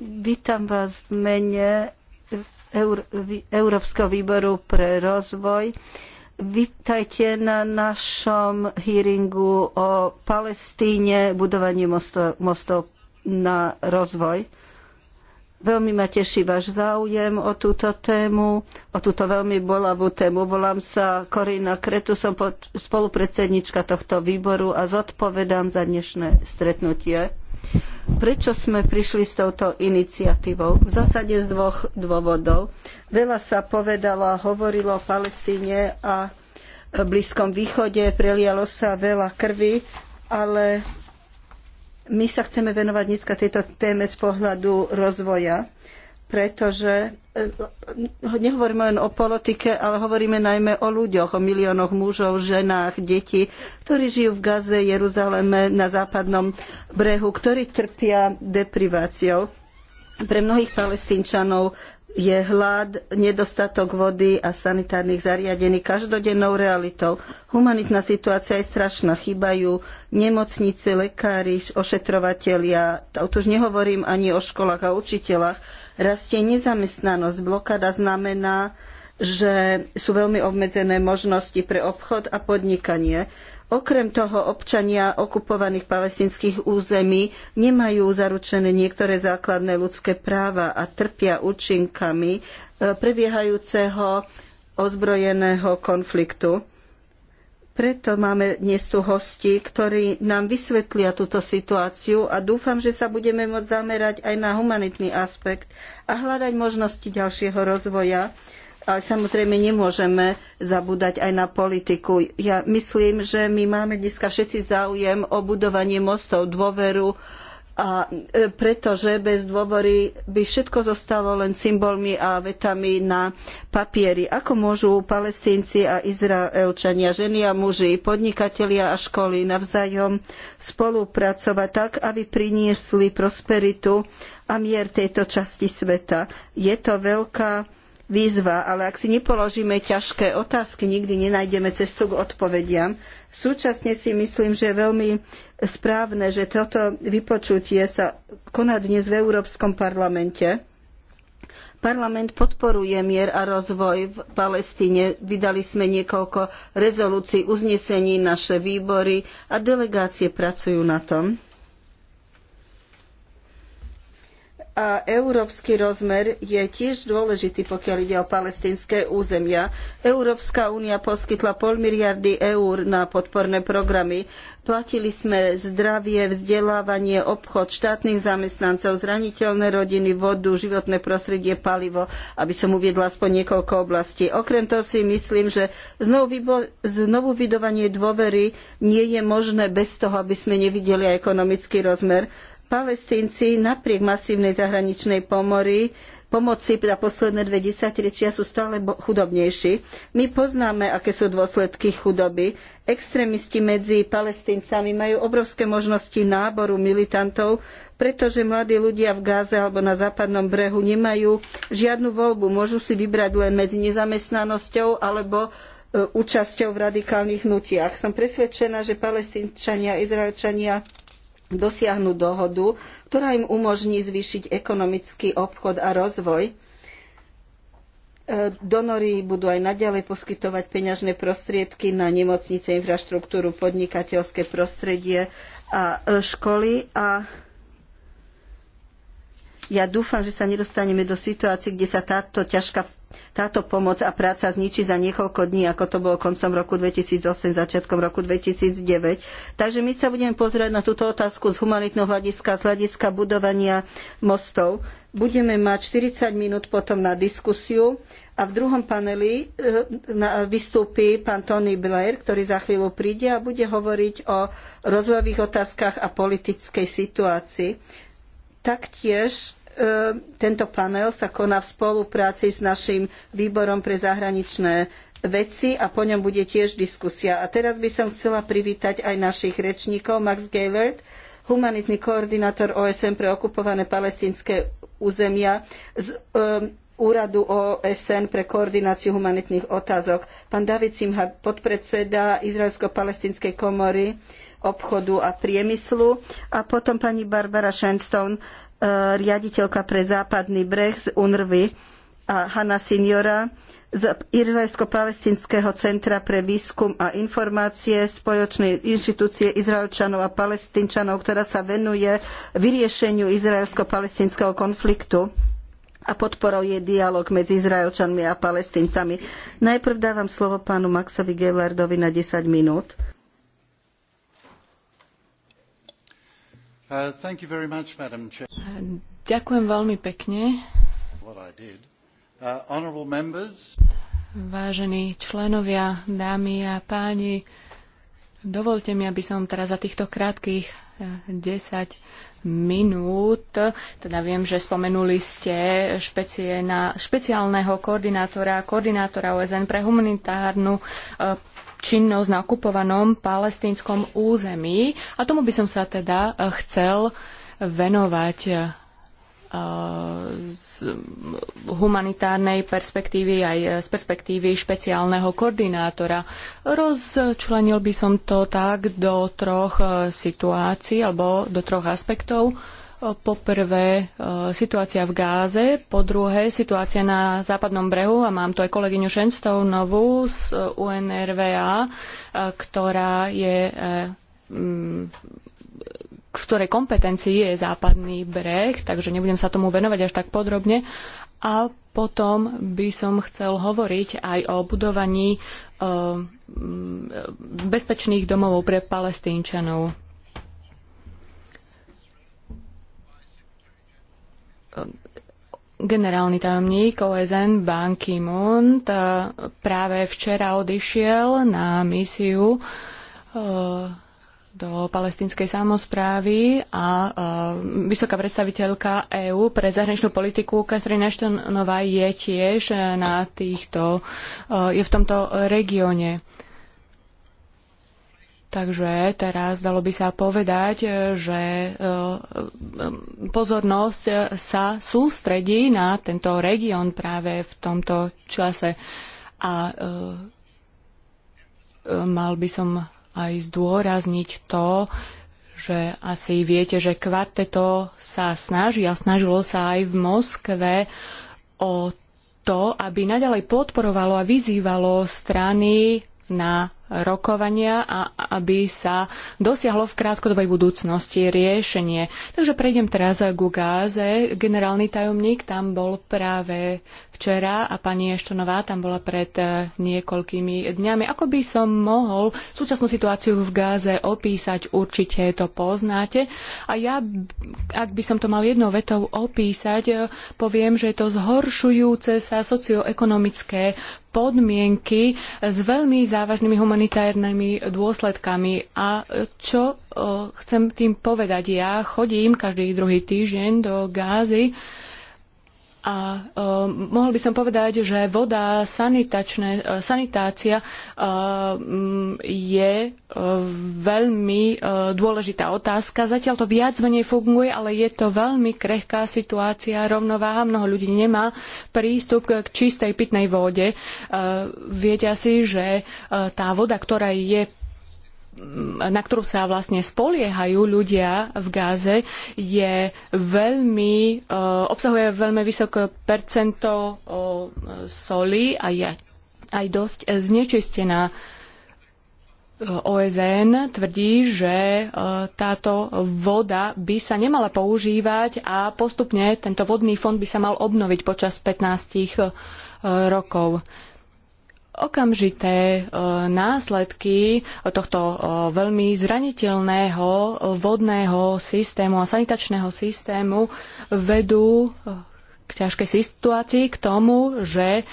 Vítam vás v mene Európskeho výboru pre rozvoj. Vítajte na našom hearingu o Palestíne, budovaní mostov, mostov na rozvoj. Veľmi ma teší váš záujem o túto tému, o túto veľmi bolavú tému. Volám sa Korina Kretu, som spolupredsednička tohto výboru a zodpovedám za dnešné stretnutie. Prečo sme prišli s touto iniciatívou? V zásade z dvoch dôvodov. Veľa sa povedalo a hovorilo o Palestíne a Blízkom východe, prelialo sa veľa krvi, ale my sa chceme venovať dneska tejto téme z pohľadu rozvoja pretože e, nehovoríme len o politike, ale hovoríme najmä o ľuďoch, o miliónoch mužov, ženách, detí, ktorí žijú v Gaze, Jeruzaleme, na západnom brehu, ktorí trpia depriváciou. Pre mnohých palestínčanov je hlad, nedostatok vody a sanitárnych zariadení každodennou realitou. Humanitná situácia je strašná. Chýbajú nemocnice, lekári, ošetrovatelia. Tu už nehovorím ani o školách a učiteľách rastie nezamestnanosť. Blokada znamená, že sú veľmi obmedzené možnosti pre obchod a podnikanie. Okrem toho občania okupovaných palestinských území nemajú zaručené niektoré základné ľudské práva a trpia účinkami eh, prebiehajúceho ozbrojeného konfliktu. Preto máme dnes tu hosti, ktorí nám vysvetlia túto situáciu a dúfam, že sa budeme môcť zamerať aj na humanitný aspekt a hľadať možnosti ďalšieho rozvoja. Ale samozrejme nemôžeme zabúdať aj na politiku. Ja myslím, že my máme dneska všetci záujem o budovanie mostov, dôveru, a e, pretože bez dôvory by všetko zostalo len symbolmi a vetami na papieri. Ako môžu Palestínci a Izraelčania, ženy a muži, podnikatelia a školy navzájom spolupracovať tak, aby priniesli prosperitu a mier tejto časti sveta. Je to veľká výzva, ale ak si nepoložíme ťažké otázky, nikdy nenájdeme cestu k odpovediam. Súčasne si myslím, že je veľmi správne, že toto vypočutie sa koná dnes v Európskom parlamente. Parlament podporuje mier a rozvoj v Palestíne. Vydali sme niekoľko rezolúcií, uznesení, naše výbory a delegácie pracujú na tom. a európsky rozmer je tiež dôležitý, pokiaľ ide o palestínske územia. Európska únia poskytla pol miliardy eur na podporné programy. Platili sme zdravie, vzdelávanie, obchod štátnych zamestnancov, zraniteľné rodiny, vodu, životné prostredie, palivo, aby som uviedla aspoň niekoľko oblastí. Okrem toho si myslím, že znovu vydovanie dôvery nie je možné bez toho, aby sme nevideli aj ekonomický rozmer Palestínci napriek masívnej zahraničnej pomory, pomoci za posledné dve desaťročia sú stále chudobnejší. My poznáme, aké sú dôsledky chudoby. Extrémisti medzi palestíncami majú obrovské možnosti náboru militantov, pretože mladí ľudia v Gáze alebo na západnom brehu nemajú žiadnu voľbu. Môžu si vybrať len medzi nezamestnanosťou alebo e, účasťou v radikálnych hnutiach. Som presvedčená, že palestínčania a izraelčania dosiahnuť dohodu, ktorá im umožní zvýšiť ekonomický obchod a rozvoj. E, donory budú aj naďalej poskytovať peňažné prostriedky na nemocnice, infraštruktúru, podnikateľské prostredie a e, školy a ja dúfam, že sa nedostaneme do situácií, kde sa táto ťažká táto pomoc a práca zničí za niekoľko dní, ako to bolo koncom roku 2008, začiatkom roku 2009. Takže my sa budeme pozerať na túto otázku z humanitného hľadiska, z hľadiska budovania mostov. Budeme mať 40 minút potom na diskusiu a v druhom paneli e, vystúpi pán Tony Blair, ktorý za chvíľu príde a bude hovoriť o rozvojových otázkach a politickej situácii. Taktiež E, tento panel sa koná v spolupráci s našim výborom pre zahraničné veci a po ňom bude tiež diskusia. A teraz by som chcela privítať aj našich rečníkov. Max Gaylord, humanitný koordinátor OSN pre okupované palestinské územia z um, Úradu OSN pre koordináciu humanitných otázok. Pán David Simha, podpredseda Izraelsko-palestinskej komory obchodu a priemyslu. A potom pani Barbara Shenstone, E, riaditeľka pre západný breh z UNRVI a Hanna Signora z Izraelsko-Palestinského centra pre výskum a informácie spoločnej inštitúcie Izraelčanov a Palestínčanov, ktorá sa venuje vyriešeniu izraelsko-palestinského konfliktu a podporou je dialog medzi Izraelčanmi a Palestíncami. Najprv dávam slovo pánu Maxovi Gellardovi na 10 minút. Uh, uh, ďakujem veľmi pekne. Uh, Vážení členovia, dámy a páni, dovolte mi, aby som teraz za týchto krátkých 10 minút. Teda viem, že spomenuli ste špeciálneho koordinátora, koordinátora OSN pre humanitárnu činnosť na okupovanom palestínskom území. A tomu by som sa teda eh, chcel venovať eh, z humanitárnej perspektívy aj eh, z perspektívy špeciálneho koordinátora. Rozčlenil by som to tak do troch situácií alebo do troch aspektov poprvé e, situácia v Gáze, po druhé situácia na západnom brehu a mám tu aj kolegyňu Šenstovnovú z e, UNRVA, e, ktorá je v ktorej kompetencii je západný breh, takže nebudem sa tomu venovať až tak podrobne. A potom by som chcel hovoriť aj o budovaní bezpečných domovov pre palestínčanov. generálny tajomník OSN Ban Ki-moon práve včera odišiel na misiu e, do palestinskej samozprávy a e, vysoká predstaviteľka EÚ pre zahraničnú politiku Katrin Ashtonová je tiež na týchto, e, je v tomto regióne. Takže teraz dalo by sa povedať, e, že e, e, pozornosť sa sústredí na tento región práve v tomto čase. A mal by som aj zdôrazniť to, že asi viete, že kvarteto sa snaží a snažilo sa aj v Moskve o to, aby naďalej podporovalo a vyzývalo strany na rokovania a aby sa dosiahlo v krátkodobej budúcnosti riešenie. Takže prejdem teraz k Gáze. Generálny tajomník tam bol práve včera a pani Eštonová tam bola pred eh, niekoľkými dňami. Ako by som mohol súčasnú situáciu v Gáze opísať? Určite to poznáte. A ja, ak by som to mal jednou vetou opísať, eh, poviem, že je to zhoršujúce sa socioekonomické podmienky s veľmi závažnými humanitárnymi dôsledkami. A čo e, chcem tým povedať? Ja chodím každý druhý týždeň do Gázy a uh, mohol by som povedať, že voda, sanitačné, e, sanitácia uh, je uh, veľmi dôležitá otázka. Zatiaľ to viac menej funguje, ale je to veľmi krehká situácia, rovnováha. Mnoho ľudí nemá prístup k čistej pitnej vode. viete asi, že tá voda, ktorá je na ktorú sa vlastne spoliehajú ľudia v Gáze, je veľmi, e, obsahuje veľmi vysoké percento e, soli a je aj dosť znečistená. OSN tvrdí, že e, táto voda by sa nemala používať a postupne tento vodný fond by sa mal obnoviť počas 15 rokov okamžité e, následky tohto e, veľmi zraniteľného e, vodného systému a sanitačného systému vedú k ťažkej situácii, k tomu, že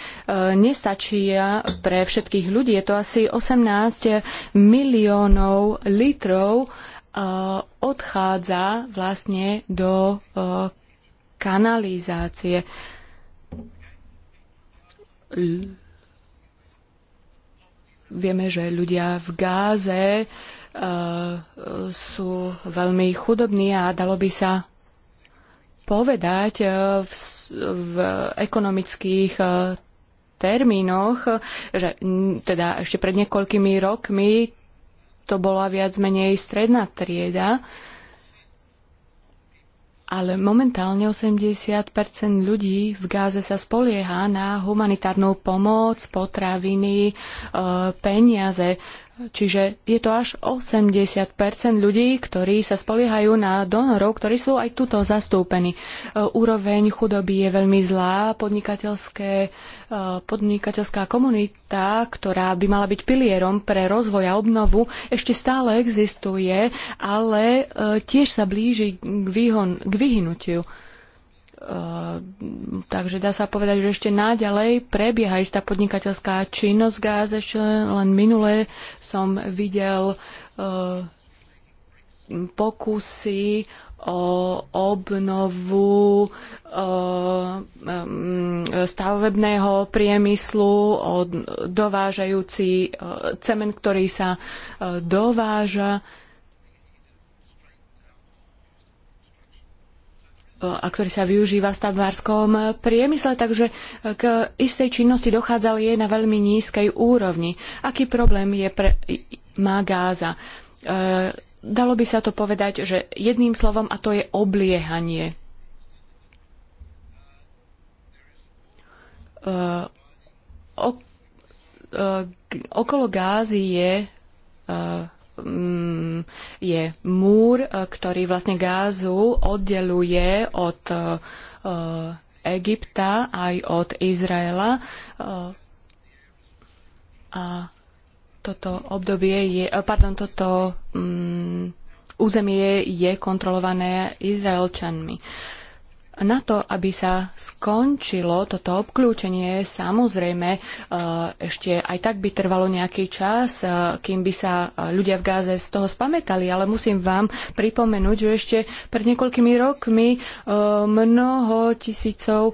nestačia pre všetkých ľudí. Je to asi 18 miliónov litrov odchádza vlastne do kanalizácie Vieme, že ľudia v Gáze eh, sú veľmi chudobní a dalo by sa povedať eh, v, v ekonomických eh, termínoch, že teda ešte pred niekoľkými rokmi to bola viac menej stredná trieda, uh, ale momentálne 80 ľudí v Gáze sa spolieha na humanitárnu pomoc, potraviny, e, peniaze. Čiže je to až 80 ľudí, ktorí sa spoliehajú na donorov, ktorí sú aj tuto zastúpení. E, úroveň chudoby je veľmi zlá, podnikateľské, e, podnikateľská komunita, ktorá by mala byť pilierom pre rozvoj a obnovu, ešte stále existuje, ale e, tiež sa blíži k, výhon, k vyhnutiu. Ehm, takže dá sa povedať, že ešte naďalej prebieha istá podnikateľská činnosť v Gáze. len minule som videl ehm, pokusy o obnovu ehm, stavebného priemyslu, o dovážajúci cement, ktorý sa dováža a ktorý sa využíva v stavbárskom priemysle, takže k istej činnosti dochádzal jej na veľmi nízkej úrovni. Aký problém je pre, má Gáza? E, dalo by sa to povedať, že jedným slovom, a to je obliehanie. E, o, e, okolo Gázy je e, Mm, je múr, eh, ktorý vlastne Gázu oddeluje od eh, Egypta aj od Izraela. Eh, a toto obdobie je, pardon, toto um, územie je kontrolované Izraelčanmi. Uh, na to, aby sa skončilo toto obklúčenie, samozrejme e, ešte aj tak by trvalo nejaký čas, e, kým by sa e, ľudia v Gáze z toho spametali, ale musím vám pripomenúť, že ešte pred niekoľkými rokmi mnoho tisícov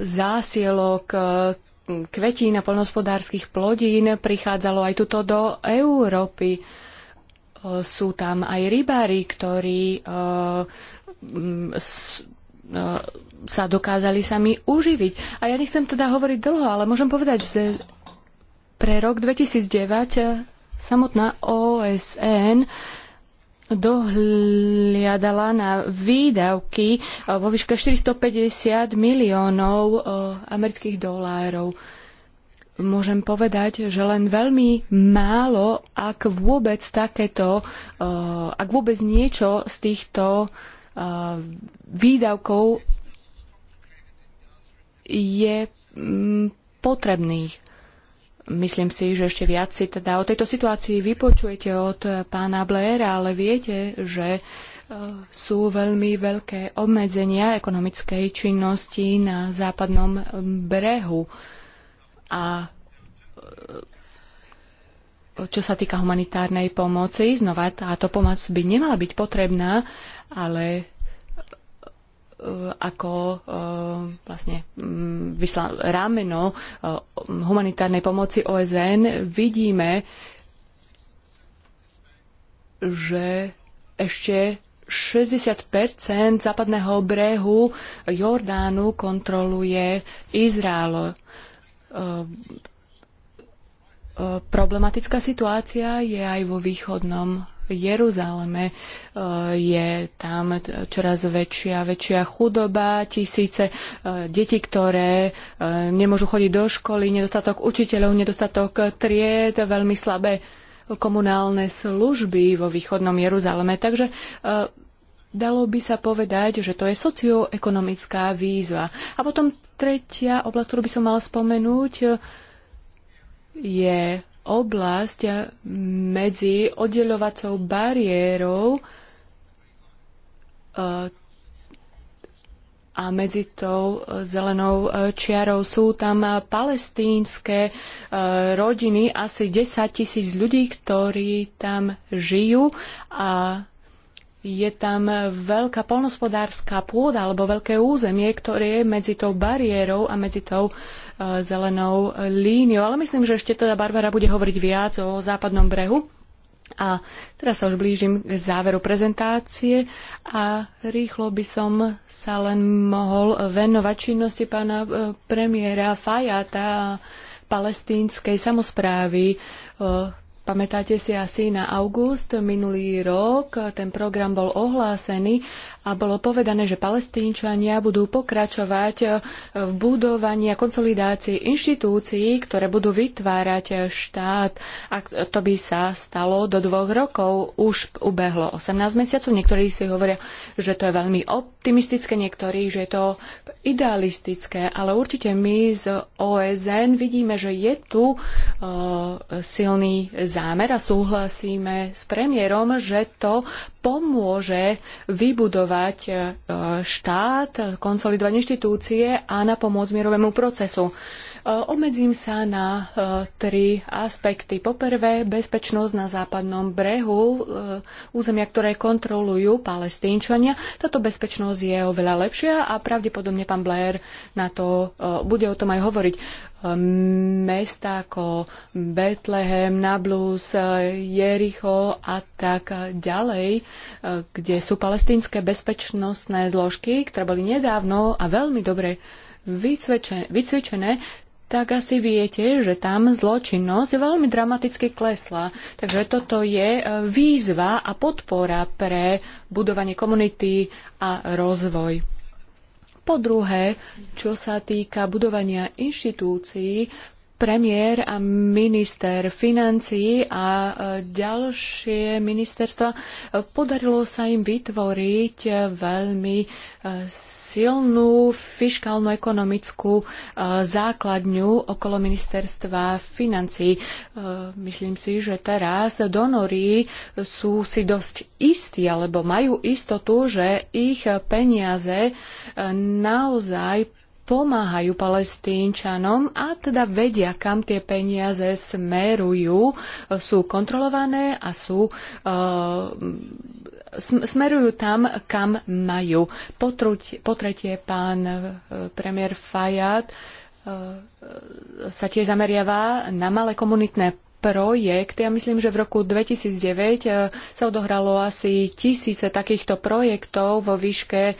zásielok kvetín a poľnohospodárskych plodín prichádzalo aj tuto do Európy sú tam aj rybári, ktorí sa dokázali sami uživiť. A ja nechcem teda hovoriť dlho, ale môžem povedať, že pre rok 2009 e, samotná OSN dohliadala na výdavky e, vo výške 450 miliónov e, amerických dolárov môžem povedať, že len veľmi málo, ak vôbec takéto, eh, ak vôbec niečo z týchto eh, výdavkov je mm, potrebných. Myslím si, že ešte viac si teda o tejto situácii vypočujete od pána Blaira, ale viete, že eh, sú veľmi veľké obmedzenia ekonomickej činnosti na západnom brehu. Uh, a e, čo sa týka humanitárnej pomoci, znova táto pomoc by nemala byť potrebná, ale e, ako e, vlastne mm, vyslal rámeno humanitárnej pomoci OSN vidíme, že ešte 60 západného brehu Jordánu kontroluje Izrael. Ehm, e, problematická situácia je aj vo východnom Jeruzaleme. Ehm, je tam čoraz väčšia, väčšia chudoba, tisíce e, detí, ktoré e, nemôžu chodiť do školy, nedostatok učiteľov, nedostatok tried, veľmi slabé komunálne služby vo východnom Jeruzaleme. Takže dalo by sa povedať, že to je socioekonomická výzva. A potom Tretia oblasť, ktorú by som mala spomenúť, je oblasť medzi oddeľovacou bariérou e, a medzi tou zelenou e, čiarou sú tam palestínske e, rodiny, asi 10 tisíc ľudí, ktorí tam žijú a je tam veľká polnospodárska pôda alebo veľké územie, ktoré je medzi tou bariérou a medzi tou e, zelenou líniou. Ale myslím, že ešte teda Barbara bude hovoriť viac o západnom brehu. A teraz sa už blížim k záveru prezentácie a rýchlo by som sa len mohol venovať činnosti pána e, premiéra Fajata a palestínskej samozprávy. E, Pamätáte si asi na august minulý rok, ten program bol ohlásený a bolo povedané, že palestínčania budú pokračovať v budovaní a konsolidácii inštitúcií, ktoré budú vytvárať štát. A to by sa stalo do dvoch rokov. Už ubehlo 18 mesiacov. Niektorí si hovoria, že to je veľmi optimistické, niektorí, že je to idealistické, ale určite my z OSN vidíme, že je tu e, silný zámer a súhlasíme s premiérom, že to pomôže vybudovať e, štát, konsolidovať inštitúcie a na pomoc mierovému procesu. E, obmedzím sa na e, tri aspekty. Poprvé, bezpečnosť na západnom brehu, e, územia, ktoré kontrolujú palestínčania. Táto bezpečnosť je oveľa lepšia a pravdepodobne pán Blair na to bude o tom aj hovoriť. Mesta ako Betlehem, Nablus, Jericho a tak ďalej, kde sú palestínske bezpečnostné zložky, ktoré boli nedávno a veľmi dobre vycvičené, vycvičené tak asi viete, že tam zločinnosť veľmi dramaticky klesla. Takže toto je e, výzva a podpora pre budovanie komunity a rozvoj. Po druhé, čo sa týka budovania inštitúcií, premiér a minister financií a e, ďalšie ministerstva, e, podarilo sa im vytvoriť e, veľmi silnú fiškálnu ekonomickú základňu okolo ministerstva financií. Myslím si, že teraz donory sú si dosť istí alebo majú istotu, že ich peniaze naozaj pomáhajú palestínčanom a teda vedia, kam tie peniaze smerujú, sú kontrolované a sú, e, smerujú tam, kam majú. Po tretie, pán eh, premiér Fajad eh, sa tiež zameriava na malé komunitné projekty. Ja myslím, že v roku 2009 sa odohralo asi tisíce takýchto projektov vo výške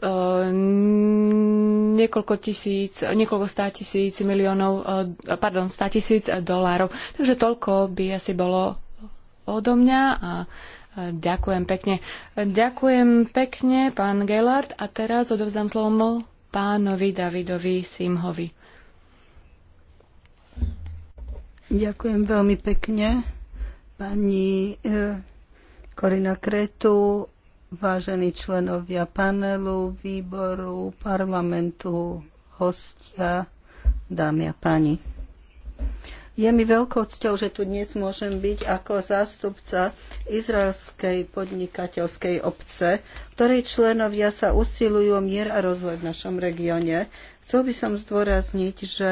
Ehm, niekoľko tisíc, niekoľko stá tisíc miliónov, eh, pardon, stá tisíc dolárov. Takže toľko by asi bolo odo mňa a ďakujem pekne. Ďakujem pekne, pán Gellard, a teraz odovzdám slovo pánovi Davidovi Simhovi. Ďakujem veľmi pekne pani Korina eh, Kretu vážení členovia panelu, výboru, parlamentu, hostia, dámy a páni. Je mi veľkou cťou, že tu dnes môžem byť ako zástupca izraelskej podnikateľskej obce, ktorej členovia sa usilujú o mier a rozvoj v našom regióne. Chcel by som zdôrazniť, že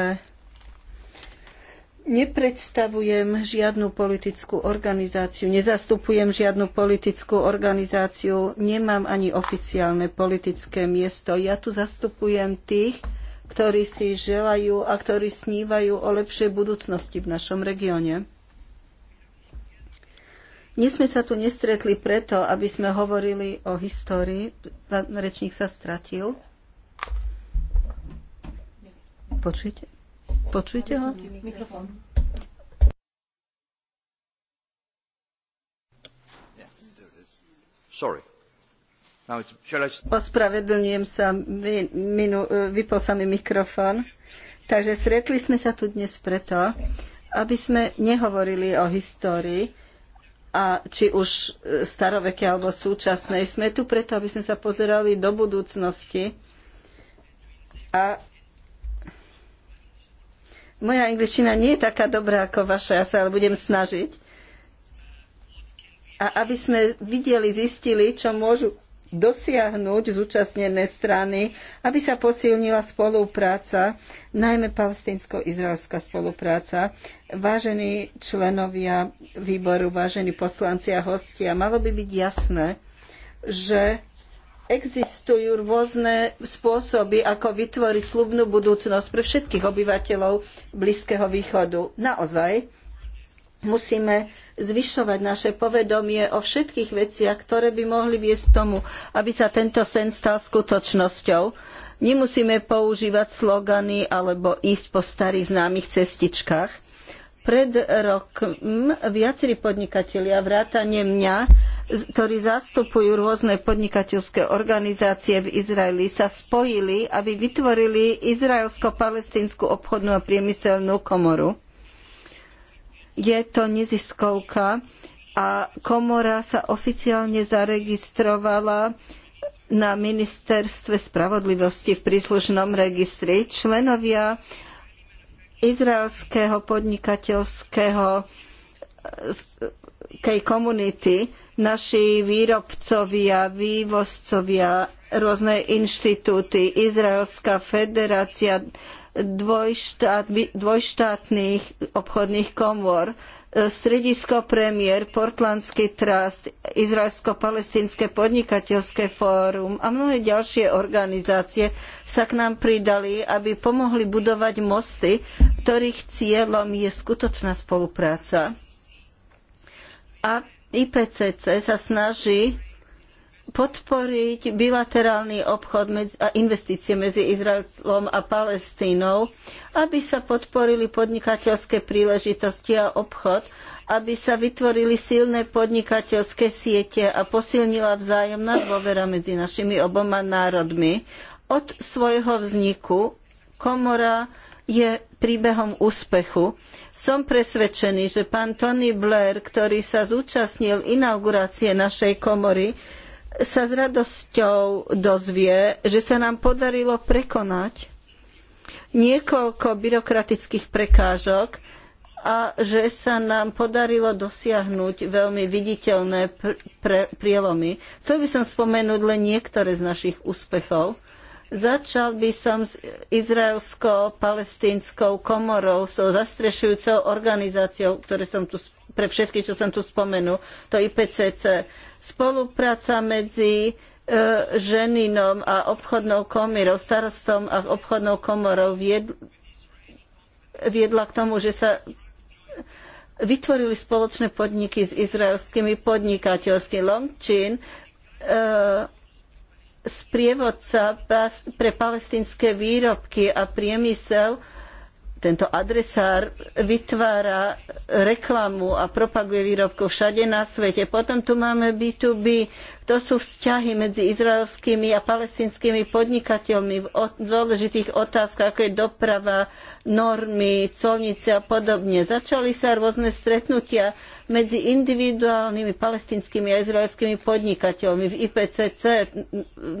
nepredstavujem žiadnu politickú organizáciu, nezastupujem žiadnu politickú organizáciu, nemám ani oficiálne politické miesto. Ja tu zastupujem tých, ktorí si želajú a ktorí snívajú o lepšej budúcnosti v našom regióne. Dnes sme sa tu nestretli preto, aby sme hovorili o histórii. Rečník sa stratil. Počujete? Počujte ho? Mikrofón. Sorry. Ospravedlňujem sa, minu, vypol sa mi mikrofón. Takže stretli sme sa tu dnes preto, aby sme nehovorili o histórii, a či už e, staroveke alebo súčasnej. Sme tu preto, aby sme sa pozerali do budúcnosti a moja angličtina nie je taká dobrá ako vaša, ja sa ale budem snažiť. A aby sme videli, zistili, čo môžu dosiahnuť zúčastnené strany, aby sa posilnila spolupráca, najmä palestinsko-izraelská spolupráca. Vážení členovia výboru, vážení poslanci a hostia, malo by byť jasné, že existujú rôzne spôsoby, ako vytvoriť slubnú budúcnosť pre všetkých obyvateľov Blízkeho východu. Naozaj musíme zvyšovať naše povedomie o všetkých veciach, ktoré by mohli viesť tomu, aby sa tento sen stal skutočnosťou. Nemusíme používať slogany alebo ísť po starých známych cestičkách pred rokom viacerí podnikatelia, vrátane mňa, ktorí zastupujú rôzne podnikateľské organizácie v Izraeli, sa spojili, aby vytvorili Izraelsko-Palestínsku obchodnú a priemyselnú komoru. Je to neziskovka a komora sa oficiálne zaregistrovala na ministerstve spravodlivosti v príslušnom registri. Členovia izraelského podnikateľského kej eh, komunity, naši výrobcovia, vývozcovia, rôzne inštitúty, Izraelská federácia dvojštát, dvojštátnych obchodných komôr. E, stredisko premiér, Portlandský trast, Izraelsko-Palestínske podnikateľské fórum a mnohé ďalšie organizácie sa k nám pridali, aby pomohli budovať mosty, ktorých cieľom je skutočná spolupráca. A IPCC sa snaží podporiť bilaterálny obchod a investície medzi Izraelom a Palestínou, aby sa podporili podnikateľské príležitosti a obchod, aby sa vytvorili silné podnikateľské siete a posilnila vzájomná dôvera medzi našimi oboma národmi. Od svojho vzniku komora je príbehom úspechu. Som presvedčený, že pán Tony Blair, ktorý sa zúčastnil inaugurácie našej komory, sa s radosťou dozvie, že sa nám podarilo prekonať niekoľko byrokratických prekážok a že sa nám podarilo dosiahnuť veľmi viditeľné pr prielomy. Chcel by som spomenúť len niektoré z našich úspechov. Začal by som s izraelsko-palestínskou komorou, so zastrešujúcou organizáciou, ktoré som tu, pre všetky, čo som tu spomenul, to IPCC. Spolupráca medzi e, ženinom a obchodnou komorou, starostom a obchodnou komorou viedla k tomu, že sa vytvorili spoločné podniky s izraelskými podnikateľskými. Longchin e, sprievodca pre palestinské výrobky a priemysel tento adresár vytvára reklamu a propaguje výrobku všade na svete. Potom tu máme B2B, to sú vzťahy medzi izraelskými a palestinskými podnikateľmi v dôležitých otázkach, ako je doprava, normy, colnice a podobne. Začali sa rôzne stretnutia medzi individuálnymi palestinskými a izraelskými podnikateľmi v IPCC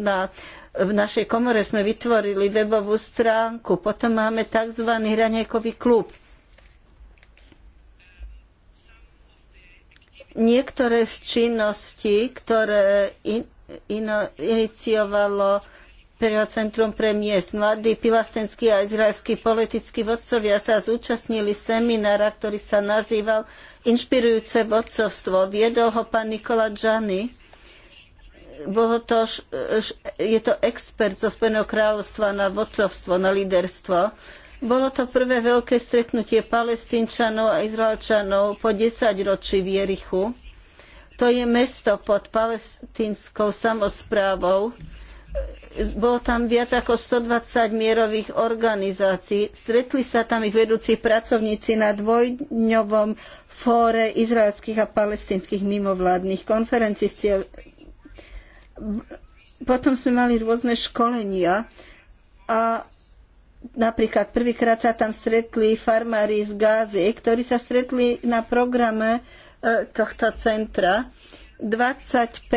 na v našej komore sme vytvorili webovú stránku, potom máme tzv. hranejkový klub. Niektoré z činností, ktoré in, ino, iniciovalo Centrum pre miest. Mladí pilastenskí a izraelskí politickí vodcovia sa zúčastnili seminára, ktorý sa nazýval Inšpirujúce vodcovstvo. Viedol ho pán Nikola Džany bolo to, je to expert zo Spojeného kráľovstva na vodcovstvo, na líderstvo. Bolo to prvé veľké stretnutie palestínčanov a izraelčanov po 10 ročí v Jerichu. To je mesto pod palestínskou samozprávou. Bolo tam viac ako 120 mierových organizácií. Stretli sa tam ich vedúci pracovníci na dvojdňovom fóre izraelských a palestínskych mimovládnych konferencií s potom sme mali rôzne školenia a napríklad prvýkrát sa tam stretli farmári z Gázy, ktorí sa stretli na programe e, tohto centra. 25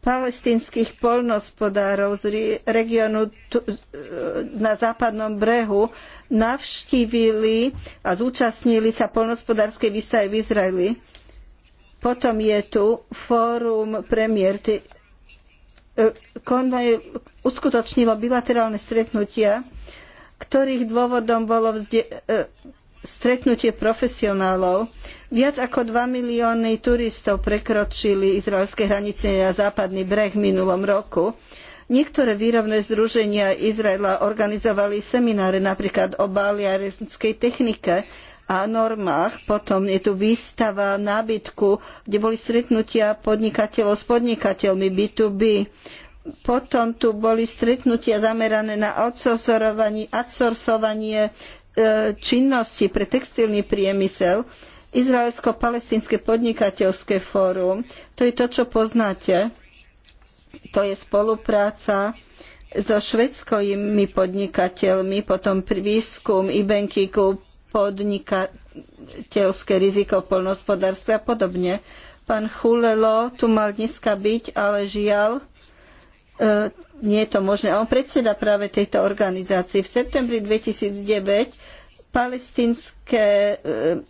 palestinských polnospodárov z regiónu e, na západnom brehu navštívili a zúčastnili sa polnospodárskej výstavy v Izraeli. Potom je tu fórum premiér. E, konaj uskutočnilo bilaterálne stretnutia, ktorých dôvodom bolo vzde- e, stretnutie profesionálov. Viac ako 2 milióny turistov prekročili izraelské hranice na západný breh v minulom roku. Niektoré výrobné združenia Izraela organizovali semináre napríklad o baliarenskej technike a normách. Potom je tu výstava nábytku, kde boli stretnutia podnikateľov s podnikateľmi B2B. Potom tu boli stretnutia zamerané na outsourcovanie e, činnosti pre textilný priemysel. Izraelsko-palestinské podnikateľské fórum, to je to, čo poznáte. To je spolupráca so švedskými podnikateľmi, potom výskum Ibenkiku, podnikateľské riziko v poľnohospodárstve a podobne. Pán Chulelo tu mal dneska byť, ale žiaľ, e, nie je to možné. A on predseda práve tejto organizácii. V septembri 2009 palestinské e,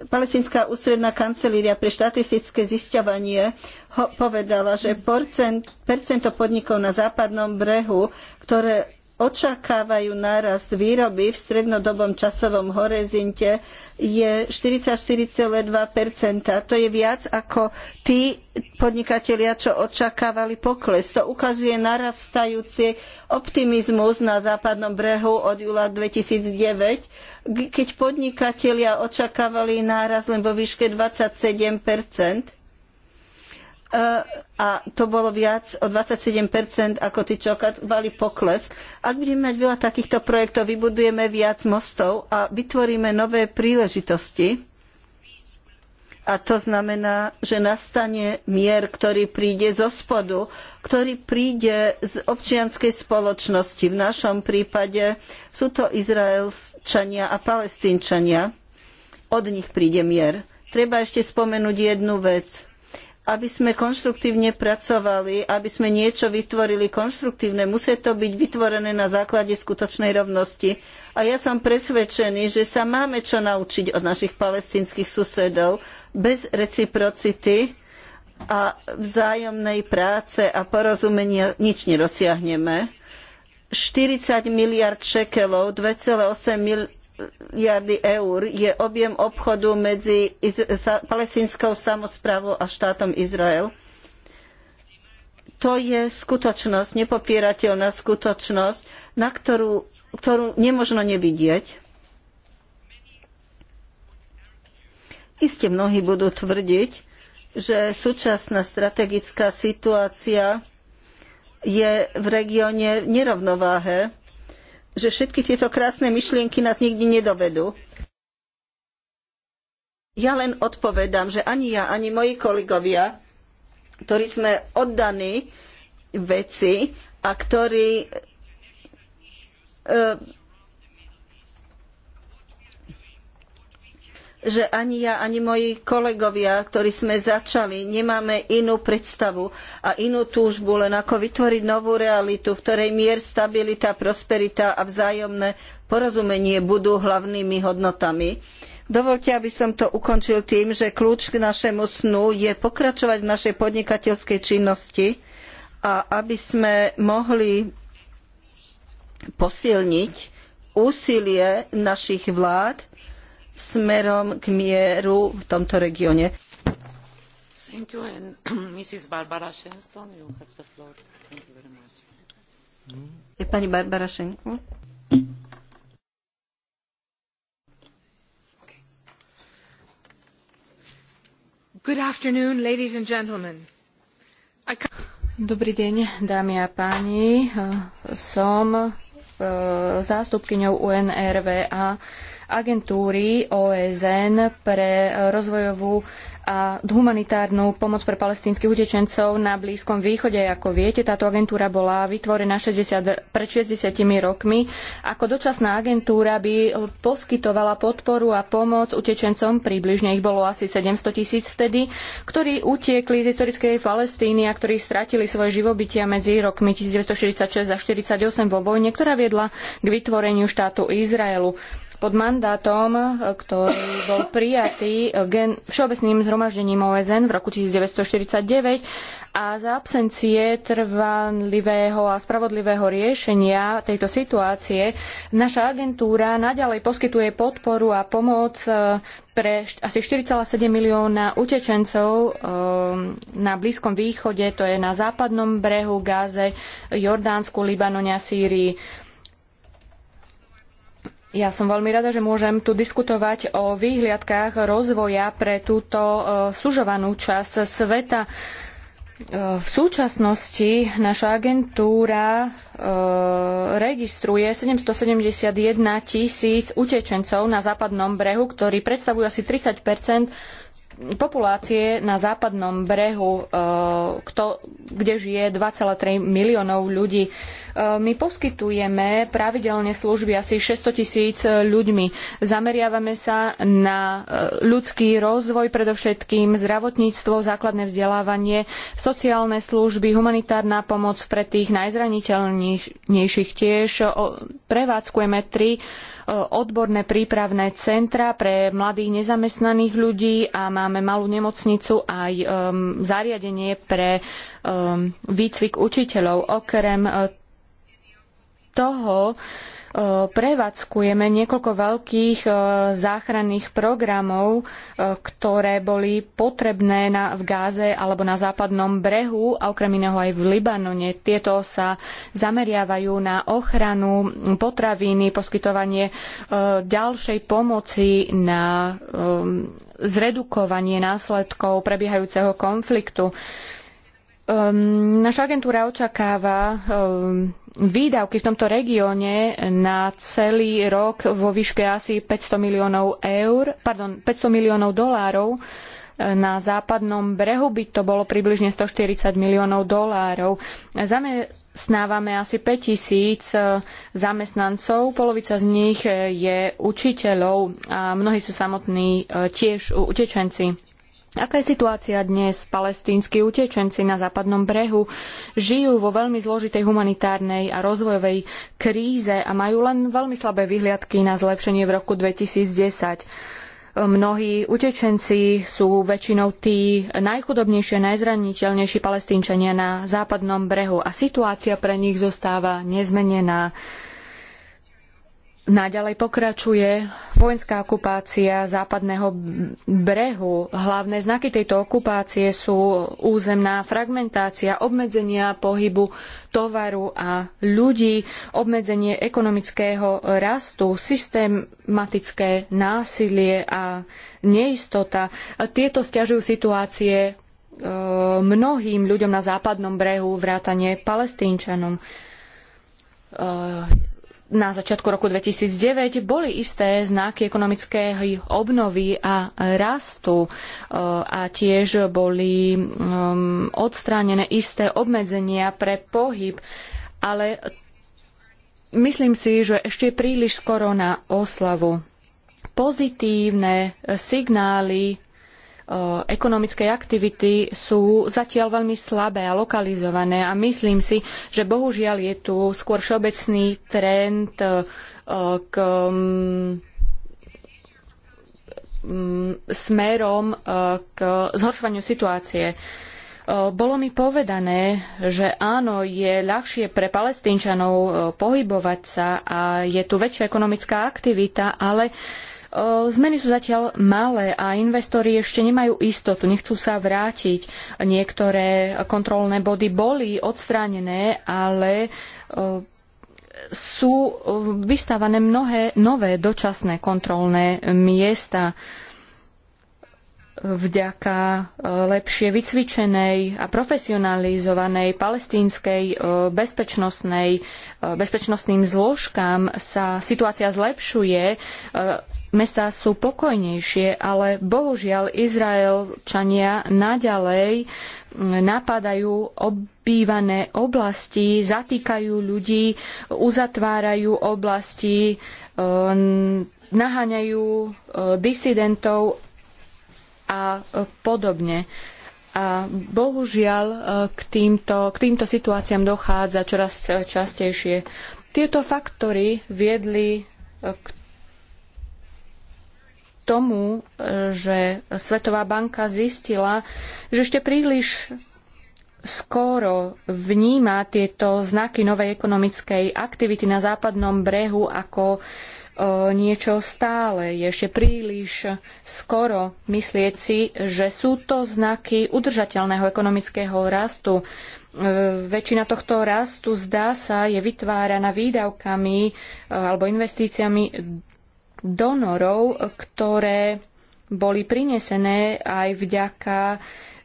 Palestinská ústredná kancelíria pre štatistické zisťovanie povedala, že percento podnikov na západnom brehu, ktoré očakávajú nárast výroby v strednodobom časovom horizonte je 44,2 To je viac ako tí podnikatelia, čo očakávali pokles. To ukazuje narastajúci optimizmus na západnom brehu od júla 2009, keď podnikatelia očakávali náraz len vo výške 27 a to bolo viac o 27 ako tí, čo očakávali pokles. Ak budeme mať veľa takýchto projektov, vybudujeme viac mostov a vytvoríme nové príležitosti. A to znamená, že nastane mier, ktorý príde zo spodu, ktorý príde z občianskej spoločnosti. V našom prípade sú to Izraelčania a Palestínčania. Od nich príde mier. Treba ešte spomenúť jednu vec aby sme konštruktívne pracovali, aby sme niečo vytvorili konštruktívne. Musí to byť vytvorené na základe skutočnej rovnosti. A ja som presvedčený, že sa máme čo naučiť od našich palestinských susedov bez reciprocity a vzájomnej práce a porozumenia nič nerozsiahneme. 40 miliard šekelov, 2,8 miliard miliardy eur je objem obchodu medzi palestínskou samosprávou a štátom Izrael. To je skutočnosť, nepopierateľná skutočnosť, na ktorú, ktorú nemožno nevidieť. Iste mnohí budú tvrdiť, že súčasná strategická situácia je v regióne v nerovnováhe že všetky tieto krásne myšlienky nás nikdy nedovedú. Ja len odpovedám, že ani ja, ani moji kolegovia, ktorí sme oddaní veci a ktorí e, že ani ja, ani moji kolegovia, ktorí sme začali, nemáme inú predstavu a inú túžbu, len ako vytvoriť novú realitu, v ktorej mier, stabilita, prosperita a vzájomné porozumenie budú hlavnými hodnotami. Dovolte, aby som to ukončil tým, že kľúč k našemu snu je pokračovať v našej podnikateľskej činnosti a aby sme mohli posilniť úsilie našich vlád smerom k mieru v tomto regióne. Je pani Barbara Šenko. Good afternoon, ladies and gentlemen. I... Dobrý deň, dámy a páni. Som eh, zástupkyňou UNRVA agentúry OSN pre e, rozvojovú a humanitárnu pomoc pre palestínskych utečencov na Blízkom východe. Ako viete, táto agentúra bola vytvorená 60, pred 60 rokmi. Ako dočasná agentúra by poskytovala podporu a pomoc utečencom, približne ich bolo asi 700 tisíc vtedy, ktorí utiekli z historickej Palestíny a ktorí stratili svoje živobytia medzi rokmi 1946 a 1948 vo vojne, ktorá viedla k vytvoreniu štátu Izraelu pod mandátom, e, ktorý bol prijatý e, Všeobecným zhromaždením OSN v roku 1949 a za absencie trvanlivého a spravodlivého riešenia tejto situácie naša agentúra naďalej poskytuje podporu a pomoc e, pre asi 4,7 milióna utečencov na Blízkom východe, to je na západnom brehu Gáze, Jordánsku, Libanone a Sýrii ja som veľmi rada, že môžem tu diskutovať o výhliadkách rozvoja pre túto e, sužovanú časť sveta. E, v súčasnosti naša agentúra e, registruje 771 tisíc utečencov na západnom brehu, ktorí predstavujú asi 30 populácie na západnom brehu, kde žije 2,3 miliónov ľudí. E, my poskytujeme pravidelne služby asi 600 tisíc e, ľuďmi. Zameriavame sa na e, ľudský rozvoj, predovšetkým zdravotníctvo, základné vzdelávanie, sociálne služby, humanitárna pomoc pre tých najzraniteľnejších tiež. Prevádzkujeme tri odborné prípravné centra pre mladých nezamestnaných ľudí a máme malú nemocnicu aj um, zariadenie pre um, výcvik učiteľov. Okrem toho e, prevádzkujeme niekoľko veľkých e, záchranných programov, e, ktoré boli potrebné na, v Gáze alebo na západnom brehu a okrem iného aj v Libanone. Tieto sa zameriavajú na ochranu potraviny, poskytovanie ďalšej pomoci na zredukovanie následkov prebiehajúceho konfliktu. Um, naša agentúra očakáva um, výdavky v tomto regióne na celý rok vo výške asi 500 miliónov eur, pardon, 500 miliónov dolárov. Ehm, na západnom brehu by to bolo približne 140 miliónov dolárov. Zamestnávame asi 5000 zamestnancov, polovica z nich je učiteľov a mnohí sú samotní tiež utečenci. Aká je situácia dnes? Palestínsky utečenci na západnom brehu žijú vo veľmi zložitej humanitárnej a rozvojovej kríze a majú len veľmi slabé vyhliadky na zlepšenie v roku 2010. Mnohí utečenci sú väčšinou tí najchudobnejšie, najzraniteľnejší palestínčania na západnom brehu a situácia pre nich zostáva nezmenená. Naďalej pokračuje vojenská okupácia západného brehu. Hlavné znaky tejto okupácie sú územná fragmentácia, obmedzenia pohybu tovaru a ľudí, obmedzenie ekonomického rastu, systematické násilie a neistota. Tieto stiažujú situácie e, mnohým ľuďom na západnom brehu, vrátane palestínčanom e, na začiatku roku 2009 boli isté znaky ekonomickej obnovy a rastu e, a tiež boli mm, odstránené isté obmedzenia pre pohyb, ale myslím si, že ešte je príliš skoro na oslavu. Pozitívne signály E, ekonomickej aktivity sú zatiaľ veľmi slabé a lokalizované a myslím si, že bohužiaľ je tu skôr všeobecný trend e, k mm, mm, smerom e, k zhoršovaniu situácie. Bolo mi povedané, že áno, je ľahšie pre palestínčanov pohybovať sa a je tu väčšia ekonomická aktivita, ale uh, Zmeny sú zatiaľ malé a investori ešte nemajú istotu, nechcú sa vrátiť. Niektoré kontrolné body boli odstránené, ale sú vystávané mnohé nové dočasné kontrolné miesta vďaka lepšie vycvičenej a profesionalizovanej palestínskej bezpečnostnej, bezpečnostným zložkám sa situácia zlepšuje mesa sú pokojnejšie, ale bohužiaľ Izraelčania naďalej mm, napadajú obývané oblasti, zatýkajú ľudí, uzatvárajú oblasti, e, naháňajú e, disidentov a e, podobne. A bohužiaľ k týmto, k týmto situáciám dochádza čoraz častejšie. Tieto faktory viedli k tomu, e, že Svetová banka zistila, že ešte príliš skoro vníma tieto znaky novej ekonomickej aktivity na západnom brehu ako e, niečo stále. Je ešte príliš skoro myslieť si, že sú to znaky udržateľného ekonomického rastu. E, väčšina tohto rastu, zdá sa, je vytváraná výdavkami alebo investíciami donorov, ktoré boli prinesené aj vďaka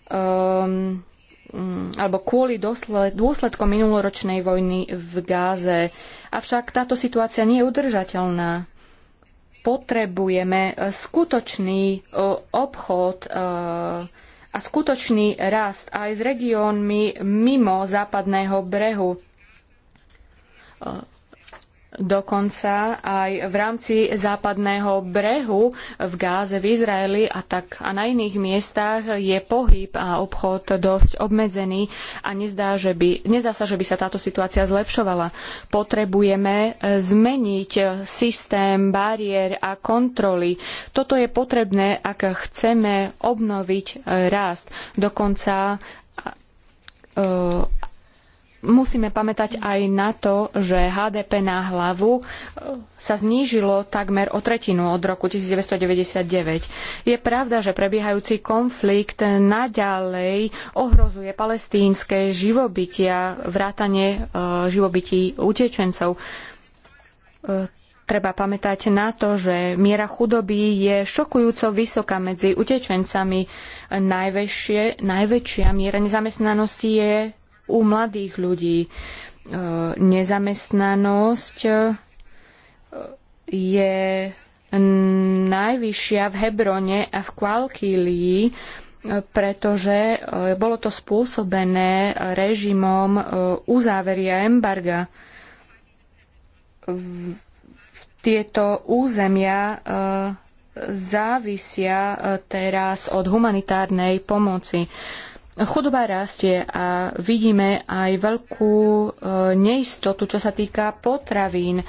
um, mm, alebo kvôli dôsledkom minuloročnej vojny v Gáze. Avšak táto situácia nie je udržateľná. Potrebujeme eh, skutočný eh, obchod eh, a skutočný rast aj s regiónmi mimo západného brehu dokonca aj v rámci západného brehu v Gáze, v Izraeli a tak a na iných miestach je pohyb a obchod dosť obmedzený a nezdá, že by, nezdá sa, že by sa táto situácia zlepšovala. Potrebujeme e, zmeniť systém bariér a kontroly. Toto je potrebné, ak chceme obnoviť e, rast. Dokonca e, musíme pamätať aj na to, že HDP na hlavu e, sa znížilo takmer o tretinu od roku 1999. Je pravda, že prebiehajúci konflikt naďalej ohrozuje palestínske živobytia, vrátanie e, živobytí utečencov. E, treba pamätať na to, že miera chudoby je šokujúco vysoká medzi utečencami. Najväčšie, najväčšia miera nezamestnanosti je u mladých ľudí. E, nezamestnanosť e, je najvyššia v Hebrone a v Kvalkílii, e, pretože bolo to spôsobené režimom uzáveria embarga. Tieto územia závisia teraz od humanitárnej pomoci. Chudoba rastie a vidíme aj veľkú e, neistotu, čo sa týka potravín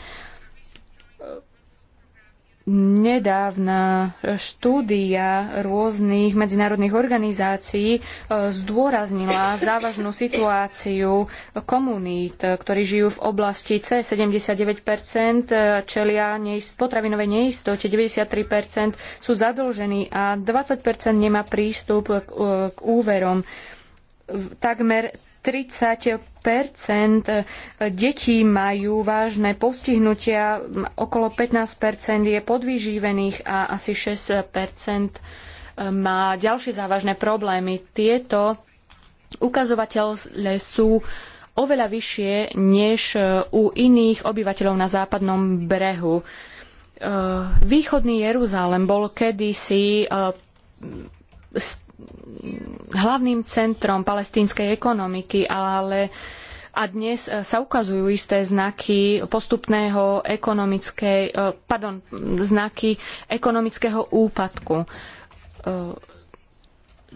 nedávna štúdia rôznych medzinárodných organizácií e, zdôraznila závažnú situáciu komunít, ktorí žijú v oblasti C. 79% e, čelia potravinovej neistote, 93% sú zadlžení a 20% nemá prístup k e, úverom. Takmer 30 detí majú vážne postihnutia, okolo 15 je podvýživených a asi 6 má ďalšie závažné problémy. Tieto ukazovatele sú oveľa vyššie než u iných obyvateľov na západnom brehu. E, východný Jeruzalem bol kedysi e, hlavným centrom palestínskej ekonomiky, ale a dnes e, sa ukazujú isté znaky postupného ekonomickej, e, pardon, znaky ekonomického úpadku. E,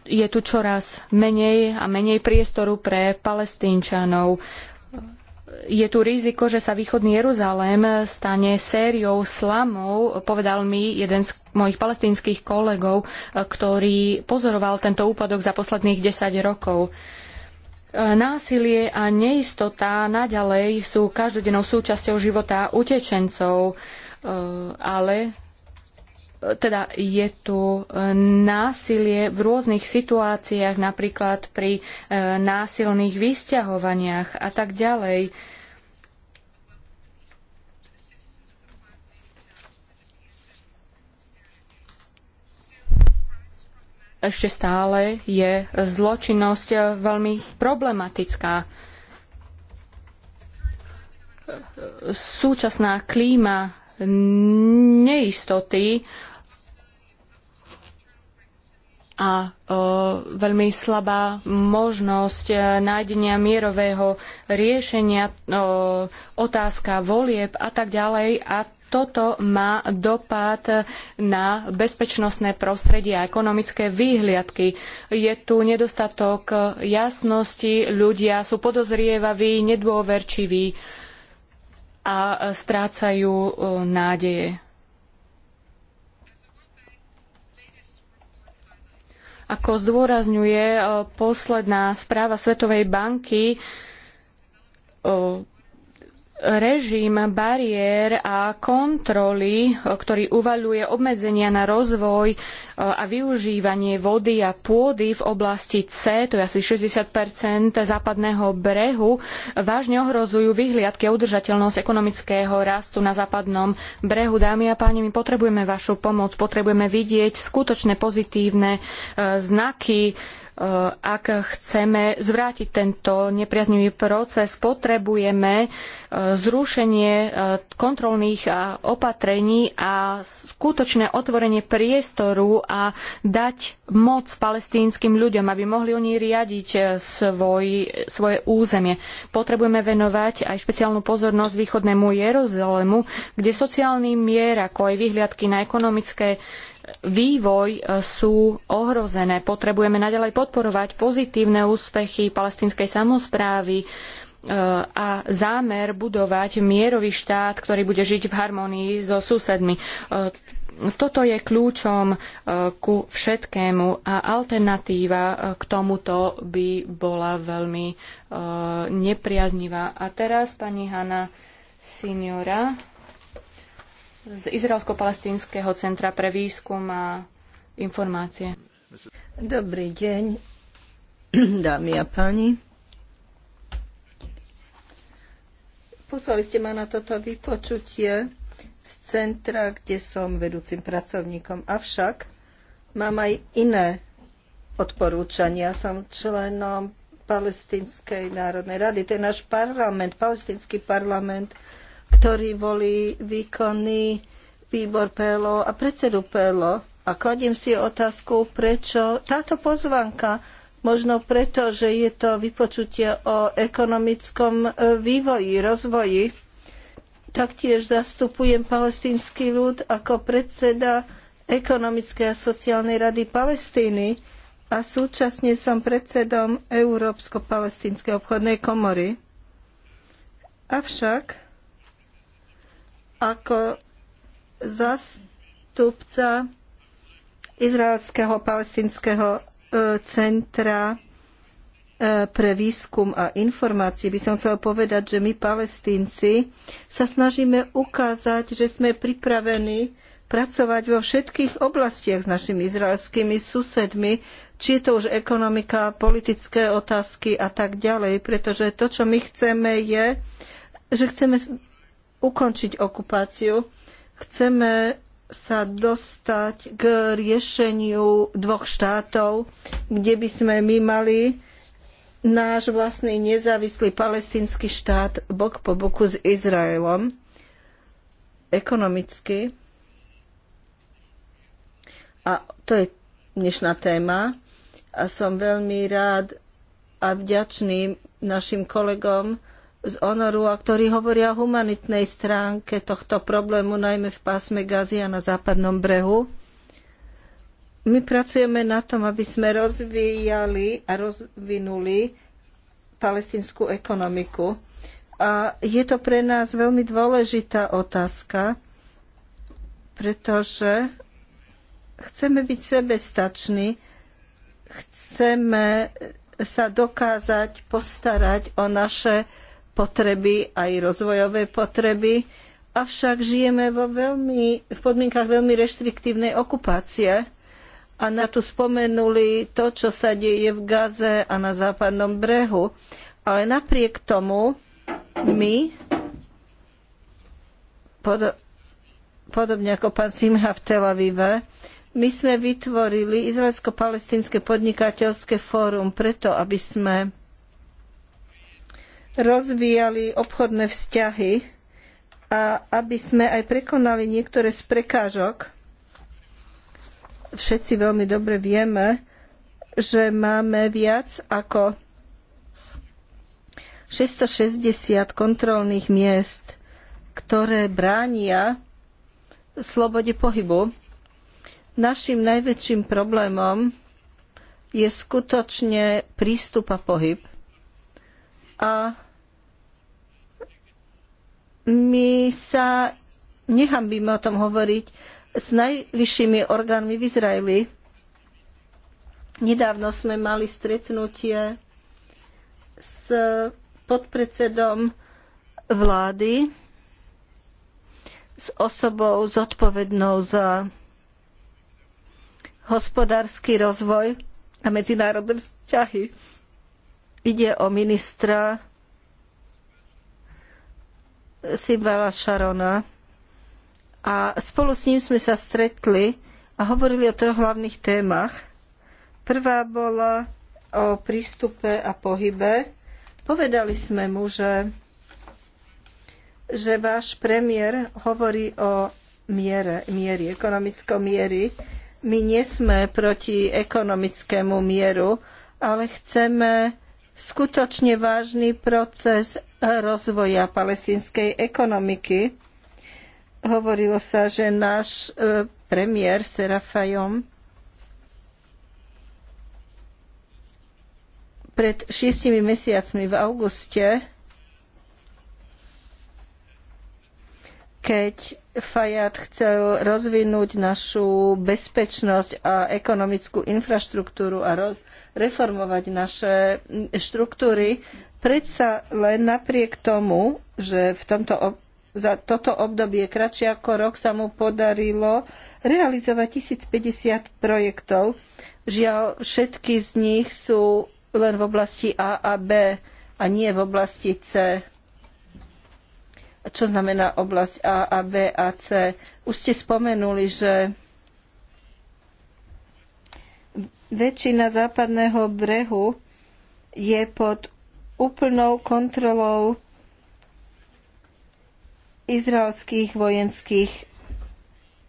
je tu čoraz menej a menej priestoru pre palestínčanov je tu riziko, že sa východný Jeruzalém stane sériou slamov, povedal mi jeden z mojich palestínskych kolegov, e, ktorý pozoroval tento úpadok za posledných 10 rokov. E, násilie a neistota naďalej sú každodennou súčasťou života utečencov, e, ale teda je tu e, násilie v rôznych situáciách, napríklad pri e, násilných vysťahovaniach a tak ďalej. Ešte stále je zločinnosť veľmi problematická. Súčasná klíma neistoty a veľmi slabá možnosť e, nájdenia mierového riešenia, otázka volieb a tak ďalej. A toto má dopad na bezpečnostné prostredie a ekonomické výhliadky. Je tu nedostatok jasnosti, ľudia sú podozrievaví, nedôverčiví a strácajú nádeje. Ako zdôrazňuje e, posledná správa Svetovej banky, e, režim bariér a kontroly, ktorý uvaľuje obmedzenia na rozvoj e, a využívanie vody a pôdy v oblasti C, to je asi 60 západného brehu, vážne ohrozujú vyhliadky a udržateľnosť ekonomického rastu na západnom brehu. Dámy a páni, my potrebujeme vašu pomoc, potrebujeme vidieť skutočné pozitívne e, znaky ak chceme zvrátiť tento nepriaznivý proces, potrebujeme e, zrušenie e, kontrolných e, opatrení a skutočné otvorenie priestoru a dať moc palestínskym ľuďom, aby mohli oni riadiť svoj, svoje územie. Potrebujeme venovať aj špeciálnu pozornosť východnému Jeruzalému, kde sociálny mier, ako aj vyhliadky na ekonomické vývoj e, sú ohrozené. Potrebujeme naďalej podporovať pozitívne úspechy palestinskej samozprávy e, a zámer budovať mierový štát, ktorý bude žiť v harmonii so susedmi. E, toto je kľúčom ku všetkému a alternatíva k tomuto by bola veľmi nepriaznivá. A teraz pani Hanna Signora z Izraelsko-Palestínskeho centra pre výskum a informácie. Dobrý deň, dámy a páni. Poslali ste ma na toto vypočutie z centra, kde som vedúcim pracovníkom. Avšak mám aj iné odporúčania. Som členom Palestinskej národnej rady. To je náš parlament, palestinský parlament, ktorí boli výkonný výbor PLO a predsedu PLO. A kladím si otázku, prečo táto pozvanka Možno preto, že je to vypočutie o ekonomickom e, vývoji, rozvoji. Taktiež zastupujem palestínsky ľud ako predseda Ekonomickej a sociálnej rady Palestíny a súčasne som predsedom Európsko-palestínskej obchodnej komory. Avšak ako zastupca Izraelského palestinského e, centra e, pre výskum a informácie by som chcela povedať, že my palestínci sa snažíme ukázať, že sme pripravení pracovať vo všetkých oblastiach s našimi izraelskými susedmi, či je to už ekonomika, politické otázky a tak ďalej, pretože to, čo my chceme, je, že chceme ukončiť okupáciu, chceme sa dostať k riešeniu dvoch štátov, kde by sme my mali náš vlastný nezávislý palestínsky štát bok po boku s Izraelom ekonomicky. A to je dnešná téma. A som veľmi rád a vďačný našim kolegom, z Honoru a ktorí hovoria o humanitnej stránke tohto problému, najmä v pásme Gazi a na západnom brehu. My pracujeme na tom, aby sme rozvíjali a rozvinuli palestinskú ekonomiku. A je to pre nás veľmi dôležitá otázka, pretože chceme byť sebestační, chceme sa dokázať postarať o naše potreby, aj rozvojové potreby, avšak žijeme vo veľmi, v podmienkach veľmi reštriktívnej okupácie a na tu spomenuli to, čo sa deje v Gaze a na západnom brehu. Ale napriek tomu my, pod, podobne ako pán Simha v Tel Avive, my sme vytvorili Izraelsko-Palestínske podnikateľské fórum preto, aby sme rozvíjali obchodné vzťahy a aby sme aj prekonali niektoré z prekážok. Všetci veľmi dobre vieme, že máme viac ako 660 kontrolných miest, ktoré bránia slobode pohybu. Naším najväčším problémom je skutočne prístup a pohyb a my sa nehambíme o tom hovoriť s najvyššími orgánmi v Izraeli. Nedávno sme mali stretnutie s podpredsedom vlády, s osobou zodpovednou za hospodársky rozvoj a medzinárodné vzťahy. Ide o ministra Sibala Šarona a spolu s ním sme sa stretli a hovorili o troch hlavných témach. Prvá bola o prístupe a pohybe. Povedali sme mu, že, že váš premiér hovorí o miere, miery, ekonomicko miery. My nie sme proti ekonomickému mieru, ale chceme skutočne vážny proces rozvoja palestinskej ekonomiky. Hovorilo sa, že náš e, premiér Serafajom pred šiestimi mesiacmi v auguste, keď Fajad chcel rozvinúť našu bezpečnosť a ekonomickú infraštruktúru a reformovať naše štruktúry, predsa len napriek tomu, že v tomto za toto obdobie kratšie ako rok sa mu podarilo realizovať 1050 projektov. Žiaľ, všetky z nich sú len v oblasti A a B a nie v oblasti C čo znamená oblasť A a B a C. Už ste spomenuli, že väčšina západného brehu je pod úplnou kontrolou izraelských vojenských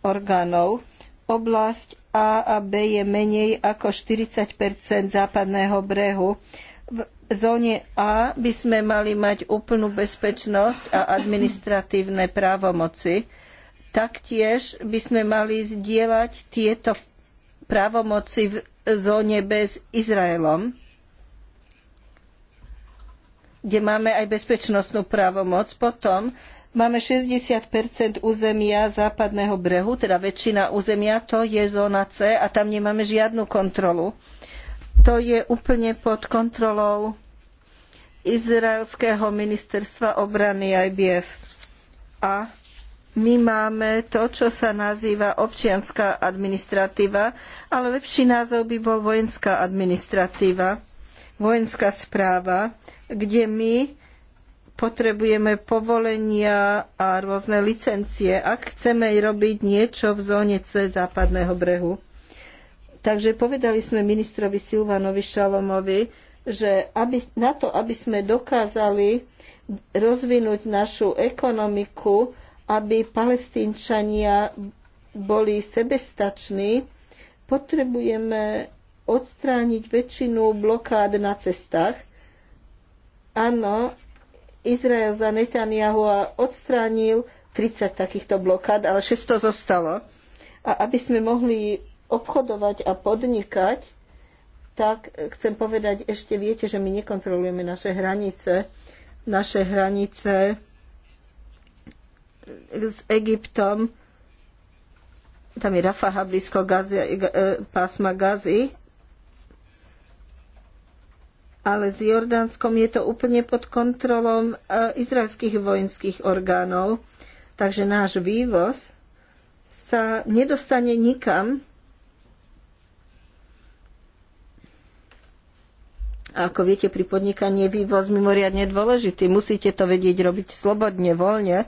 orgánov. Oblasť A a B je menej ako 40 západného brehu. V zóne A by sme mali mať úplnú bezpečnosť a administratívne právomoci. Taktiež by sme mali zdieľať tieto právomoci v zóne B s Izraelom, kde máme aj bezpečnostnú právomoc. Potom máme 60 územia západného brehu, teda väčšina územia to je zóna C a tam nemáme žiadnu kontrolu. To je úplne pod kontrolou izraelského ministerstva obrany IBF. A my máme to, čo sa nazýva občianská administratíva, ale lepší názov by bol vojenská administratíva, vojenská správa, kde my potrebujeme povolenia a rôzne licencie, ak chceme robiť niečo v zóne C západného brehu. Takže povedali sme ministrovi Silvanovi Šalomovi, že aby, na to, aby sme dokázali rozvinúť našu ekonomiku, aby palestínčania boli sebestační, potrebujeme odstrániť väčšinu blokád na cestách. Áno, Izrael za Netanyahu odstránil 30 takýchto blokád, ale 600 zostalo. A aby sme mohli obchodovať a podnikať, tak chcem povedať ešte, viete, že my nekontrolujeme naše hranice. Naše hranice s Egyptom, tam je Rafaha blízko Gazi, e, pásma Gazy, ale s Jordánskom je to úplne pod kontrolom e, izraelských vojenských orgánov, takže náš vývoz sa nedostane nikam, Ako viete, pri podnikaní je vývoz mimoriadne dôležitý. Musíte to vedieť robiť slobodne, voľne.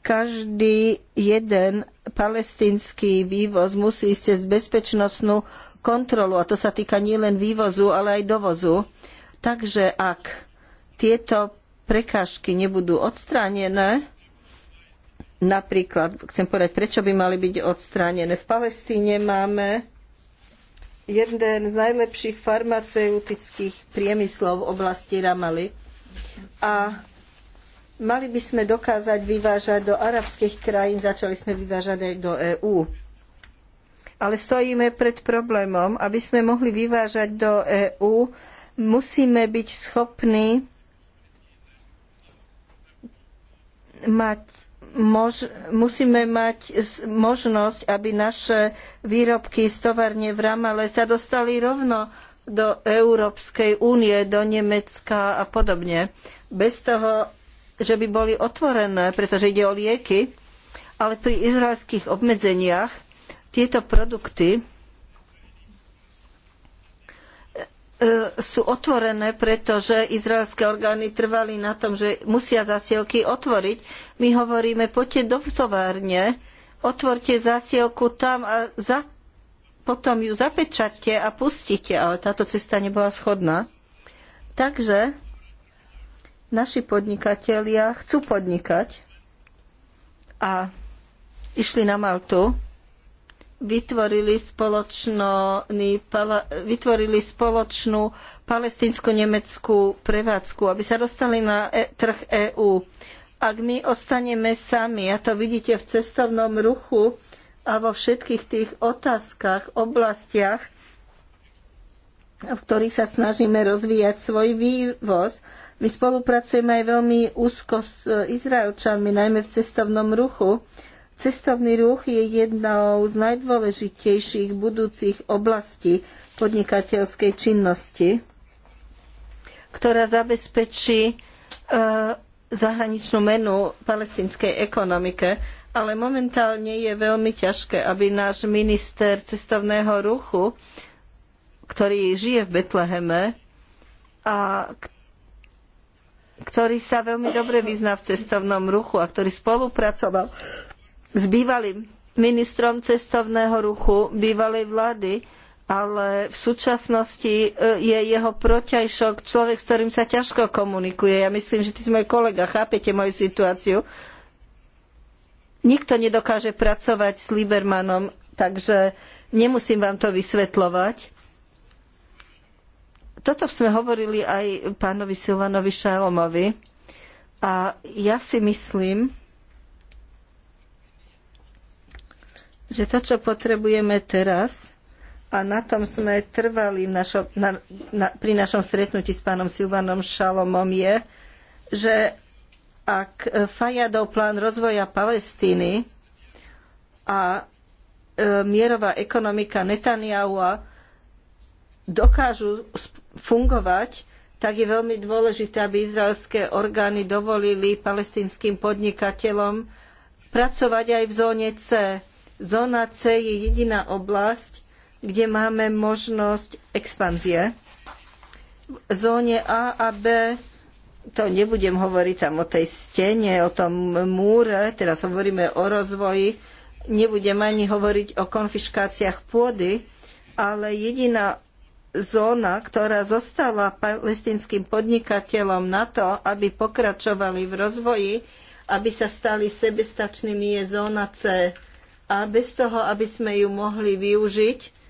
Každý jeden palestínsky vývoz musí ísť cez bezpečnostnú kontrolu a to sa týka nielen vývozu, ale aj dovozu. Takže ak tieto prekážky nebudú odstránené, napríklad, chcem povedať, prečo by mali byť odstránené. V Palestíne máme jeden z najlepších farmaceutických priemyslov v oblasti Ramaly. A mali by sme dokázať vyvážať do arabských krajín, začali sme vyvážať aj do EÚ. Ale stojíme pred problémom, aby sme mohli vyvážať do EÚ, musíme byť schopní mať mož, musíme mať možnosť, aby naše výrobky z továrne v Ramale sa dostali rovno do Európskej únie, do Nemecka a podobne. Bez toho, že by boli otvorené, pretože ide o lieky, ale pri izraelských obmedzeniach tieto produkty E, sú otvorené, pretože izraelské orgány trvali na tom, že musia zasielky otvoriť. My hovoríme, poďte do továrne, otvorte zasielku tam a za, potom ju zapečate a pustíte, ale táto cesta nebola schodná. Takže naši podnikatelia chcú podnikať a išli na Maltu vytvorili, vytvorili spoločnú palestinsko-nemeckú prevádzku, aby sa dostali na e- trh EÚ. Ak my ostaneme sami, a to vidíte v cestovnom ruchu a vo všetkých tých otázkach, oblastiach, v ktorých sa snažíme rozvíjať svoj vývoz, my spolupracujeme aj veľmi úzko s Izraelčanmi, najmä v cestovnom ruchu, Cestovný ruch je jednou z najdôležitejších budúcich oblastí podnikateľskej činnosti, ktorá zabezpečí e, zahraničnú menu palestinskej ekonomike, ale momentálne je veľmi ťažké, aby náš minister cestovného ruchu, ktorý žije v Betleheme a ktorý sa veľmi dobre vyzná v cestovnom ruchu a ktorý spolupracoval s bývalým ministrom cestovného ruchu bývalej vlády, ale v súčasnosti e, je jeho protiajšok človek, s ktorým sa ťažko komunikuje. Ja myslím, že ty si môj kolega, chápete moju situáciu. Nikto nedokáže pracovať s Libermanom, takže nemusím vám to vysvetľovať. Toto sme hovorili aj pánovi Silvanovi Šalomovi. A ja si myslím, že to, čo potrebujeme teraz, a na tom sme trvali našo, na, na, pri našom stretnutí s pánom Silvanom Šalomom, je, že ak Fajadov plán rozvoja Palestíny a e, mierová ekonomika Netanyahua dokážu fungovať, tak je veľmi dôležité, aby izraelské orgány dovolili palestinským podnikateľom pracovať aj v zóne C Zóna C je jediná oblasť, kde máme možnosť expanzie. V zóne A a B, to nebudem hovoriť tam o tej stene, o tom múre, teraz hovoríme o rozvoji, nebudem ani hovoriť o konfiškáciách pôdy, ale jediná zóna, ktorá zostala palestinským podnikateľom na to, aby pokračovali v rozvoji, aby sa stali sebestačnými, je zóna C a bez toho, aby sme ju mohli využiť,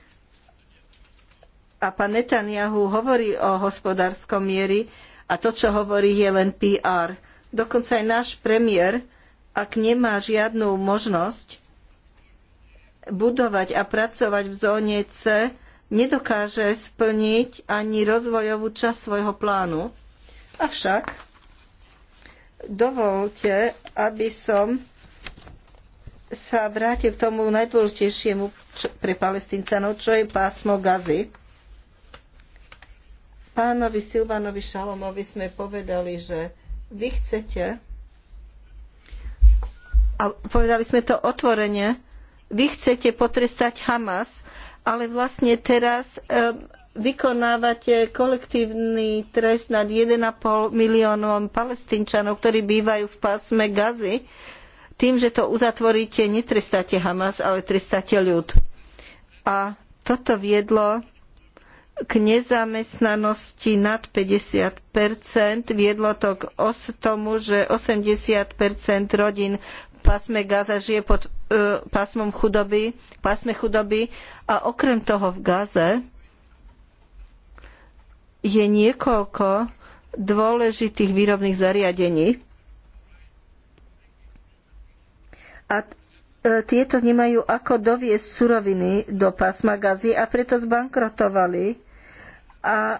a pán Netanyahu hovorí o hospodárskom miery a to, čo hovorí, je len PR. Dokonca aj náš premiér, ak nemá žiadnu možnosť budovať a pracovať v zóne C, nedokáže splniť ani rozvojovú časť svojho plánu. Avšak dovolte, aby som sa vráti k tomu najdôležitejšiemu pre palestíncanov, čo je pásmo Gazy. Pánovi Silvanovi Šalomovi sme povedali, že vy chcete, a povedali sme to otvorene, vy chcete potrestať Hamas, ale vlastne teraz vykonávate kolektívny trest nad 1,5 miliónom palestínčanov, ktorí bývajú v pásme Gazy tým, že to uzatvoríte, netrestáte Hamas, ale trestáte ľud. A toto viedlo k nezamestnanosti nad 50 viedlo to k tomu, že 80 rodín v pásme Gaza žije pod uh, pásmom chudoby, pásme chudoby a okrem toho v Gaze je niekoľko dôležitých výrobných zariadení, a e, tieto nemajú ako doviesť suroviny do pásma gazy a preto zbankrotovali. A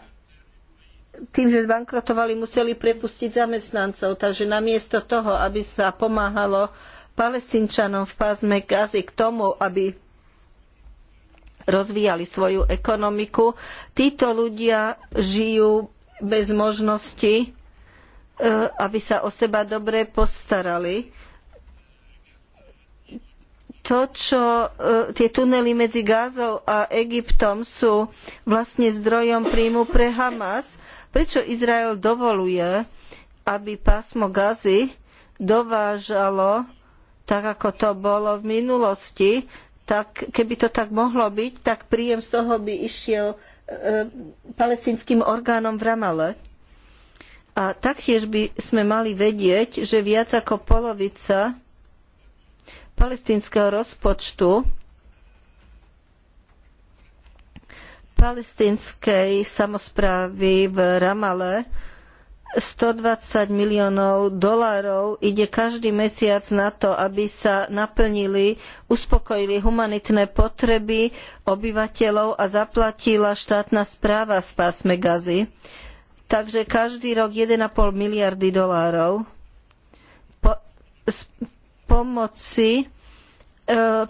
tým, že zbankrotovali, museli prepustiť zamestnancov. Takže namiesto toho, aby sa pomáhalo palestínčanom v pásme gazy k tomu, aby rozvíjali svoju ekonomiku, títo ľudia žijú bez možnosti, e, aby sa o seba dobre postarali to, čo e, tie tunely medzi Gázou a Egyptom sú vlastne zdrojom príjmu pre Hamas, prečo Izrael dovoluje, aby pásmo Gazy dovážalo, tak ako to bolo v minulosti, tak keby to tak mohlo byť, tak príjem z toho by išiel e, palestinským orgánom v Ramale. A taktiež by sme mali vedieť, že viac ako polovica palestínskeho rozpočtu palestínskej samosprávy v Ramale 120 miliónov dolárov ide každý mesiac na to, aby sa naplnili, uspokojili humanitné potreby obyvateľov a zaplatila štátna správa v pásme Gazy. Takže každý rok 1,5 miliardy dolárov. Po, pomoci e,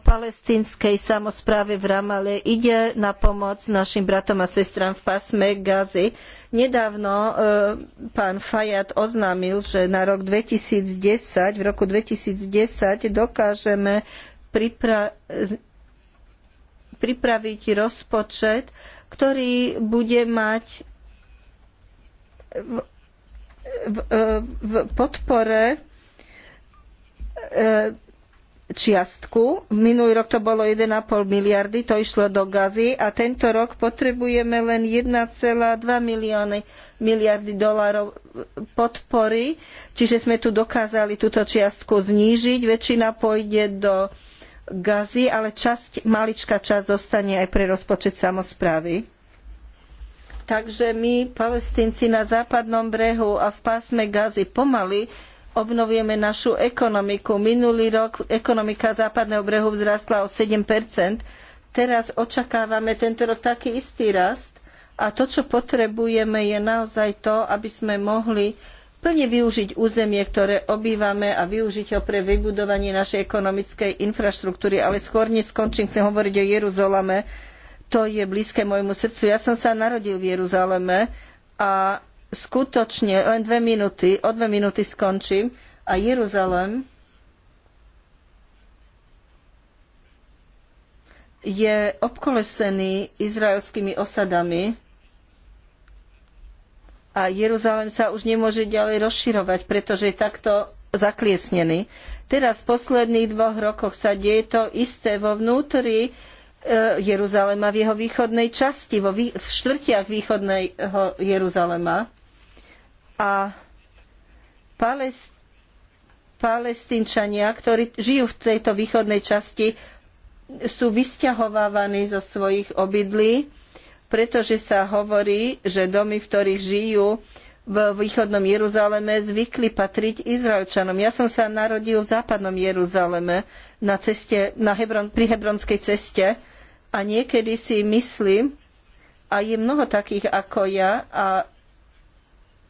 palestínskej samospráve v Ramale ide na pomoc našim bratom a sestram v pásme Gazy. Nedávno e, pán Fajat oznámil, že na rok 2010, v roku 2010 dokážeme pripra pripraviť rozpočet, ktorý bude mať v, v, e, v podpore E, čiastku. Minulý rok to bolo 1,5 miliardy, to išlo do gazy a tento rok potrebujeme len 1,2 milióny miliardy dolárov podpory, čiže sme tu dokázali túto čiastku znížiť. Väčšina pôjde do gazy, ale časť, maličká časť zostane aj pre rozpočet samozprávy. Takže my, palestínci na západnom brehu a v pásme gazy pomaly obnovujeme našu ekonomiku. Minulý rok ekonomika západného brehu vzrastla o 7 Teraz očakávame tento rok taký istý rast a to, čo potrebujeme, je naozaj to, aby sme mohli plne využiť územie, ktoré obývame a využiť ho pre vybudovanie našej ekonomickej infraštruktúry. Ale skôr než skončím, chcem hovoriť o Jeruzaleme. To je blízke môjmu srdcu. Ja som sa narodil v Jeruzaleme a skutočne len dve minúty, o dve minúty skončím. A Jeruzalem je obkolesený izraelskými osadami a Jeruzalem sa už nemôže ďalej rozširovať, pretože je takto zakliesnený. Teraz v posledných dvoch rokoch sa deje to isté vo vnútri e, Jeruzalema v jeho východnej časti, vo v štvrtiach východného Jeruzalema a palestínčania, ktorí žijú v tejto východnej časti, sú vysťahovávaní zo svojich obydlí, pretože sa hovorí, že domy, v ktorých žijú v východnom Jeruzaleme, zvykli patriť Izraelčanom. Ja som sa narodil v západnom Jeruzaleme na ceste, na Hebron, pri hebronskej ceste a niekedy si myslím, a je mnoho takých ako ja a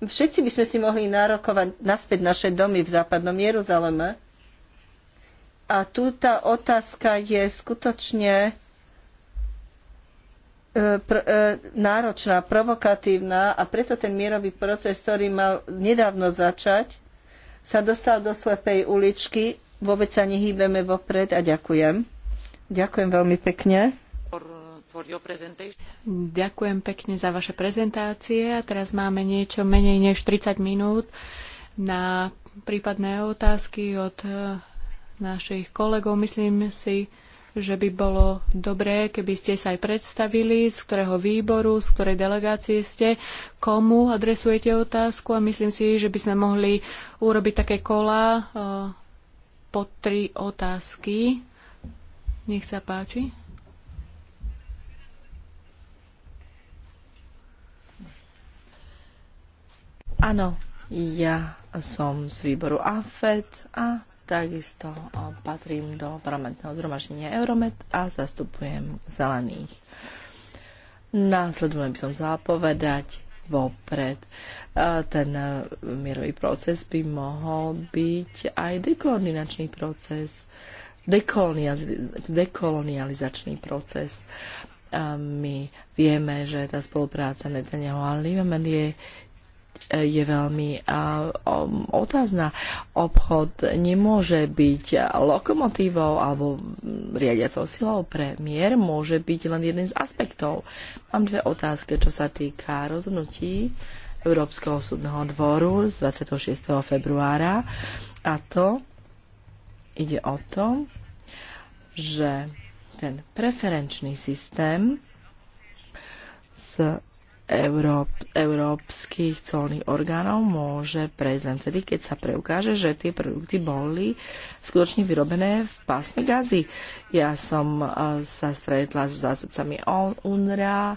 Všetci by sme si mohli nárokovať naspäť naše domy v západnom Jeruzaleme. A tu tá otázka je skutočne e, e, náročná, provokatívna a preto ten mierový proces, ktorý mal nedávno začať, sa dostal do slepej uličky. Vôbec sa nehýbeme vopred a ďakujem. Ďakujem veľmi pekne. Ďakujem pekne za vaše prezentácie. A teraz máme niečo menej než 30 minút na prípadné otázky od eh, našich kolegov. Myslím si, že by bolo dobré, keby ste sa aj predstavili, z ktorého výboru, z ktorej delegácie ste, komu adresujete otázku a myslím si, že by sme mohli urobiť také kola eh, po tri otázky. Nech sa páči. Áno, ja som z výboru AFED a takisto patrím do parlamentného zhromaždenia Euromed a zastupujem zelených. Následovne by som chcela povedať vopred. E, ten e, mierový proces by mohol byť aj dekoordinačný proces, dekolonializačný proces. E, my vieme, že tá spolupráca Netanyahu a Lieberman je je veľmi um, otázna. Obchod nemôže byť lokomotívou alebo mm, riadiacou silou pre mier, môže byť len jeden z aspektov. Mám dve otázky, čo sa týka rozhodnutí Európskeho súdneho dvoru z 26. februára a to ide o to, že ten preferenčný systém s Európ, európskych colných orgánov môže prejsť len vtedy, keď sa preukáže, že tie produkty boli skutočne vyrobené v pásme gazy. Ja som e, sa stretla s zástupcami UNRA e,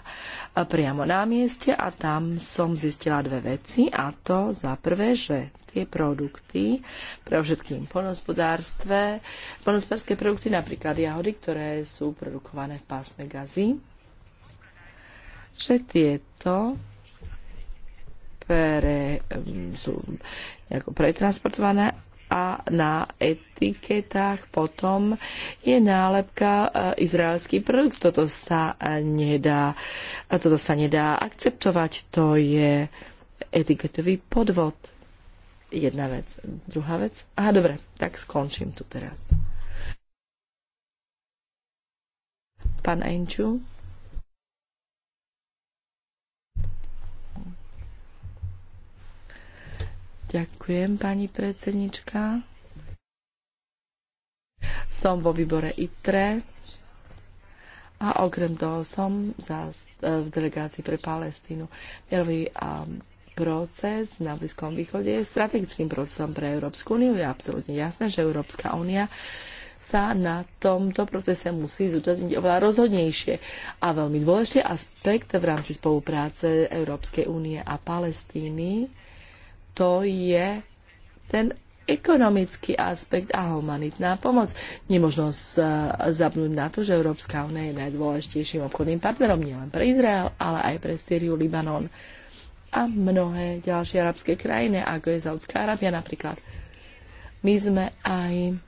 priamo na mieste a tam som zistila dve veci a to za prvé, že tie produkty, pre všetkým poľnohospodárstve, poľnohospodárske produkty, napríklad jahody, ktoré sú produkované v pásme gazy, že tieto pre, mm, sú ako pretransportované a na etiketách potom je nálepka e, izraelský produkt. Toto sa nedá, toto sa nedá akceptovať. To je etiketový podvod. Jedna vec. Druhá vec. Aha, dobre, tak skončím tu teraz. Pán Enču. Ďakujem, pani predsednička. Som vo výbore ITRE a okrem toho som za, e, v delegácii pre Palestínu. Mierový proces na Blízkom východe je strategickým procesom pre Európsku úniu. Je absolútne jasné, že Európska únia sa na tomto procese musí zúčastniť oveľa rozhodnejšie. A veľmi dôležitý aspekt v rámci spolupráce Európskej únie a Palestíny to je ten ekonomický aspekt a humanitná pomoc. Nemožno zabnúť na to, že Európska únia je najdôležitejším obchodným partnerom nielen pre Izrael, ale aj pre Syriu, Libanon a mnohé ďalšie arabské krajiny, ako je Saudská Arábia napríklad. My sme aj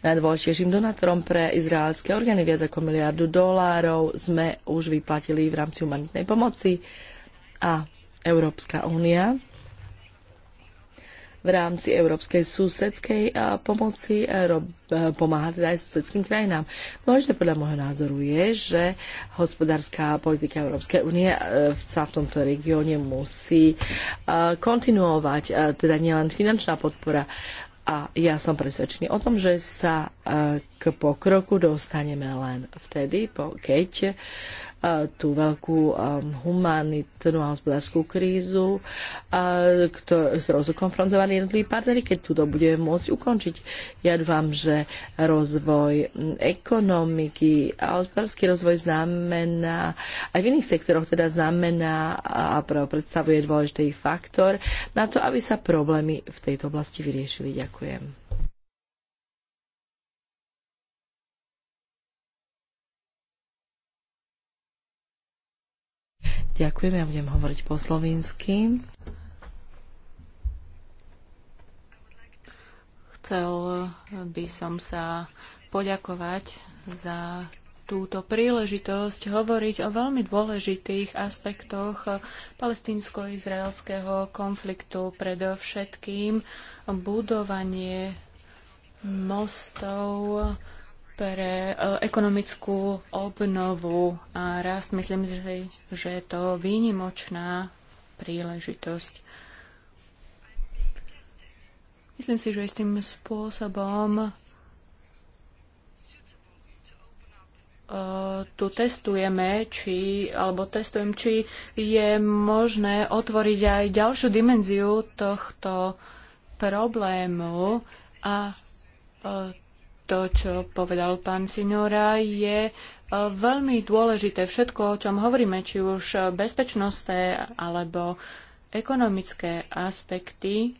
najdôležitejším donátorom pre izraelské orgány viac ako miliardu dolárov sme už vyplatili v rámci humanitnej pomoci a Európska únia v rámci európskej susedskej pomoci pomáha teda aj susedským krajinám. Možno podľa môjho názoru je, že hospodárska politika Európskej únie sa v tomto regióne musí kontinuovať, teda nielen finančná podpora, a ja som presvedčený o tom, že sa k pokroku dostaneme len vtedy, keď tú veľkú um, humanitnú a hospodárskú krízu, s ktorou sú konfrontovaní jednotliví partnery, keď túto budeme môcť ukončiť. Ja dúfam, že rozvoj ekonomiky a hospodársky rozvoj znamená, aj v iných sektoroch teda znamená a predstavuje dôležitý faktor na to, aby sa problémy v tejto oblasti vyriešili. Ďakujem. Ďakujem, ja budem hovoriť po slovinsky. Chcel by som sa poďakovať za túto príležitosť hovoriť o veľmi dôležitých aspektoch palestínsko-izraelského konfliktu, predovšetkým budovanie mostov pre e, ekonomickú obnovu a rast. Myslím, si, že je to výnimočná príležitosť. Myslím si, že istým spôsobom e, tu testujeme, či, alebo testujem, či je možné otvoriť aj ďalšiu dimenziu tohto problému a e, to, čo povedal pán Signora, je e, veľmi dôležité všetko, o čom hovoríme, či už bezpečnostné alebo ekonomické aspekty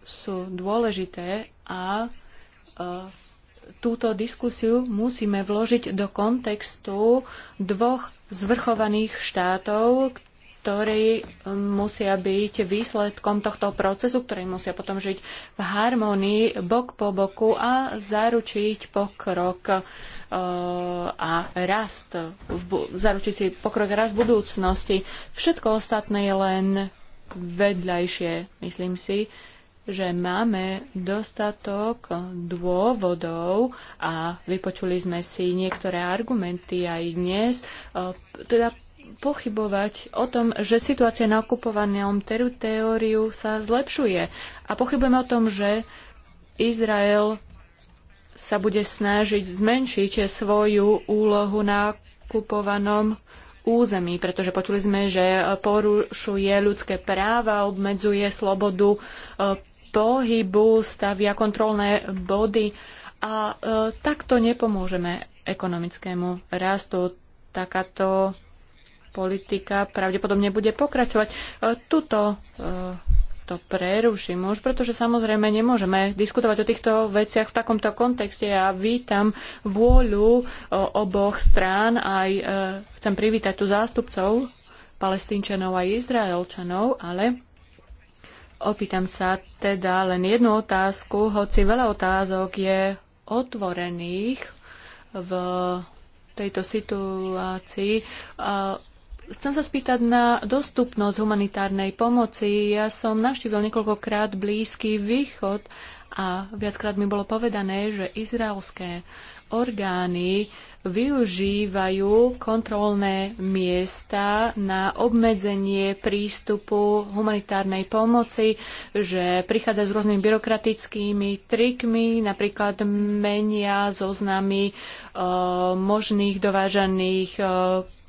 sú dôležité a e, túto diskusiu musíme vložiť do kontextu dvoch zvrchovaných štátov, ktorí um, musia byť výsledkom tohto procesu, ktorí musia potom žiť v harmonii bok po boku a zaručiť pokrok uh, a rast, zaručiť si pokrok a rast v budúcnosti. Všetko ostatné je len vedľajšie, myslím si, že máme dostatok dôvodov a vypočuli sme si niektoré argumenty aj dnes, uh, teda pochybovať o tom, že situácia na okupovanom teritoriu sa zlepšuje. A pochybujeme o tom, že Izrael sa bude snažiť zmenšiť svoju úlohu na okupovanom území, pretože počuli sme, že porušuje ľudské práva, obmedzuje slobodu e, pohybu, stavia kontrolné body a e, takto nepomôžeme ekonomickému rastu. Takáto politika pravdepodobne bude pokračovať. E, tuto e, to preruším už, pretože samozrejme nemôžeme diskutovať o týchto veciach v takomto kontexte. Ja vítam vôľu e, oboch strán aj chcem privítať tu zástupcov palestínčanov a izraelčanov, ale opýtam sa teda len jednu otázku, hoci veľa otázok je otvorených v tejto situácii. Chcem sa spýtať na dostupnosť humanitárnej pomoci. Ja som navštívil niekoľkokrát Blízky východ a viackrát mi bolo povedané, že izraelské orgány využívajú kontrolné miesta na obmedzenie prístupu humanitárnej pomoci, že prichádza s rôznymi byrokratickými trikmi, napríklad menia zoznamy e, možných dovážaných e,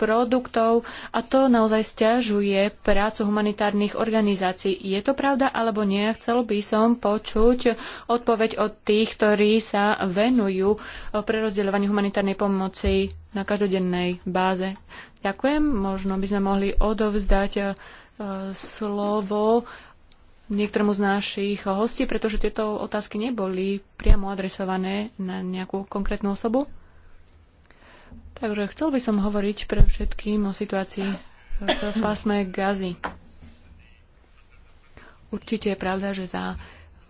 produktov a to naozaj stiažuje prácu humanitárnych organizácií. Je to pravda alebo nie? Chcel by som počuť odpoveď od tých, ktorí sa venujú prerozdeľovaniu humanitárnej pomoci na každodennej báze. Ďakujem. Možno by sme mohli odovzdať e, slovo niektorému z našich hostí, pretože tieto otázky neboli priamo adresované na nejakú konkrétnu osobu. Takže chcel by som hovoriť pre všetkým o situácii v pásme Gazy. Určite je pravda, že za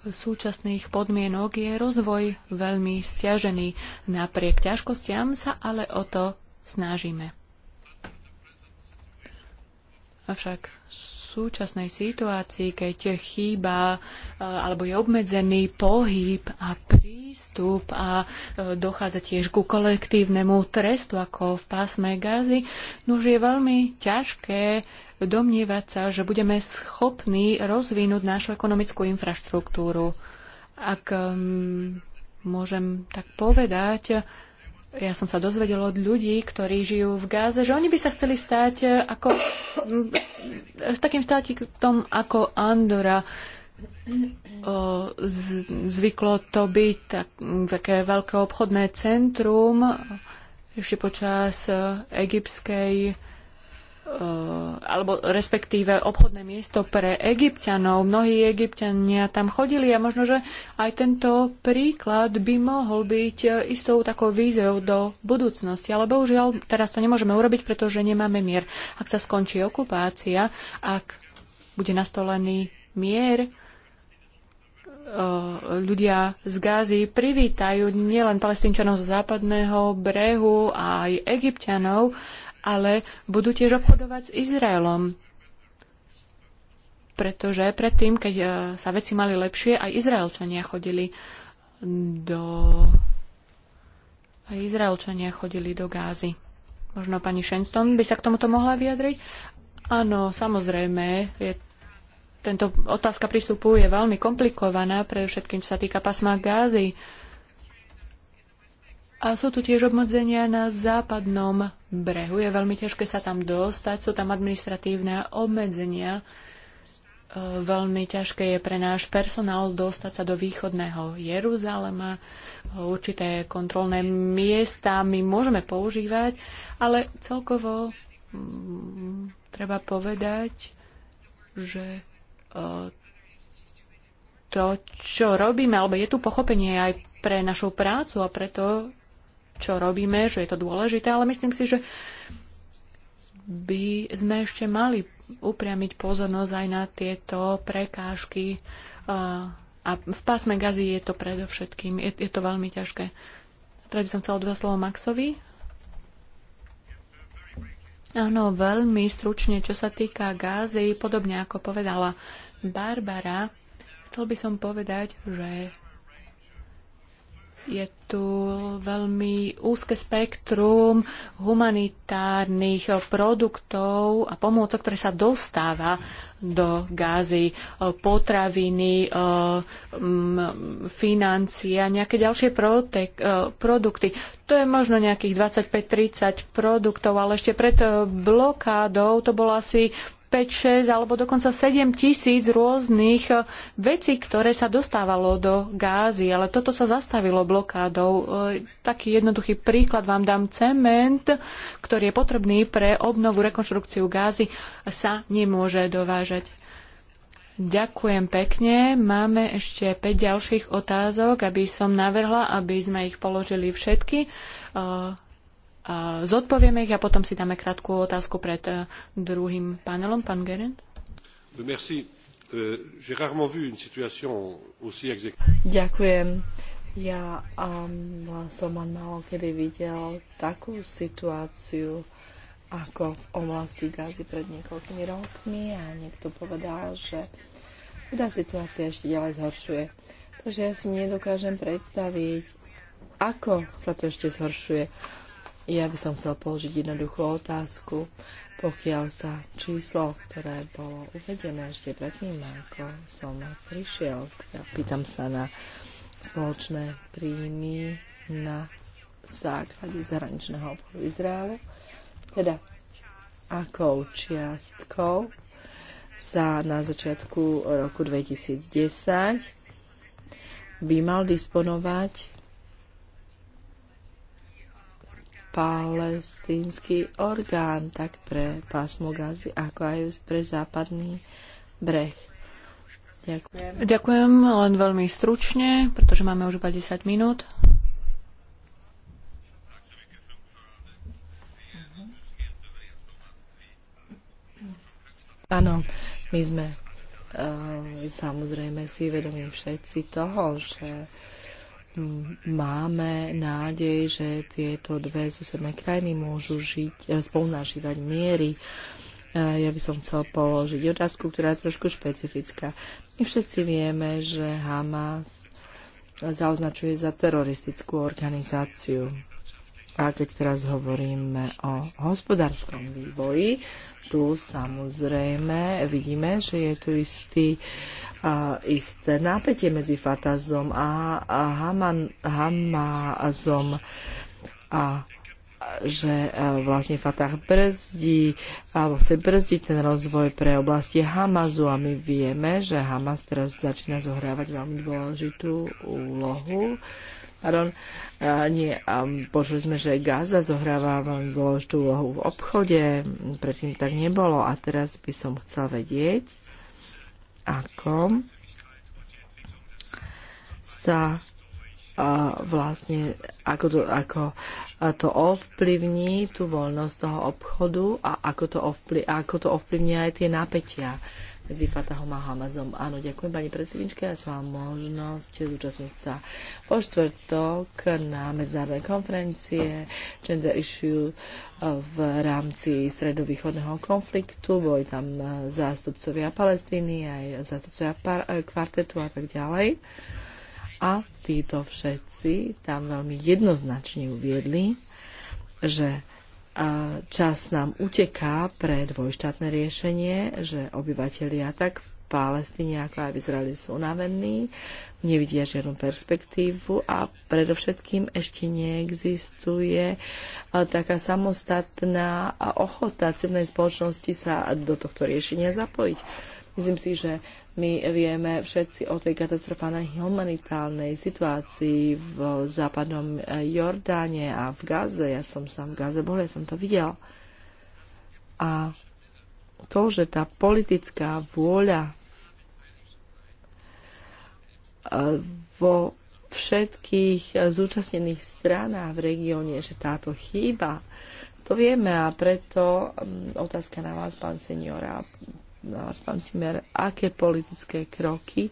súčasných podmienok je rozvoj veľmi stiažený. Napriek ťažkostiam sa ale o to snažíme. Avšak súčasnej situácii, keď chýba e, alebo je obmedzený pohyb a prístup a e, dochádza tiež ku kolektívnemu trestu ako v pásme gazy, už je veľmi ťažké domnievať sa, že budeme schopní rozvinúť našu ekonomickú infraštruktúru. Ak mm, môžem tak povedať, ja som sa dozvedela od ľudí, ktorí žijú v Gáze, že oni by sa chceli stať eh, ako, eh, v takým štátikom ako Andora. O, z, zvyklo to byť tak, mm, také veľké obchodné centrum ešte počas eh, egyptskej Eh, alebo respektíve obchodné miesto pre egyptianov. Mnohí egyptiania tam chodili a možno, že aj tento príklad by mohol byť eh, istou takou víziou do budúcnosti. Ale bohužiaľ, teraz to nemôžeme urobiť, pretože nemáme mier. Ak sa skončí okupácia, ak bude nastolený mier, eh, ľudia z Gázy privítajú nielen palestínčanov z západného brehu, aj egyptianov, ale budú tiež obchodovať s Izraelom. Pretože predtým, keď e, sa veci mali lepšie, aj Izraelčania chodili do... Aj Izraelčania chodili do Gázy. Možno pani Shenston by sa k tomuto mohla vyjadriť? Áno, samozrejme, je tento otázka prístupu je veľmi komplikovaná, pre všetkým, sa týka pasma Gázy. Uh, a sú tu tiež obmedzenia na západnom brehu. Je veľmi ťažké sa tam dostať. Sú tam administratívne obmedzenia. E, veľmi ťažké je pre náš personál dostať sa do východného Jeruzalema. Určité kontrolné miesta my môžeme používať, ale celkovo mm, treba povedať, že e, to, čo robíme, alebo je tu pochopenie aj pre našu prácu a preto čo robíme, že je to dôležité, ale myslím si, že by sme ešte mali upriamiť pozornosť aj na tieto prekážky. A v pásme gazy je to predovšetkým, je, je to veľmi ťažké. Teraz by som chcela dva slovo Maxovi. Áno, veľmi stručne, čo sa týka gázy, podobne ako povedala Barbara, chcel by som povedať, že je tu veľmi úzke spektrum humanitárnych produktov a pomôcok, ktoré sa dostáva do gázy, potraviny, eh, mm, financie a nejaké ďalšie eh, produkty. To je možno nejakých 25-30 produktov, ale ešte pred eh, blokádou to bolo asi 5, 6 alebo dokonca 7 tisíc rôznych eh, vecí, ktoré sa dostávalo do gázy, ale toto sa zastavilo blokádou. Eh, taký jednoduchý príklad vám dám. Cement, ktorý je potrebný pre obnovu, rekonštrukciu gázy, sa nemôže dovážať. Ďakujem pekne. Máme ešte 5 ďalších otázok, aby som navrhla, aby sme ich položili všetky. Uh, zodpovieme ich a potom si dáme krátku otázku pred eh, druhým panelom. Pán Gerent. Eh, eh, Ďakujem. Ja um, som malo kedy videl takú situáciu ako v oblasti Gazy pred niekoľkými rokmi a niekto povedal, že tá situácia ešte ďalej zhoršuje. Takže ja si nedokážem predstaviť, ako sa to ešte zhoršuje. Ja by som chcel položiť jednoduchú otázku. Pokiaľ sa číslo, ktoré bolo uvedené ešte predtým, ako som prišiel, ja teda pýtam sa na spoločné príjmy na základe zahraničného obchodu Izraelu, teda akou čiastkou sa na začiatku roku 2010 by mal disponovať palestínsky orgán, tak pre pásmo Gazy, ako aj pre západný breh. Ďakujem. Ďakujem len veľmi stručne, pretože máme už 20 minút. Áno, my sme uh, samozrejme si vedomi všetci toho, že uh, máme nádej, že tieto dve susedné krajiny môžu žiť, eh, spolunažívať miery. Eh, ja by som chcel položiť otázku, ktorá je trošku špecifická. My všetci vieme, že Hamas zaoznačuje za teroristickú organizáciu. A keď teraz hovoríme o hospodárskom vývoji, tu samozrejme vidíme, že je tu istý, uh, isté napätie medzi Fatazom a, a Hamazom a že vlastne Fatah brzdí alebo chce brzdiť ten rozvoj pre oblasti Hamazu a my vieme, že Hamas teraz začína zohrávať veľmi dôležitú úlohu Pardon. A nie, a počuli sme, že Gaza zohráva veľmi dôležitú úlohu v obchode, predtým tak nebolo a teraz by som chcel vedieť, ako sa vlastne, ako to, ako to ovplyvní tú voľnosť toho obchodu a ako to, ovplyv, ako to ovplyvní aj tie napätia medzi Fatahom a Hamazom. Áno, ďakujem pani predsedničke, ja som mám možnosť zúčastniť sa po štvrtok na medzinárodnej konferencie Gender Issue eh, v rámci stredovýchodného konfliktu. Boli tam eh, zástupcovia Palestíny, aj zástupcovia eh, kvartetu a tak ďalej. A títo všetci tam veľmi jednoznačne uviedli, že čas nám uteká pre dvojštátne riešenie, že obyvateľia tak v Palestíne ako aj v Izraeli sú unavení, nevidia žiadnu perspektívu a predovšetkým ešte neexistuje e, taká samostatná ochota civilnej spoločnosti sa do tohto riešenia zapojiť. Myslím si, že my vieme všetci o tej katastrofálnej humanitálnej situácii v západnom Jordáne a v Gaze. Ja som sám v Gaze bol, ja som to videl. A to, že tá politická vôľa e, vo všetkých zúčastnených stranách v regióne, že táto chýba, to vieme a preto mm, otázka na vás, pán seniora na vás, pán Cimer, aké politické kroky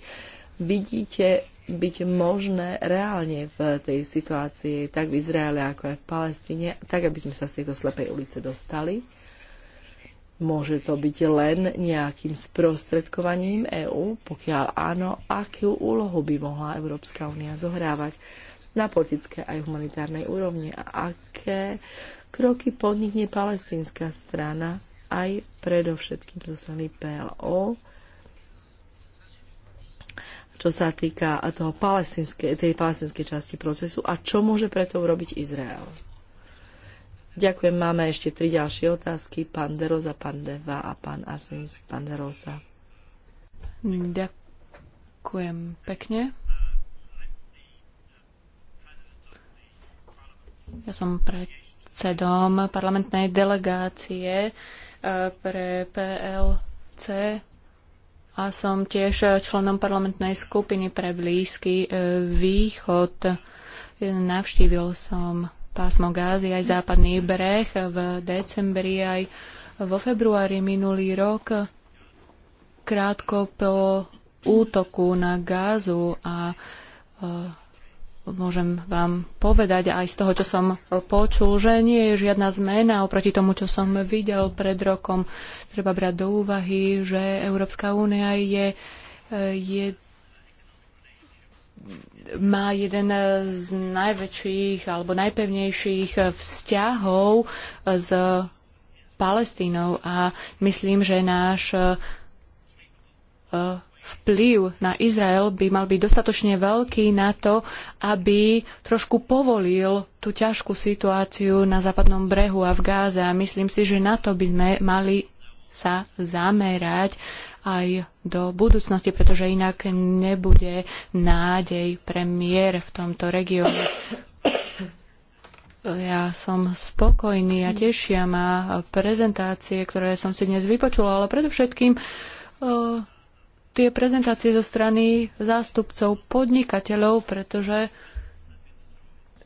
vidíte byť možné reálne v tej situácii, tak v Izraele, ako aj v Palestíne, tak, aby sme sa z tejto slepej ulice dostali? Môže to byť len nejakým sprostredkovaním EÚ? Pokiaľ áno, akú úlohu by mohla Európska únia zohrávať na politické aj humanitárnej úrovni? A aké kroky podnikne palestínska strana aj predovšetkým zo strany PLO. Čo sa týka toho palestinskej, tej palestinskej časti procesu a čo môže preto urobiť Izrael. Ďakujem. Máme ešte tri ďalšie otázky. Pán Deroza, pán Deva a pán Arsens. pán Deroza. Ďakujem pekne. Ja som predsedom parlamentnej delegácie pre PLC a som tiež členom parlamentnej skupiny pre Blízky e, východ. Navštívil som pásmo Gázy aj západný breh v decembri aj vo februári minulý rok krátko po útoku na Gázu a e, môžem vám povedať aj z toho, čo som počul, že nie je žiadna zmena oproti tomu, čo som videl pred rokom. Treba brať do úvahy, že Európska únia je, je má jeden z najväčších alebo najpevnejších vzťahov s Palestínou a myslím, že náš eh, vplyv na Izrael by mal byť dostatočne veľký na to, aby trošku povolil tú ťažkú situáciu na západnom brehu a v Gáze. A myslím si, že na to by sme mali sa zamerať aj do budúcnosti, pretože inak nebude nádej pre mier v tomto regióne. Ja som spokojný a tešia ma prezentácie, ktoré som si dnes vypočula, ale predovšetkým uh, tie prezentácie zo strany zástupcov podnikateľov, pretože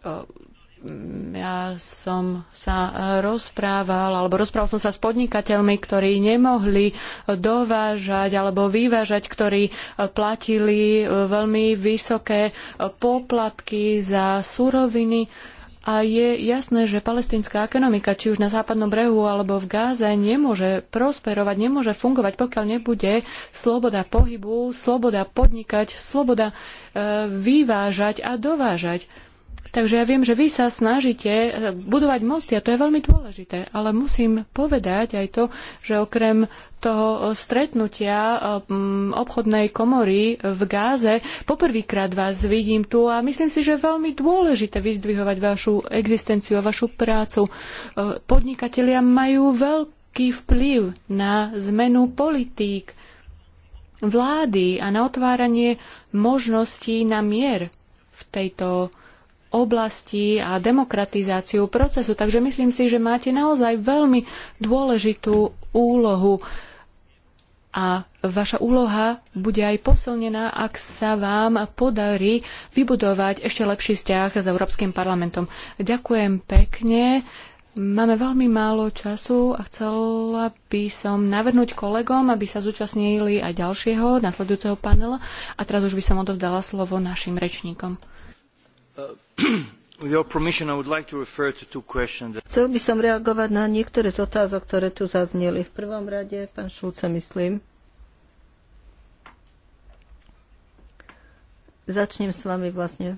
mm, ja som sa rozprával, alebo rozprával som sa s podnikateľmi, ktorí nemohli dovážať alebo vyvážať, ktorí platili veľmi vysoké poplatky za suroviny a je jasné, že palestínska ekonomika, či už na západnom brehu alebo v Gáze, nemôže prosperovať, nemôže fungovať, pokiaľ nebude sloboda pohybu, sloboda podnikať, sloboda e, vyvážať a dovážať. Takže ja viem, že vy sa snažíte eh, budovať mosty a to je veľmi dôležité, ale musím povedať aj to, že okrem toho eh, stretnutia eh, mm, obchodnej komory v Gáze. Poprvýkrát vás vidím tu a myslím si, že je veľmi dôležité vyzdvihovať vašu existenciu a vašu prácu. Podnikatelia majú veľký vplyv na zmenu politík vlády a na otváranie možností na mier v tejto oblasti a demokratizáciu procesu. Takže myslím si, že máte naozaj veľmi dôležitú úlohu a vaša úloha bude aj posilnená, ak sa vám podarí vybudovať ešte lepší vzťah s Európskym parlamentom. Ďakujem pekne. Máme veľmi málo času a chcela by som navrhnúť kolegom, aby sa zúčastnili aj ďalšieho, nasledujúceho panela. A teraz už by som odovzdala slovo našim rečníkom. Uh, Chcel by som reagovať na niektoré z otázok, ktoré tu zazneli. V prvom rade, pán Šulce, myslím. Začnem s vami vlastne.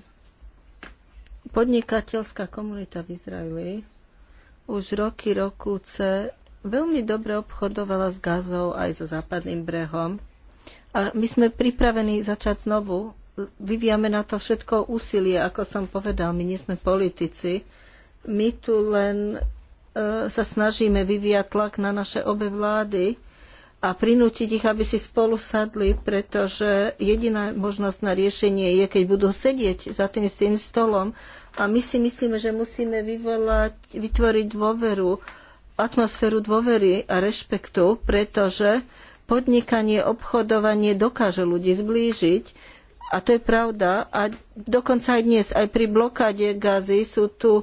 Podnikateľská komunita v Izraeli už roky, rokúce veľmi dobre obchodovala s gazou aj so západným brehom. A my sme pripravení začať znovu vyvíjame na to všetko úsilie, ako som povedal, my nie sme politici. My tu len e, sa snažíme vyvíjať tlak na naše obe vlády a prinútiť ich, aby si spolu sadli, pretože jediná možnosť na riešenie je, keď budú sedieť za tým istým stolom. A my si myslíme, že musíme vyvolať, vytvoriť dôveru, atmosféru dôvery a rešpektu, pretože podnikanie, obchodovanie dokáže ľudí zblížiť a to je pravda. A dokonca aj dnes, aj pri blokáde Gazy sú tu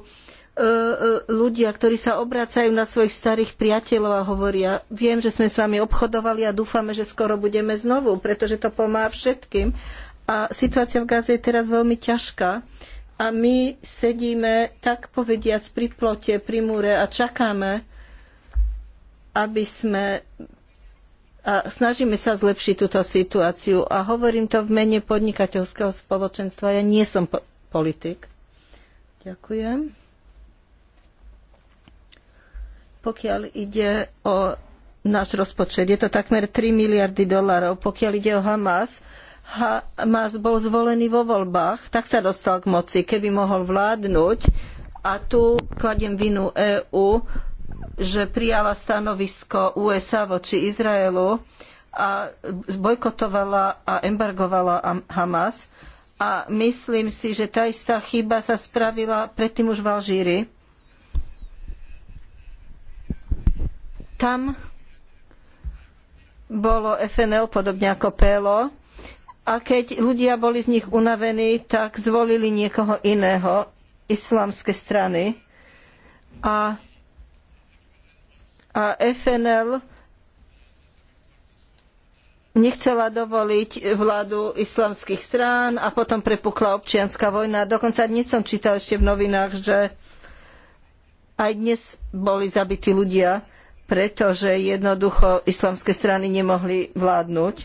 e, e, ľudia, ktorí sa obracajú na svojich starých priateľov a hovoria, viem, že sme s vami obchodovali a dúfame, že skoro budeme znovu, pretože to pomáha všetkým. A situácia v Gaze je teraz veľmi ťažká. A my sedíme, tak povediac, pri plote, pri múre a čakáme, aby sme a snažíme sa zlepšiť túto situáciu a hovorím to v mene podnikateľského spoločenstva. Ja nie som po- politik. Ďakujem. Pokiaľ ide o náš rozpočet, je to takmer 3 miliardy dolárov. Pokiaľ ide o Hamas, Hamas bol zvolený vo voľbách, tak sa dostal k moci. Keby mohol vládnuť, a tu kladiem vinu EÚ, že prijala stanovisko USA voči Izraelu a bojkotovala a embargovala Hamas. A myslím si, že tá istá chyba sa spravila predtým už v Alžíri. Tam bolo FNL podobne ako PLO a keď ľudia boli z nich unavení, tak zvolili niekoho iného, islamské strany. A a FNL nechcela dovoliť vládu islamských strán a potom prepukla občianska vojna. Dokonca dnes som čítal ešte v novinách, že aj dnes boli zabití ľudia, pretože jednoducho islamské strany nemohli vládnuť.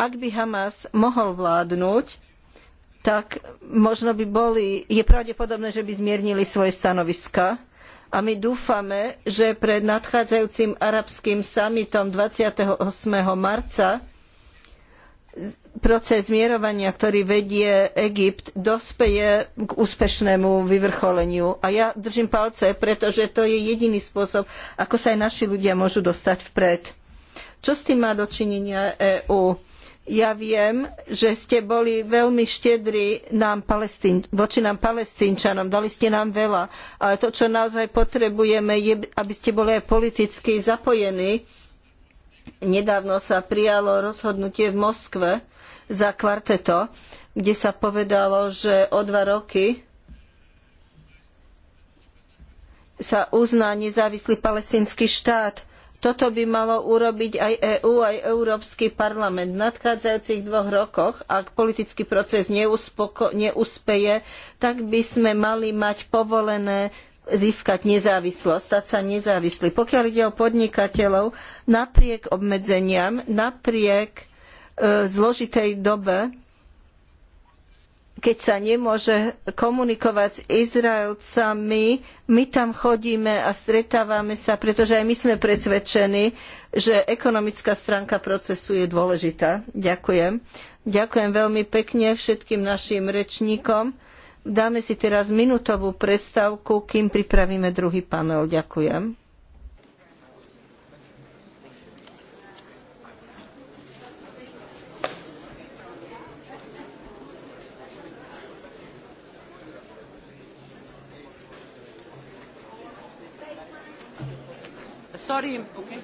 Ak by Hamas mohol vládnuť, tak možno by boli, je pravdepodobné, že by zmiernili svoje stanoviska, a my dúfame, že pred nadchádzajúcim arabským summitom eight marca proces zmierovania, ktorý vedie Egypt, dospeje k úspešnému vyvrcholeniu. A ja držím palce, pretože to je jediný spôsob, ako sa aj naši ľudia môžu dostať vpred. Čo s tým má dočinenia EÚ? Ja viem, že ste boli veľmi štedrí nám Palestín, voči nám palestínčanom, dali ste nám veľa, ale to, čo naozaj potrebujeme, je, aby ste boli aj politicky zapojení. Nedávno sa prijalo rozhodnutie v Moskve za kvarteto, kde sa povedalo, že o dva roky sa uzná nezávislý palestínsky štát toto by malo urobiť aj EÚ, aj Európsky parlament. V nadchádzajúcich dvoch rokoch, ak politický proces neuspoko, neuspeje, tak by sme mali mať povolené získať nezávislosť, stať sa nezávislí. Pokiaľ ide o podnikateľov, napriek obmedzeniam, napriek e, zložitej dobe, keď sa nemôže komunikovať s Izraelcami, my tam chodíme a stretávame sa, pretože aj my sme presvedčení, že ekonomická stránka procesu je dôležitá. Ďakujem. Ďakujem veľmi pekne všetkým našim rečníkom. Dáme si teraz minútovú prestávku, kým pripravíme druhý panel. Ďakujem. Sorry. Okay.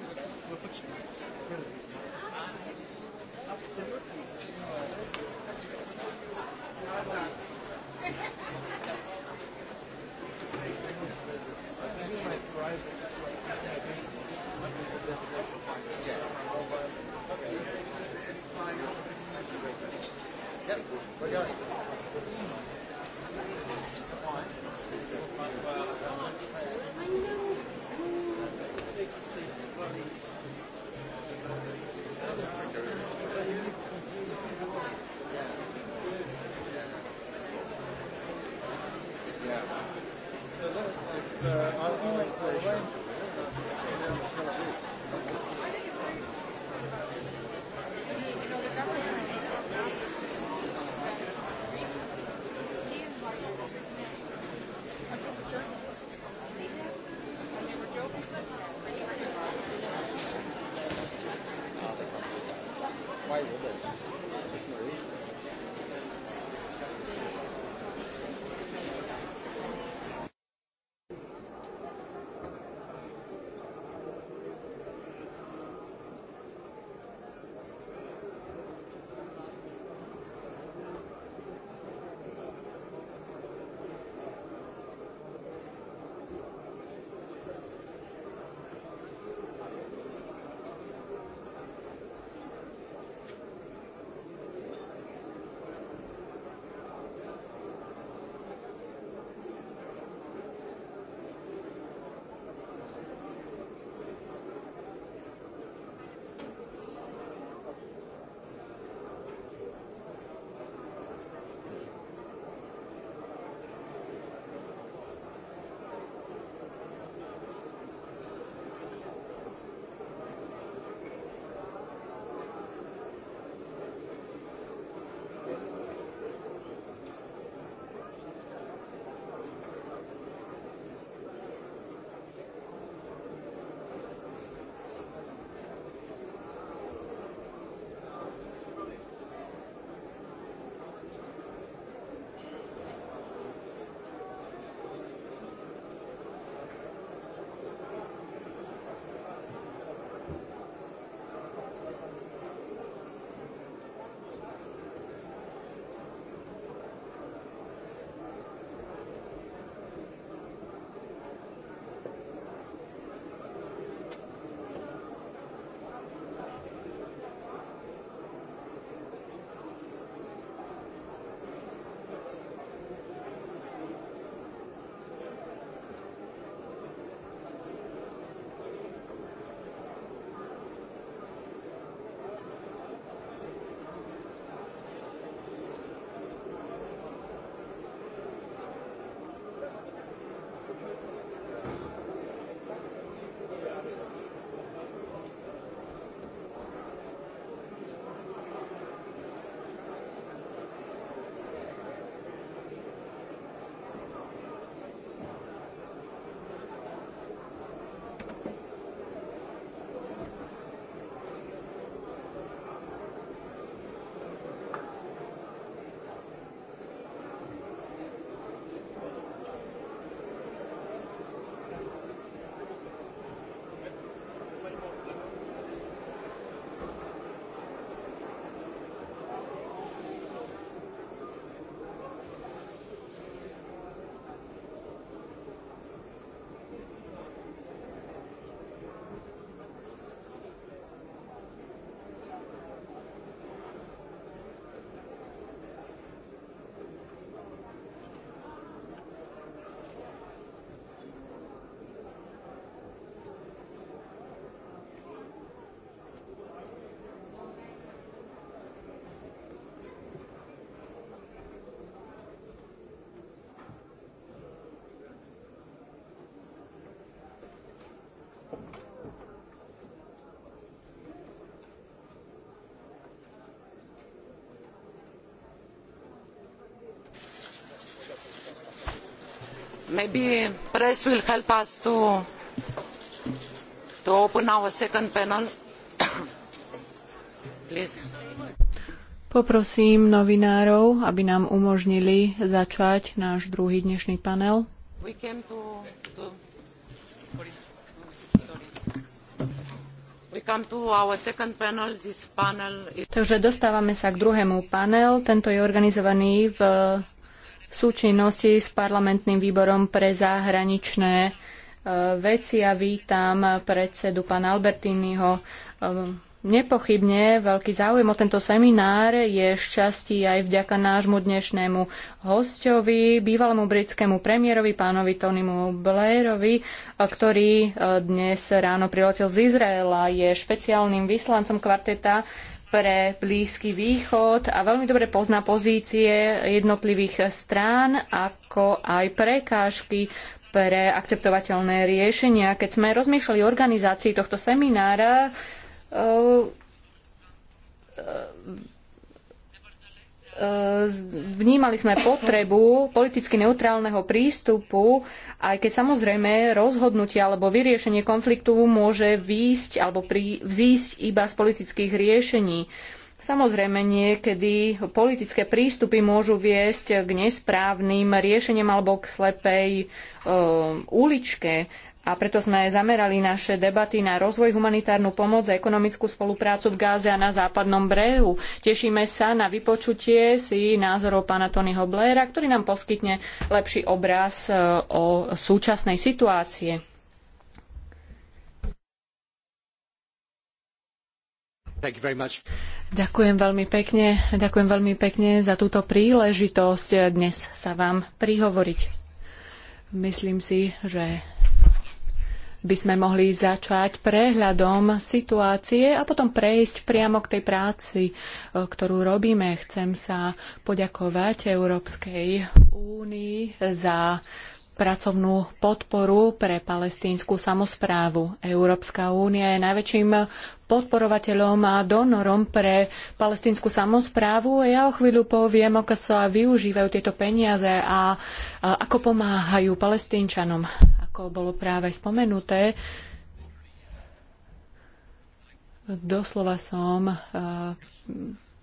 Maybe press will help us to, to open our second panel. Please. Poprosím novinárov, aby nám umožnili začať náš druhý dnešný panel. We came to, to We come to our second Panel. This Panel... Takže dostávame sa k druhému panel. Tento je organizovaný v súčinnosti s parlamentným výborom pre zahraničné e, veci a vítam predsedu pána Albertiniho. E, nepochybne veľký záujem o tento seminár je šťastí aj vďaka nášmu dnešnému hostovi, bývalému britskému premiérovi, pánovi Tonymu Blairovi, e, ktorý dnes ráno priletel z Izraela. Je špeciálnym vyslancom kvarteta pre Blízky východ a veľmi dobre pozná pozície jednotlivých strán, ako aj prekážky pre akceptovateľné riešenia. Keď sme rozmýšľali o organizácii tohto seminára, e, e, vnímali sme potrebu politicky neutrálneho prístupu, aj keď samozrejme rozhodnutie alebo vyriešenie konfliktu môže výjsť alebo prí, vzísť iba z politických riešení. Samozrejme, niekedy politické prístupy môžu viesť k nesprávnym riešeniam alebo k slepej e, uličke a preto sme zamerali naše debaty na rozvoj humanitárnu pomoc a ekonomickú spoluprácu v Gáze a na západnom brehu. Tešíme sa na vypočutie si názorov pána Tonyho Blaira, ktorý nám poskytne lepší obraz e, o súčasnej situácie. Ďakujem veľmi pekne, ďakujem veľmi pekne za túto príležitosť dnes sa vám prihovoriť. Myslím si, že by sme mohli začať prehľadom situácie a potom prejsť priamo k tej práci, e, ktorú robíme. Chcem sa poďakovať Európskej únii za pracovnú podporu pre palestínsku samozprávu. Európska únia je najväčším podporovateľom a donorom pre palestínsku samozprávu a ja o chvíľu poviem, ako sa využívajú tieto peniaze a ako pomáhajú palestínčanom ako bolo práve spomenuté, doslova som e,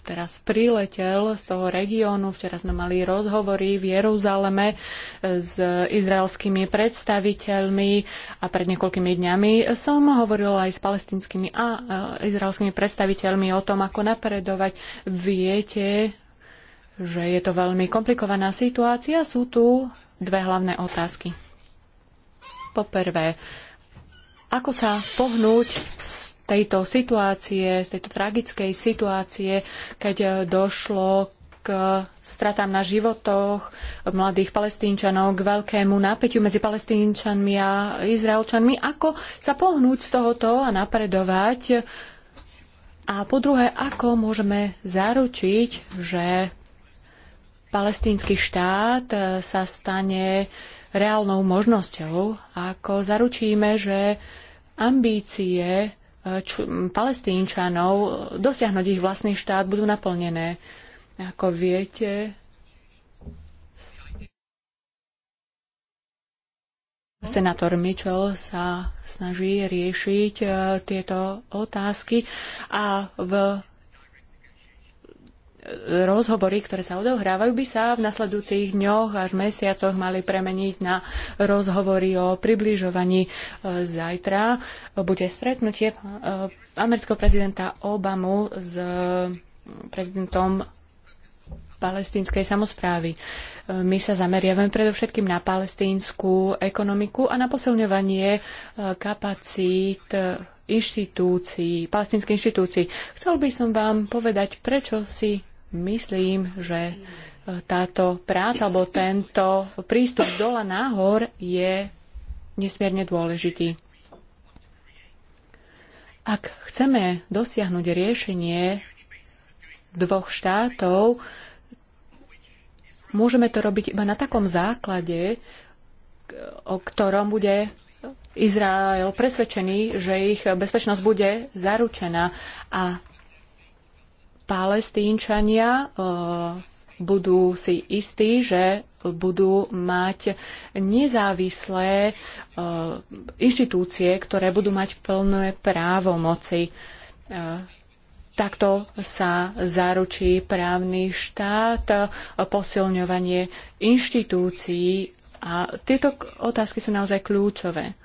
teraz priletel z toho regiónu. Včera sme mali rozhovory v Jeruzaleme e, s izraelskými predstaviteľmi a pred niekoľkými dňami som hovoril aj s palestinskými a e, izraelskými predstaviteľmi o tom, ako napredovať. Viete, že je to veľmi komplikovaná situácia. Sú tu dve hlavné otázky. Poprvé, ako sa pohnúť z tejto situácie, z tejto tragickej situácie, keď došlo k stratám na životoch mladých palestínčanov, k veľkému napätiu medzi palestínčanmi a izraelčanmi. Ako sa pohnúť z tohoto a napredovať? A po druhé, ako môžeme zaručiť, že palestínsky štát sa stane reálnou možnosťou, ako zaručíme, že ambície eh, palestínčanov dosiahnuť ich vlastný štát budú naplnené. Ako viete, Senátor Mitchell sa snaží riešiť eh, tieto otázky a v rozhovory, ktoré sa odohrávajú, by sa v nasledujúcich dňoch až mesiacoch mali premeniť na rozhovory o približovaní. E, zajtra bude stretnutie e, amerického prezidenta Obamu s e, prezidentom palestínskej samozprávy. My sa zameriavame predovšetkým na palestínsku ekonomiku a na posilňovanie kapacít inštitúcií, palestinských inštitúcií. Chcel by som vám povedať, prečo si myslím, že e, táto práca alebo tento prístup z dola nahor je nesmierne dôležitý. Ak chceme dosiahnuť riešenie dvoch štátov, môžeme to robiť iba na takom základe, o ktorom bude Izrael presvedčený, že ich bezpečnosť bude zaručená. A Palestínčania e, budú si istí, že budú mať nezávislé e, inštitúcie, ktoré budú mať plné právo moci. E, takto sa zaručí právny štát, posilňovanie inštitúcií a tieto otázky sú naozaj kľúčové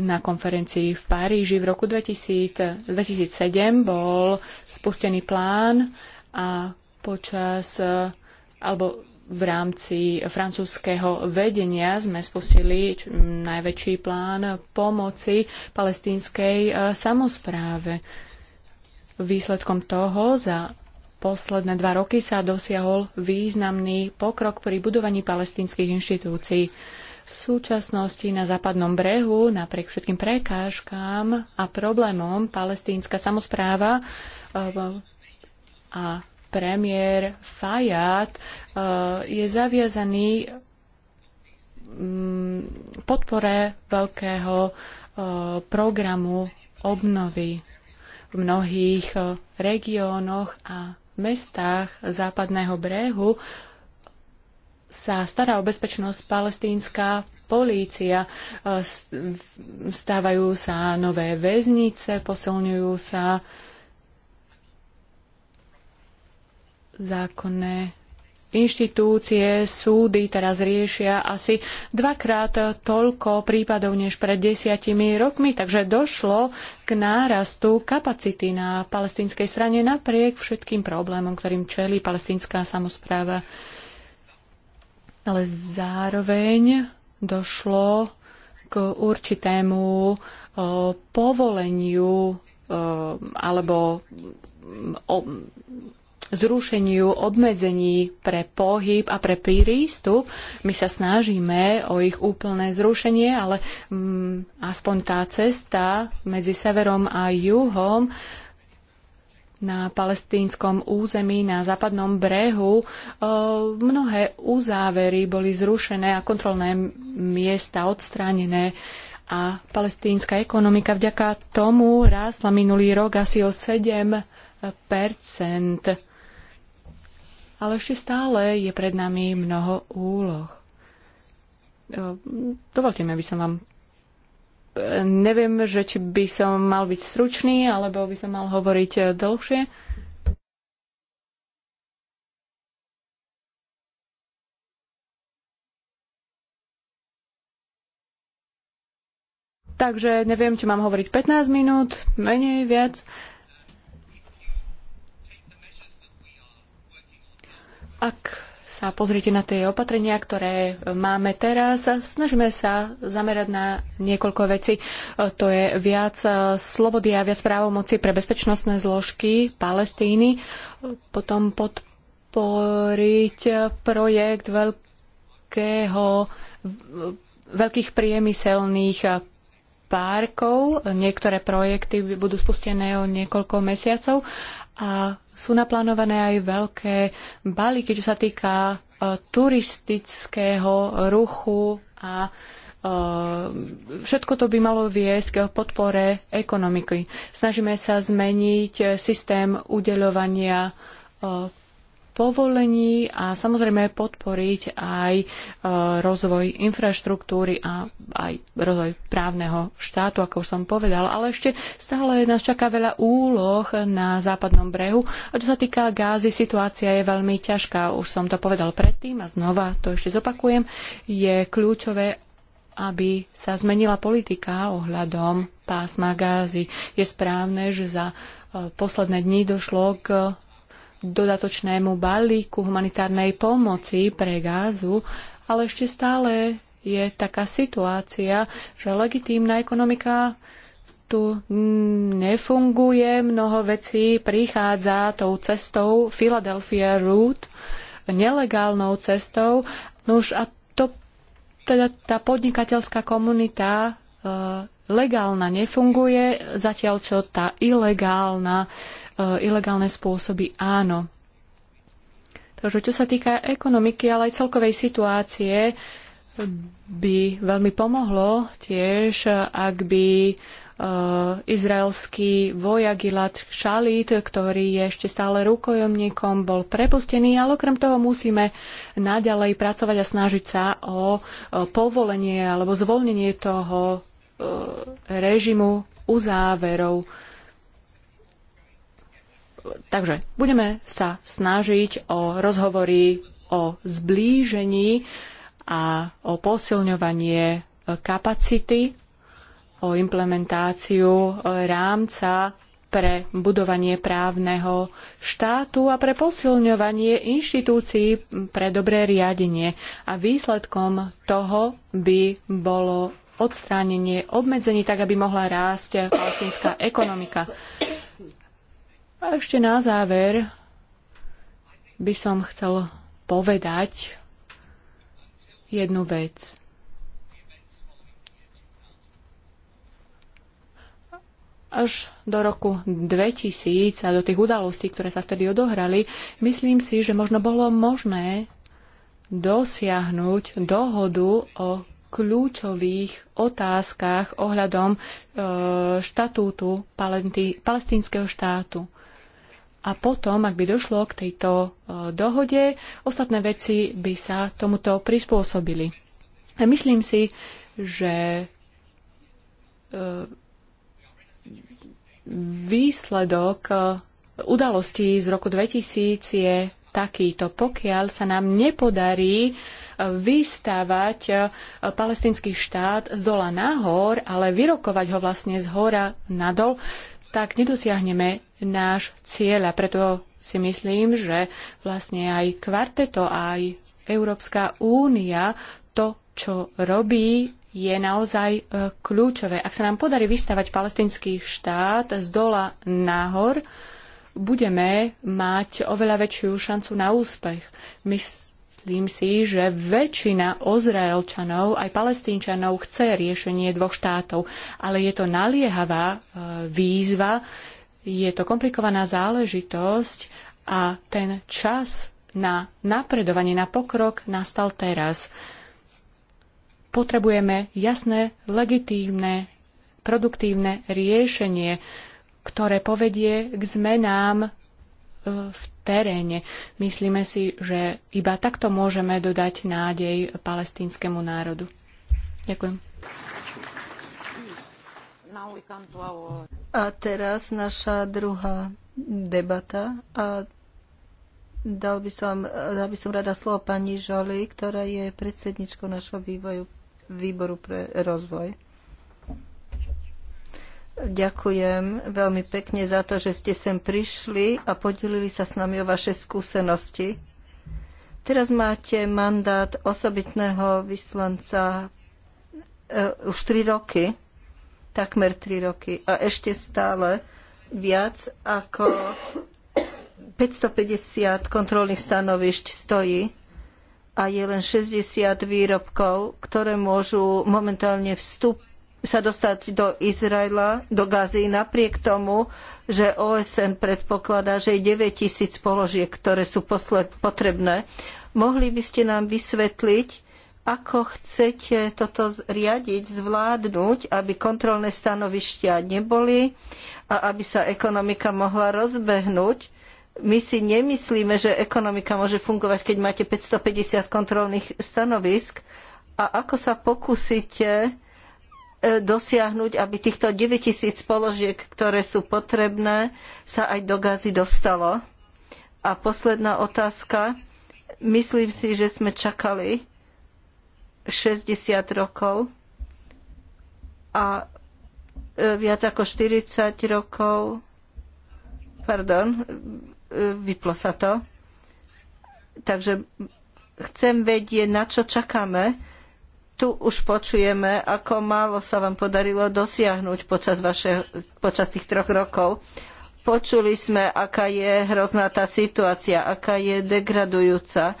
na konferencii v Paríži v roku 2000, 2007 bol spustený plán a počas e, alebo v rámci francúzského vedenia sme spustili najväčší plán pomoci palestínskej e, samozpráve. Výsledkom toho za posledné dva roky sa dosiahol významný pokrok pri budovaní palestínskych inštitúcií. V súčasnosti na západnom brehu, napriek všetkým prekážkám a problémom, palestínska samozpráva eh, a premiér Fayad eh, je zaviazaný mm, podpore veľkého eh, programu obnovy v mnohých regiónoch a mestách západného brehu sa stará o bezpečnosť palestínska polícia, e, stávajú sa nové väznice, posilňujú sa zákonné inštitúcie, súdy teraz riešia asi dvakrát toľko prípadov než pred desiatimi rokmi, takže došlo k nárastu kapacity na palestínskej strane napriek všetkým problémom, ktorým čelí palestínska samozpráva. Uh, ale zároveň došlo k určitému povoleniu alebo zrušeniu obmedzení pre pohyb a pre prístup. My sa snažíme o ich úplné zrušenie, ale m, mm, aspoň tá cesta medzi severom a juhom na palestínskom území na západnom brehu e, mnohé uzávery boli zrušené a kontrolné miesta odstránené a palestínska ekonomika vďaka tomu rásla minulý rok asi o 7 Ale ešte stále je pred nami mnoho úloh. E, dovolte mi, aby som vám neviem, že či by som mal byť stručný, alebo by som mal hovoriť eh, dlhšie. Takže neviem, či mám hovoriť 15 minút, menej, viac. Ak sa pozrite na tie opatrenia, ktoré máme teraz. Snažíme sa zamerať na niekoľko vecí. To je viac eh, slobody a viac právomoci pre bezpečnostné zložky Palestíny. Potom podporiť projekt veľkého, veľkých priemyselných parkov. Niektoré projekty budú spustené o niekoľko mesiacov a sú naplánované aj veľké balíky, čo sa týka e, turistického ruchu a e, všetko to by malo viesť k podpore ekonomiky. Snažíme sa zmeniť e, systém udeľovania povolení a samozrejme podporiť aj e, rozvoj infraštruktúry a aj rozvoj právneho štátu, ako už som povedala. Ale ešte stále nás čaká veľa úloh na západnom brehu. A čo sa týka Gázy, situácia je veľmi ťažká. Už som to povedal predtým a znova to ešte zopakujem. Je kľúčové, aby sa zmenila politika ohľadom pásma Gázy. Je správne, že za e, posledné dni došlo k dodatočnému balíku humanitárnej pomoci pre Gázu, ale ešte stále je taká situácia, že legitímna ekonomika tu nefunguje, mnoho vecí prichádza tou cestou Philadelphia Route, nelegálnou cestou. No už a to, teda tá podnikateľská komunita e, legálna nefunguje, zatiaľ čo tá ilegálna E, ilegálne spôsoby áno. Takže čo sa týka ekonomiky, ale aj celkovej situácie, by veľmi pomohlo tiež, ak by e, izraelský vojak Gilad Šalit, ktorý je ešte stále rukojomníkom, bol prepustený, ale okrem toho musíme naďalej pracovať a snažiť sa o povolenie alebo zvolnenie toho e, režimu uzáverov záverov Takže budeme sa snažiť o rozhovory o zblížení a o posilňovanie kapacity, o implementáciu rámca pre budovanie právneho štátu a pre posilňovanie inštitúcií pre dobré riadenie. A výsledkom toho by bolo odstránenie obmedzení, tak aby mohla rásť palestinská ekonomika. A ešte na záver by som chcel povedať jednu vec. až do roku 2000 a do tých udalostí, ktoré sa vtedy odohrali, myslím si, že možno bolo možné dosiahnuť dohodu o kľúčových otázkach ohľadom e, štatútu palestínskeho štátu a potom, ak by došlo k tejto e, dohode, ostatné veci by sa tomuto prispôsobili. A myslím si, že e, výsledok e, udalostí z roku 2000 je takýto. Pokiaľ sa nám nepodarí vystávať palestinský štát z dola nahor, ale vyrokovať ho vlastne z hora nadol, tak nedosiahneme náš cieľ a preto si myslím, že vlastne aj kvarteto, aj Európska únia to, čo robí, je naozaj e, kľúčové. Ak sa nám podarí vystavať palestinský štát z dola nahor, budeme mať oveľa väčšiu šancu na úspech. Myslím si, že väčšina Ozraelčanov aj Palestínčanov chce riešenie dvoch štátov, ale je to naliehavá e, výzva, je to komplikovaná záležitosť a ten čas na napredovanie, na pokrok nastal teraz. Potrebujeme jasné, legitímne, produktívne riešenie, ktoré povedie k zmenám e, v teréne. Myslíme si, že iba takto môžeme dodať nádej palestínskemu národu. Ďakujem. A teraz naša druhá debata a dal by som, dal by som rada slovo pani Žoli, ktorá je predsedničkou našho vývoju, výboru pre rozvoj. Ďakujem veľmi pekne za to, že ste sem prišli a podelili sa s nami o vaše skúsenosti. Teraz máte mandát osobitného vyslanca e, už 3 roky takmer 3 roky a ešte stále viac ako 550 kontrolných stanovišť stojí a je len 60 výrobkov, ktoré môžu momentálne vstup, sa dostať do Izraela, do Gazy, napriek tomu, že OSN predpokladá, že je 9 tisíc položiek, ktoré sú potrebné. Mohli by ste nám vysvetliť, ako chcete toto riadiť, zvládnuť, aby kontrolné stanovištia neboli a aby sa ekonomika mohla rozbehnúť? My si nemyslíme, že ekonomika môže fungovať, keď máte 550 kontrolných stanovisk. A ako sa pokúsite e, dosiahnuť, aby týchto 9000 položiek, ktoré sú potrebné, sa aj do gazy dostalo? A posledná otázka. Myslím si, že sme čakali 60 rokov a e, viac ako 40 rokov pardon, e, vyplo sa to. Takže chcem vedieť, na čo čakáme. Tu už počujeme, ako málo sa vám podarilo dosiahnuť počas, vaše, počas tých troch rokov. Počuli sme, aká je hrozná tá situácia, aká je degradujúca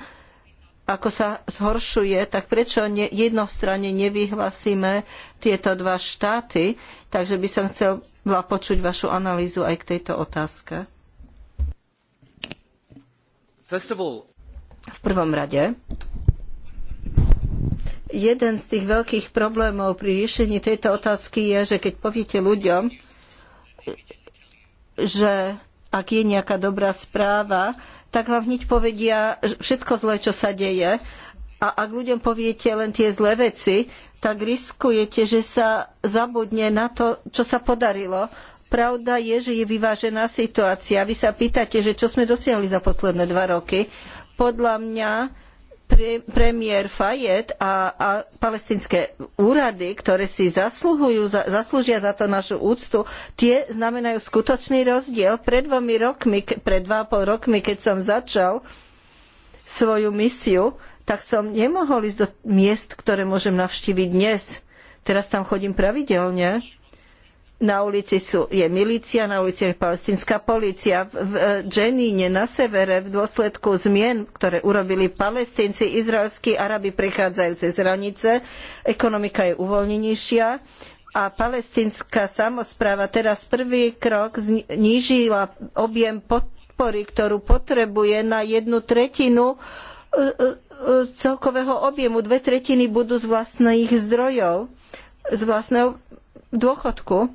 ako sa zhoršuje, tak prečo ne, jednostranne nevyhlasíme tieto dva štáty? Takže by som chcela počuť vašu analýzu aj k tejto otázke. V prvom rade, jeden z tých veľkých problémov pri riešení tejto otázky je, že keď poviete ľuďom, že ak je nejaká dobrá správa, tak vám hneď povedia všetko zlé, čo sa deje. A ak ľuďom poviete len tie zlé veci, tak riskujete, že sa zabudne na to, čo sa podarilo. Pravda je, že je vyvážená situácia. Vy sa pýtate, že čo sme dosiahli za posledné dva roky. Podľa mňa premiér Fayed a, a palestinské úrady, ktoré si zasluhujú, za, zaslúžia za to našu úctu, tie znamenajú skutočný rozdiel. Pred dvomi rokmi, pred dva a pol rokmi, keď som začal svoju misiu, tak som nemohol ísť do miest, ktoré môžem navštíviť dnes. Teraz tam chodím pravidelne na ulici sú, je milícia, na ulici je palestinská polícia. V eh, Dženíne na severe v dôsledku zmien, ktoré urobili palestínci, izraelskí Arabi prechádzajú cez hranice, ekonomika je uvoľnenejšia a palestínska samospráva teraz prvý krok znížila objem podpory, ktorú potrebuje na jednu tretinu eh, eh, celkového objemu. Dve tretiny budú z vlastných zdrojov, z vlastného dôchodku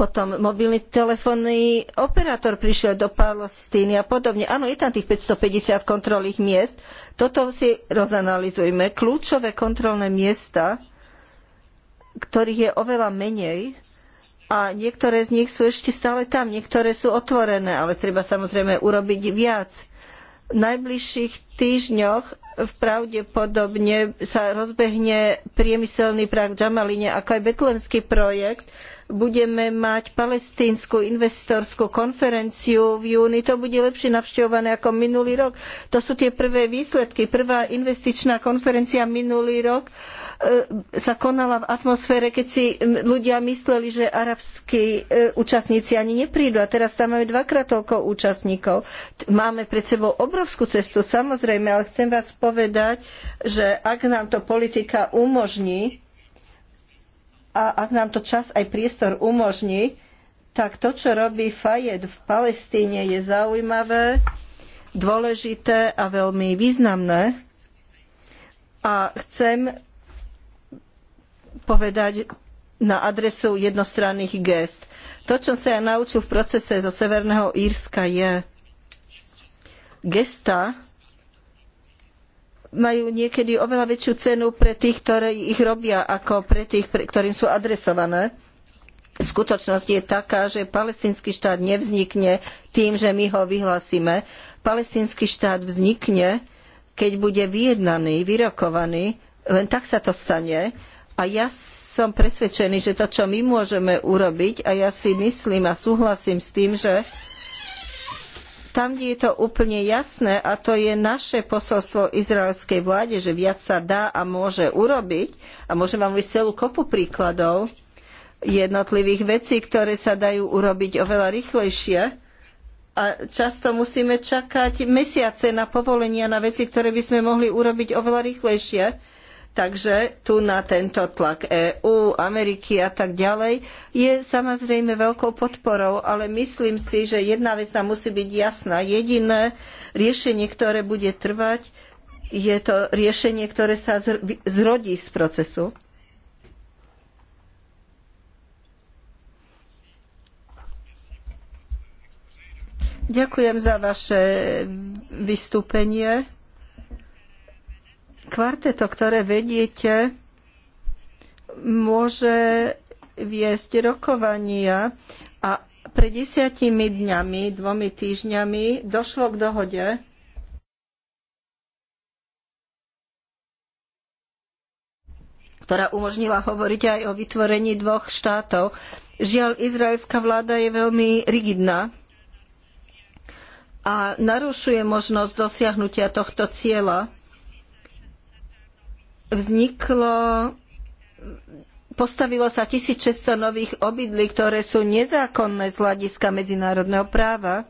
potom mobilný telefónny operátor prišiel do Palestíny a podobne. Áno, je tam tých 550 kontrolných miest. Toto si rozanalizujme. Kľúčové kontrolné miesta, ktorých je oveľa menej, a niektoré z nich sú ešte stále tam, niektoré sú otvorené, ale treba samozrejme urobiť viac. V najbližších týždňoch pravdepodobne sa rozbehne priemyselný prach v Džamaline, ako aj betlemský projekt. Budeme mať palestínsku investorskú konferenciu v júni. To bude lepšie navštevované ako minulý rok. To sú tie prvé výsledky. Prvá investičná konferencia minulý rok e, sa konala v atmosfére, keď si ľudia mysleli, že arabskí e, účastníci ani neprídu. A teraz tam máme dvakrát toľko účastníkov. Máme pred sebou obrovskú cestu, samozrejme, ale chcem vás povedať, že ak nám to politika umožní a ak nám to čas aj priestor umožní, tak to, čo robí Fayed v Palestíne, je zaujímavé, dôležité a veľmi významné. A chcem povedať na adresu jednostranných gest. To, čo sa ja naučil v procese zo Severného Írska, je gesta, majú niekedy oveľa väčšiu cenu pre tých, ktorí ich robia, ako pre tých, ktorým sú adresované. Skutočnosť je taká, že palestínsky štát nevznikne tým, že my ho vyhlásime. Palestínsky štát vznikne, keď bude vyjednaný, vyrokovaný. Len tak sa to stane. A ja som presvedčený, že to, čo my môžeme urobiť, a ja si myslím a súhlasím s tým, že tam, kde je to úplne jasné, a to je naše posolstvo izraelskej vláde, že viac sa dá a môže urobiť, a môžem vám vysť celú kopu príkladov jednotlivých vecí, ktoré sa dajú urobiť oveľa rýchlejšie, a často musíme čakať mesiace na povolenia na veci, ktoré by sme mohli urobiť oveľa rýchlejšie. Takže tu na tento tlak EÚ, Ameriky a tak ďalej je samozrejme veľkou podporou, ale myslím si, že jedna vec nám musí byť jasná. Jediné riešenie, ktoré bude trvať, je to riešenie, ktoré sa zrodí z procesu. Ďakujem za vaše vystúpenie. Kvarteto, ktoré vediete, môže viesť rokovania a pred desiatimi dňami, dvomi týždňami došlo k dohode, ktorá umožnila hovoriť aj o vytvorení dvoch štátov. Žiaľ, izraelská vláda je veľmi rigidná a narušuje možnosť dosiahnutia tohto cieľa vzniklo postavilo sa 1600 nových obydlí, ktoré sú nezákonné z hľadiska medzinárodného práva.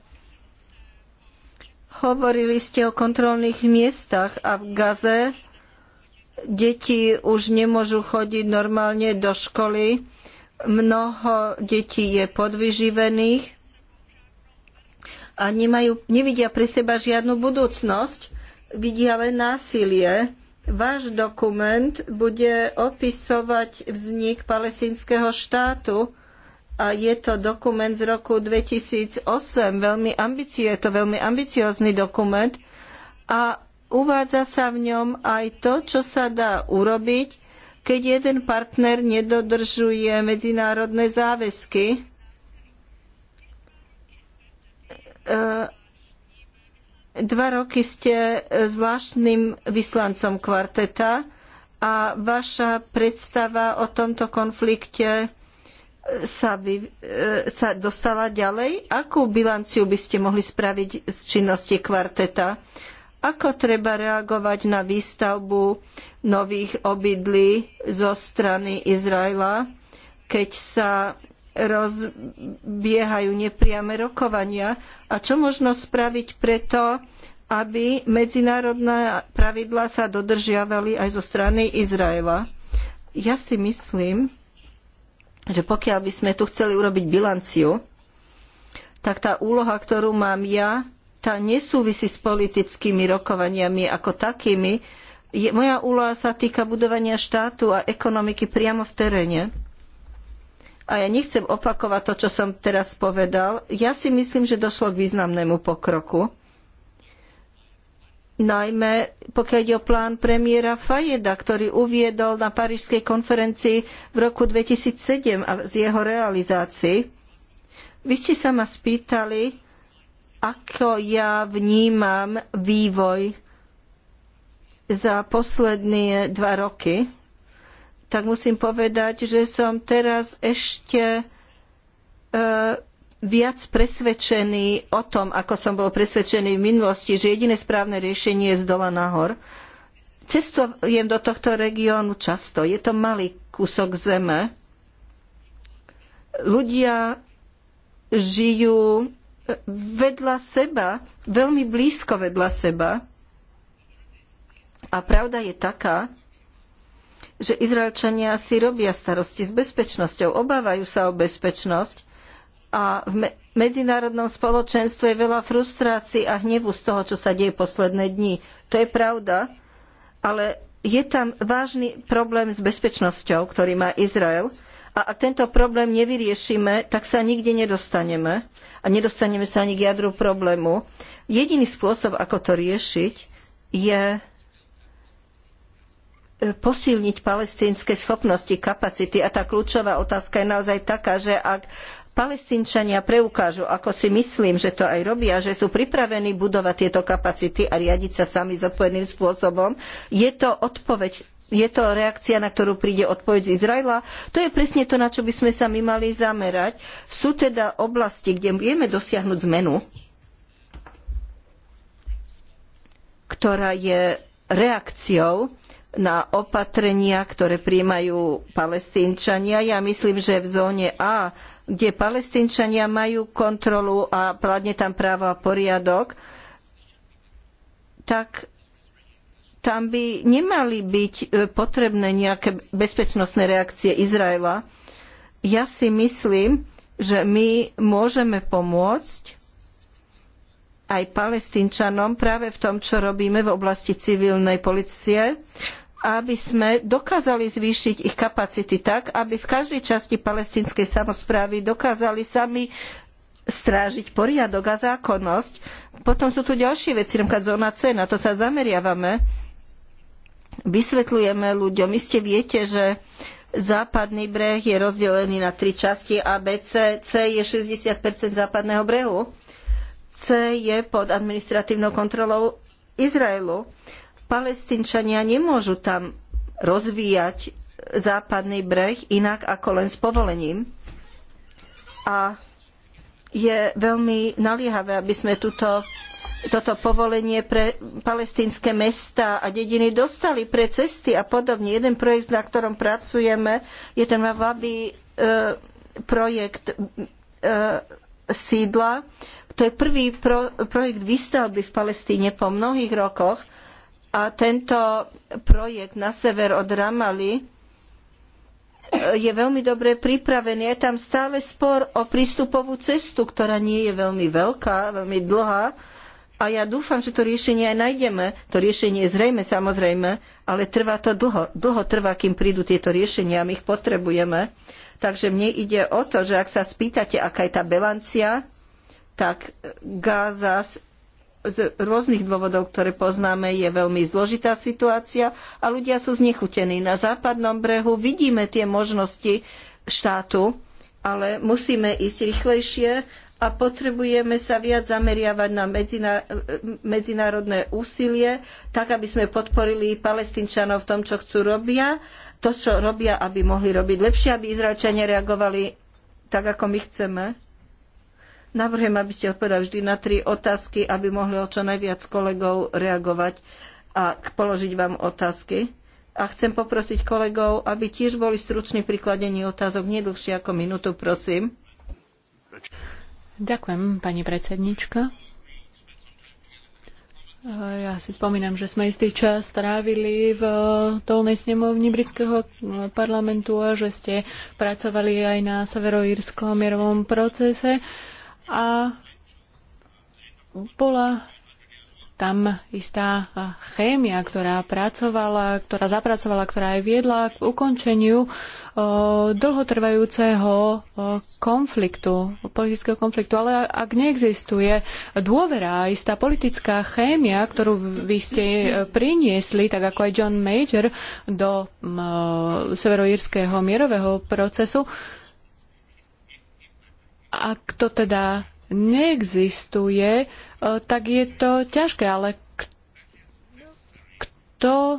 Hovorili ste o kontrolných miestach a v Gaze deti už nemôžu chodiť normálne do školy. Mnoho detí je podvyživených a nemajú, nevidia pre seba žiadnu budúcnosť. Vidia len násilie Váš dokument bude opisovať vznik palestínskeho štátu a je to dokument z roku 2008, veľmi ambicie, je to veľmi ambiciózny dokument a uvádza sa v ňom aj to, čo sa dá urobiť, keď jeden partner nedodržuje medzinárodné záväzky e, Dva roky ste e, zvláštnym vyslancom kvarteta a vaša predstava o tomto konflikte e, sa, vy, e, sa dostala ďalej. Akú bilanciu by ste mohli spraviť z činnosti kvarteta? Ako treba reagovať na výstavbu nových obydlí zo strany Izraela, keď sa rozbiehajú nepriame rokovania a čo možno spraviť preto, aby medzinárodné pravidlá sa dodržiavali aj zo strany Izraela. Ja si myslím, že pokiaľ by sme tu chceli urobiť bilanciu, tak tá úloha, ktorú mám ja, tá nesúvisí s politickými rokovaniami ako takými. Je, moja úloha sa týka budovania štátu a ekonomiky priamo v teréne a ja nechcem opakovať to, čo som teraz povedal, ja si myslím, že došlo k významnému pokroku. Najmä pokiaľ ide o plán premiéra Fajeda, ktorý uviedol na parížskej konferencii v roku 2007 a z jeho realizácii. Vy ste sa ma spýtali, ako ja vnímam vývoj za posledné dva roky tak musím povedať, že som teraz ešte e, viac presvedčený o tom, ako som bol presvedčený v minulosti, že jediné správne riešenie je z dola nahor. Cestujem do tohto regiónu často. Je to malý kúsok zeme. Ľudia žijú vedľa seba, veľmi blízko vedľa seba. A pravda je taká, že Izraelčania si robia starosti s bezpečnosťou, obávajú sa o bezpečnosť a v medzinárodnom spoločenstve je veľa frustrácií a hnevu z toho, čo sa deje posledné dni. To je pravda, ale je tam vážny problém s bezpečnosťou, ktorý má Izrael. A ak tento problém nevyriešime, tak sa nikde nedostaneme. A nedostaneme sa ani k jadru problému. Jediný spôsob, ako to riešiť, je posilniť palestínske schopnosti, kapacity. A tá kľúčová otázka je naozaj taká, že ak palestínčania preukážu, ako si myslím, že to aj robia, že sú pripravení budovať tieto kapacity a riadiť sa sami zodpovedným spôsobom, je to odpoveď, je to reakcia, na ktorú príde odpoveď z Izraela. To je presne to, na čo by sme sa my mali zamerať. Sú teda oblasti, kde vieme dosiahnuť zmenu, ktorá je reakciou na opatrenia, ktoré príjmajú palestínčania. Ja myslím, že v zóne A, kde palestínčania majú kontrolu a vládne tam právo a poriadok, tak tam by nemali byť e, potrebné nejaké bezpečnostné reakcie Izraela. Ja si myslím, že my môžeme pomôcť aj palestínčanom práve v tom, čo robíme v oblasti civilnej policie, aby sme dokázali zvýšiť ich kapacity tak, aby v každej časti palestinskej samozprávy dokázali sami strážiť poriadok a zákonnosť. Potom sú tu ďalšie veci, napríklad zóna C, na to sa zameriavame. Vysvetľujeme ľuďom, iste viete, že západný breh je rozdelený na tri časti A, B, C. C je 60% západného brehu. C je pod administratívnou kontrolou Izraelu. Palestínčania nemôžu tam rozvíjať západný breh inak ako len s povolením. A je veľmi naliehavé, aby sme toto povolenie pre palestínske mestá a dediny dostali pre cesty a podobne. Jeden projekt, na ktorom pracujeme, je ten Mavabi e, projekt e, sídla. To je prvý pro, projekt výstavby v Palestíne po mnohých rokoch a tento projekt na sever od Ramaly e, je veľmi dobre pripravený. Je tam stále spor o prístupovú cestu, ktorá nie je veľmi veľká, veľmi dlhá. A ja dúfam, že to riešenie aj nájdeme. To riešenie je zrejme, samozrejme, ale trvá to dlho. Dlho trvá, kým prídu tieto riešenia a my ich potrebujeme. Takže mne ide o to, že ak sa spýtate, aká je tá bilancia, tak Gaza z rôznych dôvodov, ktoré poznáme, je veľmi zložitá situácia a ľudia sú znechutení. Na západnom brehu vidíme tie možnosti štátu, ale musíme ísť rýchlejšie a potrebujeme sa viac zameriavať na medzinárodné úsilie, tak aby sme podporili palestínčanov v tom, čo chcú robia, to, čo robia, aby mohli robiť lepšie, aby Izraelčania reagovali tak, ako my chceme. Navrhujem, aby ste odpovedali vždy na tri otázky, aby mohli o čo najviac kolegov reagovať a položiť vám otázky. A chcem poprosiť kolegov, aby tiež boli struční pri kladení otázok, nedlhšie ako minútu, prosím. Ďakujem, pani predsednička. E, ja si spomínam, že sme istý čas strávili v e, dolnej snemovni britského e, parlamentu a že ste pracovali aj na severoírskom mierovom procese a bola tam istá chémia, ktorá pracovala, ktorá zapracovala, ktorá aj viedla k ukončeniu dlhotrvajúceho konfliktu, politického konfliktu. Ale ak neexistuje dôvera, istá politická chémia, ktorú vy ste e, priniesli, tak ako aj John Major, do e, severoírskeho mierového procesu, ak to teda neexistuje, e, tak je to ťažké, ale kto e,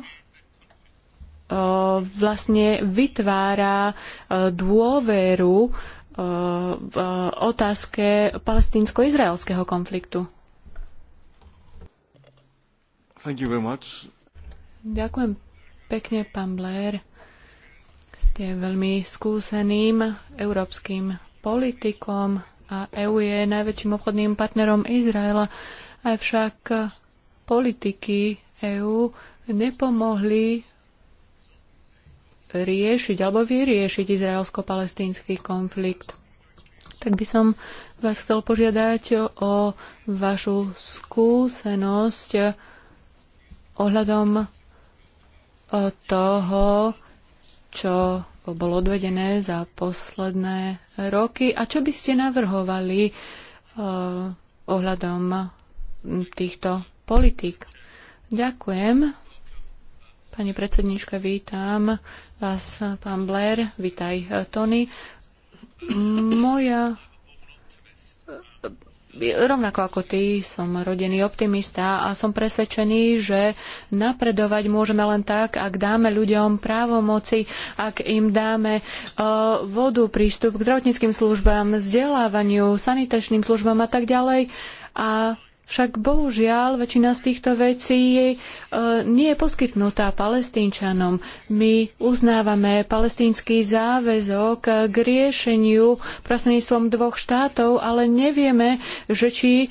vlastne vytvára e, dôveru v otázke palestínsko-izraelského konfliktu. Ďakujem pekne, pán Blair. Ste veľmi skúseným európskym politikom a EÚ je najväčším obchodným partnerom Izraela. Avšak politiky EÚ nepomohli riešiť alebo vyriešiť izraelsko-palestínsky konflikt. Tak by som vás chcel požiadať o vašu skúsenosť ohľadom toho, čo bolo odvedené za posledné roky a čo by ste navrhovali uh, ohľadom týchto politík. Ďakujem. Pani predsednička, vítam vás, pán Blair, vítaj, eh, Tony. Moja rovnako ako ty, som rodený optimista a som presvedčený, že napredovať môžeme len tak, ak dáme ľuďom právomoci, ak im dáme uh, vodu, prístup k zdravotníckým službám, vzdelávaniu, sanitačným službám a tak ďalej. A však bohužiaľ väčšina z týchto vecí e, nie je poskytnutá palestínčanom. My uznávame palestínsky záväzok k riešeniu prostredníctvom dvoch štátov, ale nevieme, že či e,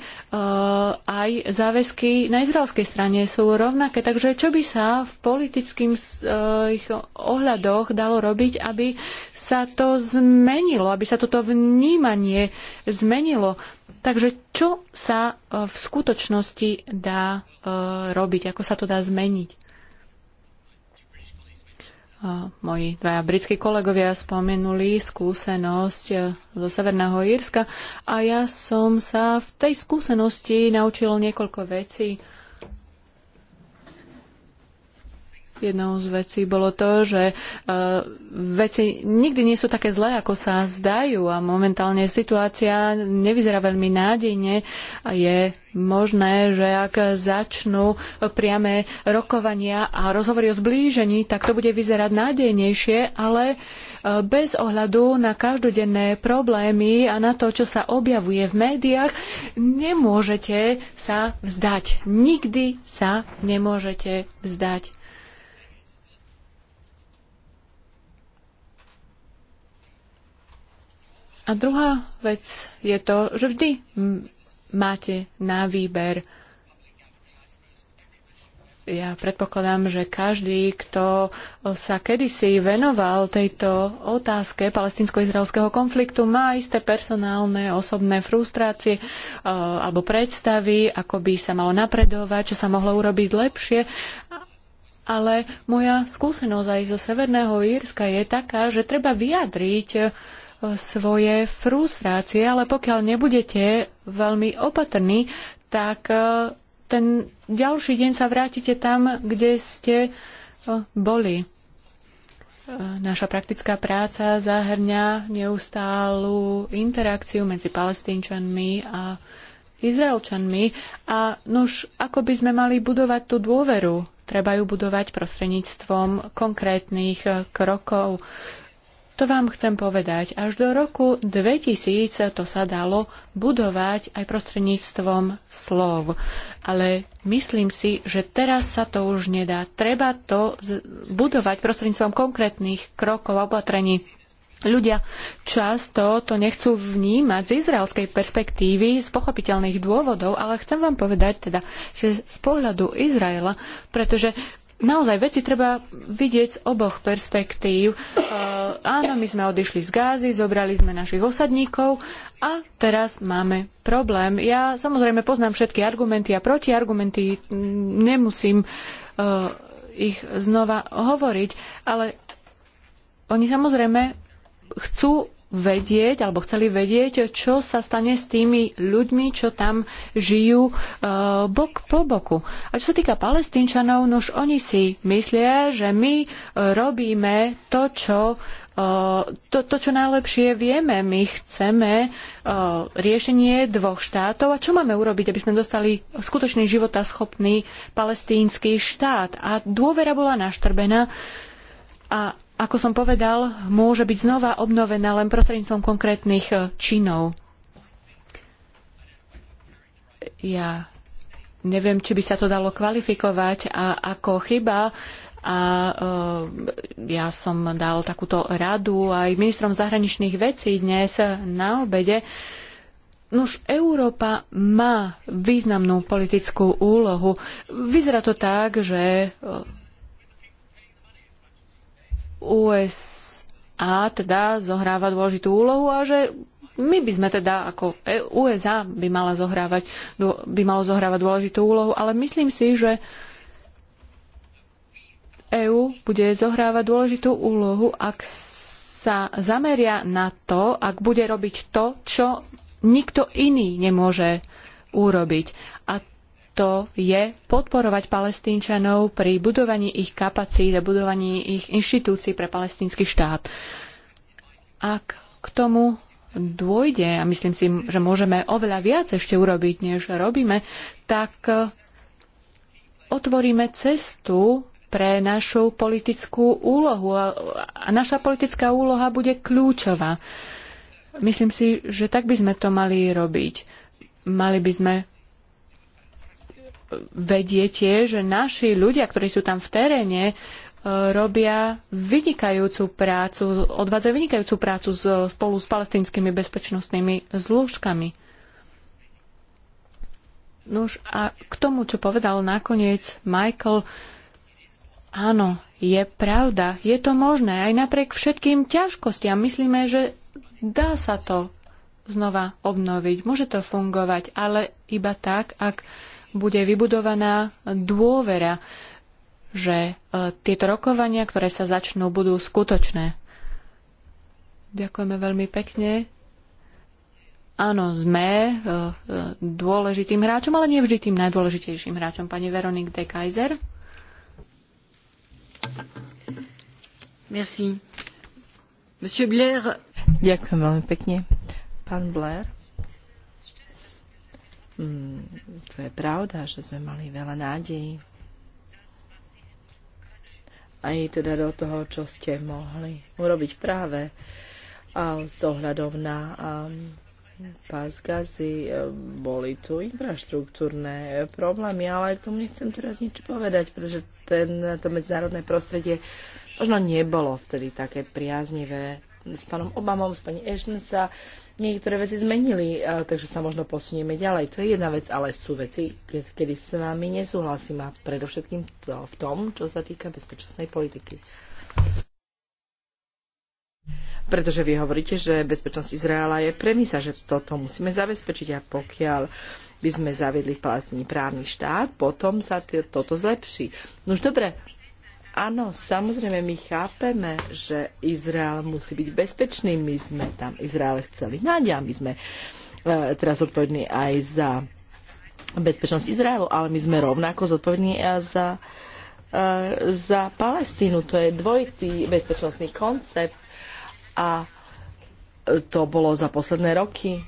aj záväzky na izraelskej strane sú rovnaké. Takže čo by sa v politických e, ohľadoch dalo robiť, aby sa to zmenilo, aby sa toto vnímanie zmenilo? Takže čo sa e, v skutočnosti dá e, robiť? Ako sa to dá zmeniť? E, moji dvaja britskí kolegovia spomenuli skúsenosť zo Severného Írska a ja som sa v tej skúsenosti naučil niekoľko vecí. Jednou z vecí bolo to, že e, veci nikdy nie sú také zlé, ako sa zdajú a momentálne situácia nevyzerá veľmi nádejne a je možné, že ak začnú priame rokovania a rozhovory o zblížení, tak to bude vyzerať nádejnejšie, ale e, bez ohľadu na každodenné problémy a na to, čo sa objavuje v médiách, nemôžete sa vzdať. Nikdy sa nemôžete vzdať A druhá vec je to, že vždy máte na výber. Ja predpokladám, že každý, kto sa kedysi venoval tejto otázke palestinsko-izraelského konfliktu, má isté personálne, osobné frustrácie e, alebo predstavy, ako by sa malo napredovať, čo sa mohlo urobiť lepšie. Ale moja skúsenosť aj zo Severného Írska je taká, že treba vyjadriť svoje frustrácie, ale pokiaľ nebudete veľmi opatrní, tak e, ten ďalší deň sa vrátite tam, kde ste e, boli. E, naša praktická práca zahrňa neustálu interakciu medzi palestínčanmi a Izraelčanmi a nož, ako by sme mali budovať tú dôveru? Treba ju budovať prostredníctvom konkrétnych krokov. To vám chcem povedať, až do roku 2000 to sa dalo budovať aj prostredníctvom slov. Ale myslím si, že teraz sa to už nedá. Treba to budovať prostredníctvom konkrétnych krokov a opatrení. Ľudia často to nechcú vnímať z izraelskej perspektívy, z pochopiteľných dôvodov, ale chcem vám povedať teda, že z pohľadu Izraela, pretože naozaj veci treba vidieť z oboch perspektív. E, áno, my sme odišli z Gázy, zobrali sme našich osadníkov a teraz máme problém. Ja samozrejme poznám všetky argumenty a protiargumenty, mm, nemusím e, ich znova hovoriť, ale oni samozrejme chcú vedieť, alebo chceli vedieť, čo sa stane s tými ľuďmi, čo tam žijú e, bok po boku. A čo sa týka palestínčanov, no už oni si myslia, že my e, robíme to, čo e, to, to, čo najlepšie vieme. My chceme e, riešenie dvoch štátov a čo máme urobiť, aby sme dostali skutočný schopný palestínsky štát. A dôvera bola naštrbená a ako som povedal, môže byť znova obnovená len prostredníctvom konkrétnych e, činov. Ja neviem, či by sa to dalo kvalifikovať a, ako chyba, a e, ja som dal takúto radu aj ministrom zahraničných vecí dnes na obede. Nož Európa má významnú politickú úlohu. Vyzerá to tak, že e, USA teda zohráva dôležitú úlohu a že my by sme teda ako e- USA by, mala zohrávať, by malo zohrávať dôležitú úlohu, ale myslím si, že EÚ bude zohrávať dôležitú úlohu, ak sa zameria na to, ak bude robiť to, čo nikto iný nemôže urobiť to je podporovať palestínčanov pri budovaní ich kapacít a budovaní ich inštitúcií pre palestínsky štát. Ak k tomu dôjde, a myslím si, že môžeme oveľa viac ešte urobiť, než robíme, tak eh, otvoríme cestu pre našu politickú úlohu. A naša politická úloha bude kľúčová. Myslím si, že tak by sme to mali robiť. Mali by sme vediete, že naši ľudia, ktorí sú tam v teréne, e, robia vynikajúcu prácu, odvádzajú vynikajúcu prácu spolu s palestinskými bezpečnostnými zložkami. Nož a k tomu, čo povedal nakoniec Michael, áno, je pravda, je to možné, aj napriek všetkým ťažkostiam. Myslíme, že dá sa to znova obnoviť, môže to fungovať, ale iba tak, ak bude vybudovaná dôvera, že e, tieto rokovania, ktoré sa začnú, budú skutočné. Ďakujeme veľmi pekne. Áno, sme e, e, dôležitým hráčom, ale nie vždy tým najdôležitejším hráčom. Pani Veronik de Kaiser. Merci. Monsieur Blair. Ďakujem veľmi pekne. Pán Blair Mm, to je pravda, že sme mali veľa nádejí. Aj teda do toho, čo ste mohli urobiť práve a s ohľadom na um, pás gazy, um, boli tu infraštruktúrne problémy, ale tomu nechcem teraz nič povedať, pretože ten, to medzinárodné prostredie možno nebolo vtedy také priaznivé s pánom Obamom, s pani Ashton sa niektoré veci zmenili, takže sa možno posunieme ďalej. To je jedna vec, ale sú veci, kedy s vami nesúhlasím a predovšetkým to v tom, čo sa týka bezpečnostnej politiky. Pretože vy hovoríte, že bezpečnosť Izraela je premisa, že toto musíme zabezpečiť a pokiaľ by sme zaviedli v Palestíne právny štát, potom sa toto zlepší. No už dobre, Áno, samozrejme, my chápeme, že Izrael musí byť bezpečný. My sme tam Izrael chceli náď a my sme e, teraz odpovední aj za bezpečnosť Izraelu, ale my sme rovnako zodpovední aj e, za, e, za Palestínu. To je dvojitý bezpečnostný koncept a to bolo za posledné roky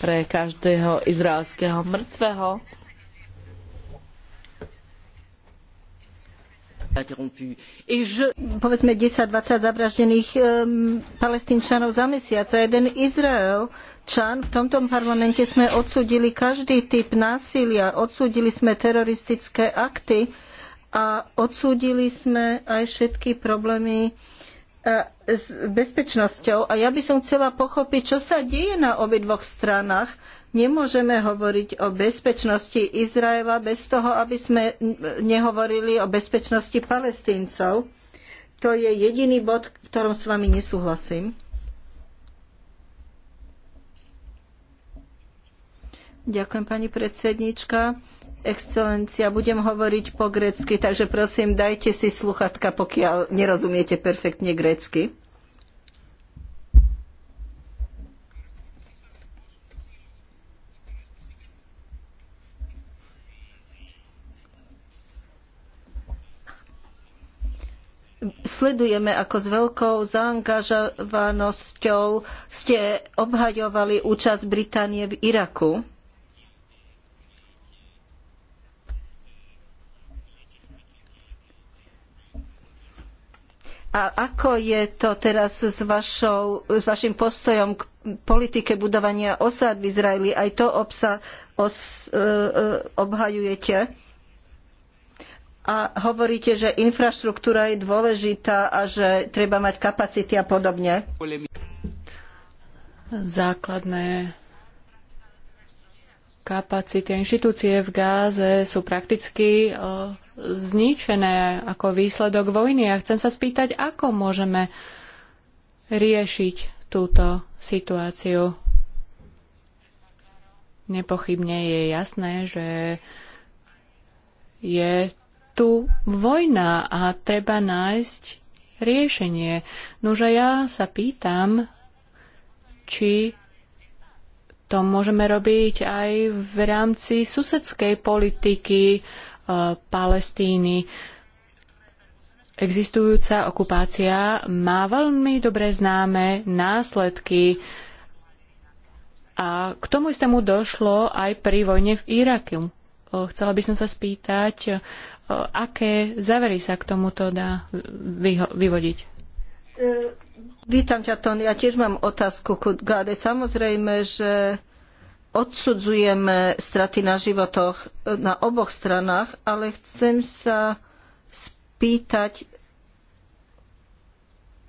pre každého izraelského mŕtvého povedzme 10 dvadsať zavraždených palestínčanov za mesiac a jeden Izraelčan. V tomto parlamente sme odsúdili každý typ násilia, odsúdili sme teroristické akty a odsúdili sme aj všetky problémy e, s bezpečnosťou. A ja by som chcela pochopiť, čo sa deje na obidvoch stranách Nemôžeme hovoriť o bezpečnosti Izraela bez toho, aby sme nehovorili o bezpečnosti palestíncov. To je jediný bod, v ktorom s vami nesúhlasím. Ďakujem, pani predsednička. Excelencia, budem hovoriť po grécky, takže prosím, dajte si sluchatka, pokiaľ nerozumiete perfektne grécky. sledujeme, ako s veľkou zaangažovanosťou ste obhajovali účasť Británie v Iraku. A ako je to teraz s, vašou, s vašim postojom k politike budovania osád v Izraeli? Aj to obsa os, e, e, obhajujete? a hovoríte, že infraštruktúra je dôležitá a že treba mať kapacity a podobne. Základné kapacity a inštitúcie v Gáze sú prakticky e, zničené ako výsledok vojny. A chcem sa spýtať, ako môžeme riešiť túto situáciu. Nepochybne je jasné, že je tu vojna a treba nájsť riešenie. Nože ja sa pýtam, či to môžeme robiť aj v rámci susedskej politiky e, Palestíny. Existujúca okupácia má veľmi dobre známe následky a k tomu istému došlo aj pri vojne v Iraku. E, chcela by som sa spýtať, aké závery sa k tomuto dá vyvodiť? E, vítam ťa, Tony. Ja tiež mám otázku ku Gáde. Samozrejme, že odsudzujeme straty na životoch e, na oboch stranách, ale chcem sa spýtať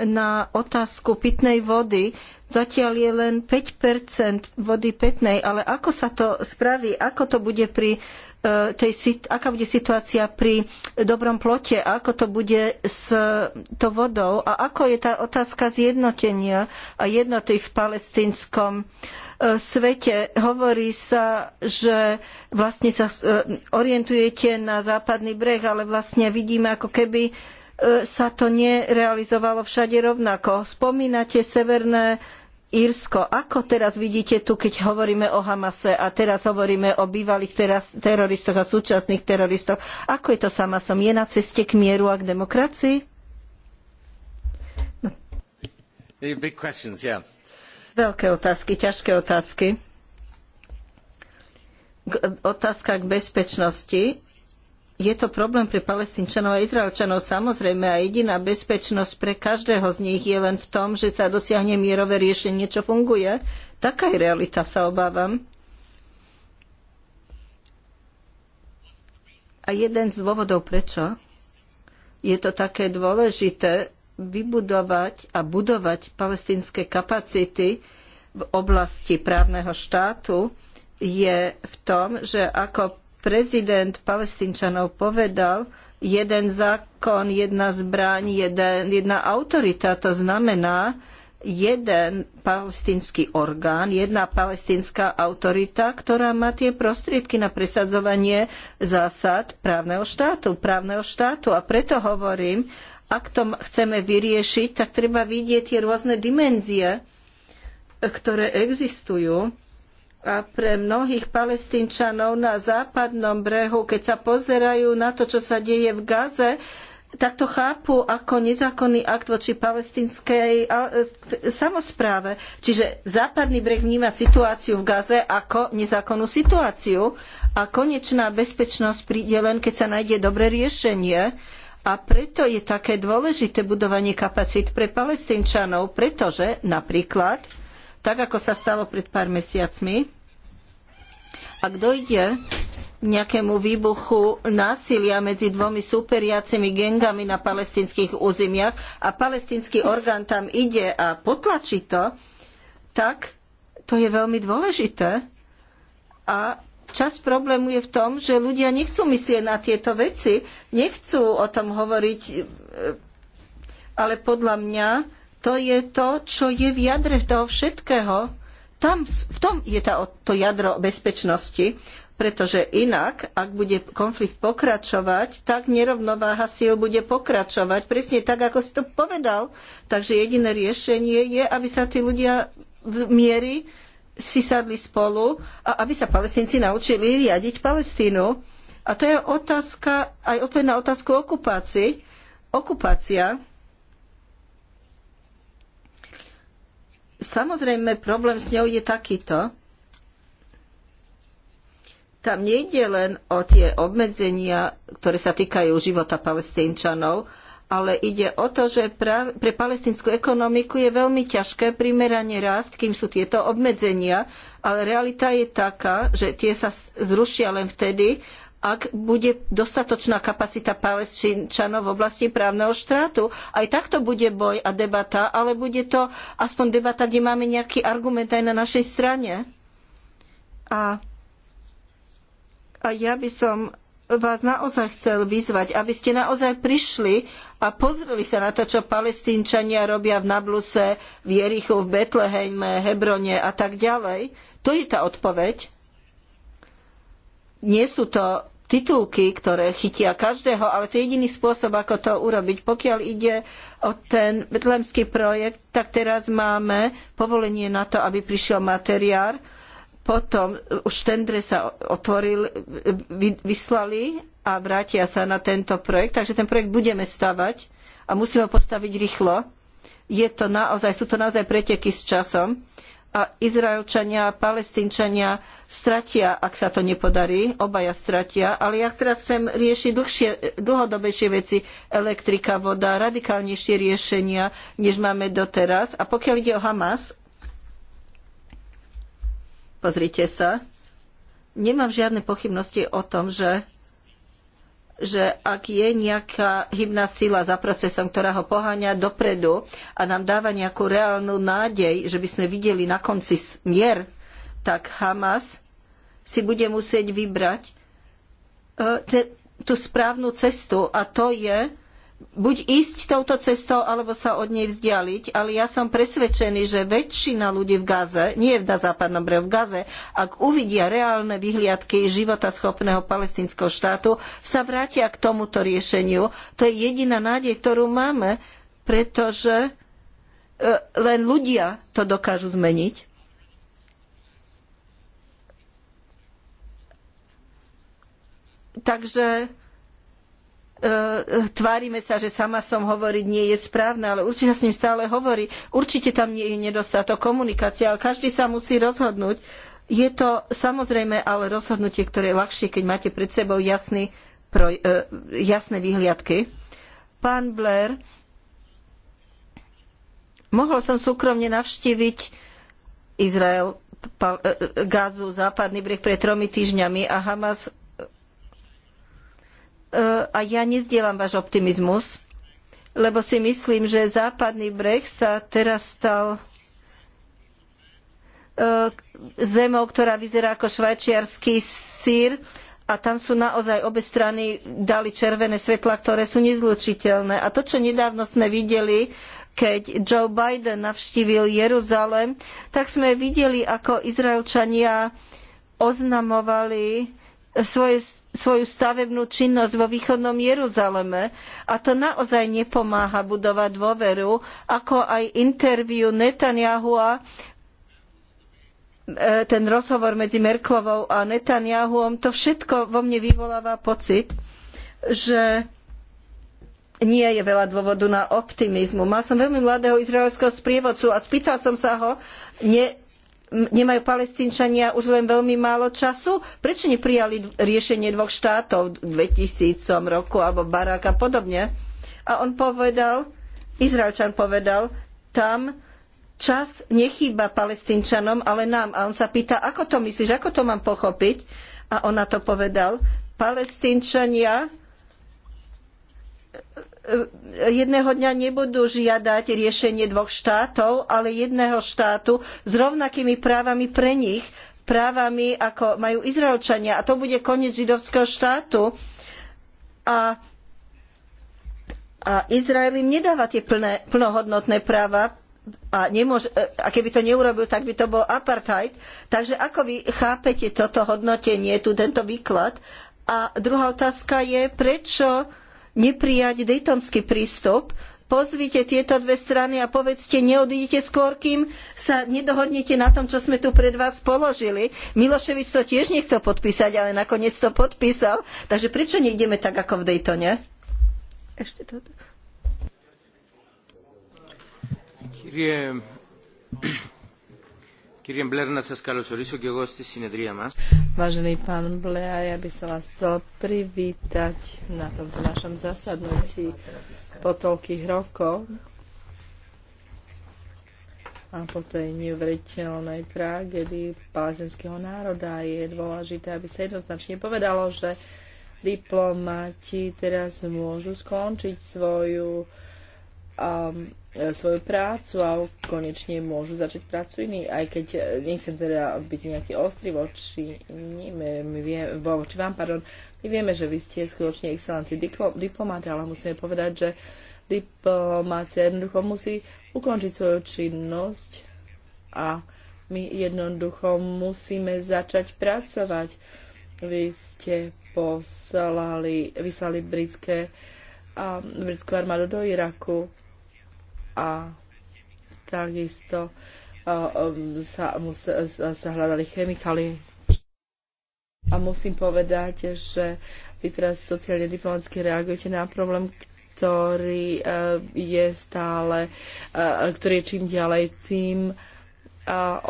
na otázku pitnej vody. Zatiaľ je len 5 vody pitnej, ale ako sa to spraví, ako to bude pri e, tej, aká bude situácia pri dobrom plote a ako to bude s to vodou a ako je tá otázka zjednotenia a jednoty v palestínskom e, svete. Hovorí sa, že vlastne sa e, orientujete na západný breh, ale vlastne vidíme ako keby sa to nerealizovalo všade rovnako. Spomínate severné Írsko. Ako teraz vidíte tu, keď hovoríme o Hamase a teraz hovoríme o bývalých teroristoch a súčasných teroristoch, ako je to s Hamasom? Je na ceste k mieru a k demokracii? No. Yeah. Veľké otázky, ťažké otázky. K, otázka k bezpečnosti. Je to problém pre palestínčanov a izraelčanov samozrejme a jediná bezpečnosť pre každého z nich je len v tom, že sa dosiahne mierové riešenie, čo funguje. Taká je realita, sa obávam. A jeden z dôvodov, prečo je to také dôležité vybudovať a budovať palestínske kapacity v oblasti právneho štátu, je v tom, že ako prezident palestínčanov povedal, jeden zákon, jedna zbraň, jeden, jedna autorita, to znamená jeden palestínsky orgán, jedna palestínska autorita, ktorá má tie prostriedky na presadzovanie zásad právneho štátu, právneho štátu. A preto hovorím, ak to chceme vyriešiť, tak treba vidieť tie rôzne dimenzie, ktoré existujú a pre mnohých palestínčanov na západnom brehu, keď sa pozerajú na to, čo sa deje v Gaze, tak to chápu ako nezákonný akt voči palestinskej e, samospráve. Čiže západný breh vníma situáciu v Gaze ako nezákonnú situáciu a konečná bezpečnosť príde len, keď sa nájde dobré riešenie. A preto je také dôležité budovanie kapacít pre palestínčanov, pretože napríklad tak ako sa stalo pred pár mesiacmi. Ak dojde k nejakému výbuchu násilia medzi dvomi súperiacimi gengami na palestinských územiach a palestínsky orgán tam ide a potlačí to, tak to je veľmi dôležité. A čas problému je v tom, že ľudia nechcú myslieť na tieto veci, nechcú o tom hovoriť, e, ale podľa mňa to je to, čo je v jadre toho všetkého. Tam, v tom je tá, to jadro bezpečnosti, pretože inak, ak bude konflikt pokračovať, tak nerovnováha síl bude pokračovať. Presne tak, ako si to povedal. Takže jediné riešenie je, aby sa tí ľudia v miery si sadli spolu a aby sa palestinci naučili riadiť Palestínu. A to je otázka, aj odpoveď na otázku okupácii. Okupácia Samozrejme, problém s ňou je takýto. Tam nejde len o tie obmedzenia, ktoré sa týkajú života palestínčanov, ale ide o to, že pre palestinskú ekonomiku je veľmi ťažké primerane rásť, kým sú tieto obmedzenia, ale realita je taká, že tie sa zrušia len vtedy, ak bude dostatočná kapacita palestínčanov v oblasti právneho štátu. Aj takto bude boj a debata, ale bude to aspoň debata, kde máme nejaký argument aj na našej strane. A, a ja by som vás naozaj chcel vyzvať, aby ste naozaj prišli a pozreli sa na to, čo palestínčania robia v Nabluse, v Jerichu, v Betlehejme, Hebrone a tak ďalej. To je tá odpoveď. Nie sú to titulky, ktoré chytia každého, ale to je jediný spôsob, ako to urobiť. Pokiaľ ide o ten betlemský projekt, tak teraz máme povolenie na to, aby prišiel materiál. Potom už tendre sa otvoril, vyslali a vrátia sa na tento projekt. Takže ten projekt budeme stavať a musíme ho postaviť rýchlo. Je to naozaj, sú to naozaj preteky s časom a Izraelčania a Palestínčania stratia, ak sa to nepodarí, obaja stratia, ale ja teraz chcem riešiť dlhšie, dlhodobejšie veci, elektrika, voda, radikálnejšie riešenia, než máme doteraz. A pokiaľ ide o Hamas, pozrite sa, nemám žiadne pochybnosti o tom, že že ak je nejaká hybná sila za procesom, ktorá ho poháňa dopredu a nám dáva nejakú reálnu nádej, že by sme videli na konci mier, tak Hamas si bude musieť vybrať eh, tú správnu cestu a to je buď ísť touto cestou, alebo sa od nej vzdialiť, ale ja som presvedčený, že väčšina ľudí v Gaze, nie na západnom brehu, v Gaze, ak uvidia reálne vyhliadky života schopného palestinského štátu, sa vrátia k tomuto riešeniu. To je jediná nádej, ktorú máme, pretože e, len ľudia to dokážu zmeniť. Takže E, tvárime sa, že sama som hovoriť nie je správne, ale určite sa s ním stále hovorí. Určite tam nie je nedostatok komunikácie, ale každý sa musí rozhodnúť. Je to samozrejme ale rozhodnutie, ktoré je ľahšie, keď máte pred sebou jasný, pro, e, jasné vyhliadky. Pán Blair, mohol som súkromne navštíviť Izrael, e, Gazu, západný breh pred tromi týždňami a Hamas a ja nezdielam váš optimizmus, lebo si myslím, že západný breh sa teraz stal e, zemou, ktorá vyzerá ako švajčiarsky sír a tam sú naozaj obe strany dali červené svetlá, ktoré sú nezlučiteľné. A to, čo nedávno sme videli, keď Joe Biden navštívil Jeruzalem, tak sme videli, ako Izraelčania oznamovali svoje svoju stavebnú činnosť vo východnom Jeruzaleme a to naozaj nepomáha budovať dôveru, ako aj interviu Netanyahua, e, ten rozhovor medzi Merklovou a Netanyahuom, to všetko vo mne vyvoláva pocit, že nie je veľa dôvodu na optimizmu. Mal som veľmi mladého izraelského sprievodcu a spýtal som sa ho, ne, nemajú palestínčania už len veľmi málo času? Prečo neprijali riešenie dvoch štátov v 2000 roku alebo Barak a podobne? A on povedal, Izraelčan povedal, tam čas nechýba palestínčanom, ale nám. A on sa pýta, ako to myslíš, ako to mám pochopiť? A on na to povedal, palestínčania jedného dňa nebudú žiadať riešenie dvoch štátov, ale jedného štátu s rovnakými právami pre nich, právami ako majú Izraelčania. A to bude koniec židovského štátu. A, a Izrael im nedáva tie plné, plnohodnotné práva, a, nemôže, a keby to neurobil, tak by to bol apartheid. Takže ako vy chápete toto hodnotenie, tu tento výklad? A druhá otázka je, prečo neprijať daytonský prístup. Pozvite tieto dve strany a povedzte, neodídete skôr, kým sa nedohodnete na tom, čo sme tu pred vás položili. Miloševič to tiež nechcel podpísať, ale nakoniec to podpísal. Takže prečo nejdeme tak, ako v Daytone? Ešte to... Vážený pán Blea, ja by som vás chcel privítať na tomto našom zasadnutí po toľkých rokoch a po tej neuveriteľnej tragédii palestinského národa je dôležité, aby sa jednoznačne povedalo, že diplomati teraz môžu skončiť svoju a um, svoju prácu a konečne môžu začať prácu iní, aj keď e, nechcem teda byť nejaký ostrý voči, nie, my, vie, voči vám, pardon, my vieme, že vy ste skutočne excelentný diplomat, ale musíme povedať, že diplomácia jednoducho musí ukončiť svoju činnosť a my jednoducho musíme začať pracovať. Vy ste poslali, vyslali britské, a, britskú armádu do Iraku a takisto um, sa, sa hľadali chemikálie. A musím povedať, že vy teraz sociálne diplomaticky reagujete na problém, ktorý e, je stále, e, ktorý je čím ďalej tým e,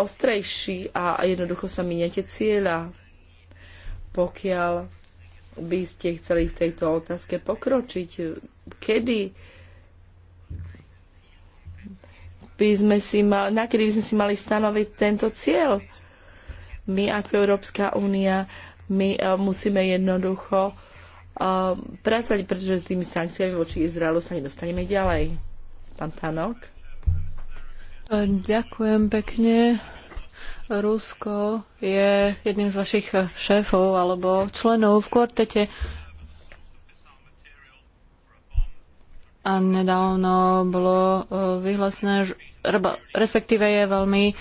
ostrejší a jednoducho sa miniete cieľa. Pokiaľ by ste chceli v tejto otázke pokročiť, kedy by sme si mali, kedy by sme si mali stanoviť tento cieľ. My ako Európska únia, my uh, musíme jednoducho uh, pracovať, pretože s tými sankciami voči Izraelu sa nedostaneme ďalej. Pán Tanok. E, ďakujem pekne. Rusko je jedným z vašich šéfov alebo členov v kvartete. A nedávno bolo vyhlásené, respektíve je veľmi e,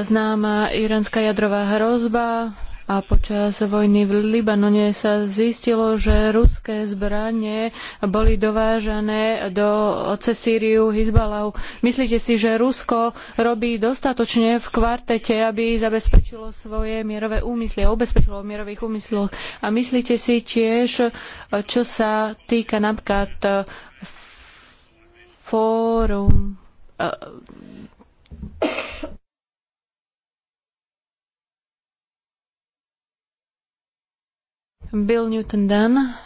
známa iránska jadrová hrozba a počas vojny v Libanone sa zistilo, že ruské zbranie boli dovážané do, cez Sýriu Hizbalahu. Myslíte si, že Rusko robí dostatočne v kvartete, aby zabezpečilo svoje mierové úmysly, ubezpečilo o mierových úmysloch? A myslíte si tiež, čo sa týka napríklad fórum Uh, Bill Newton Dunn.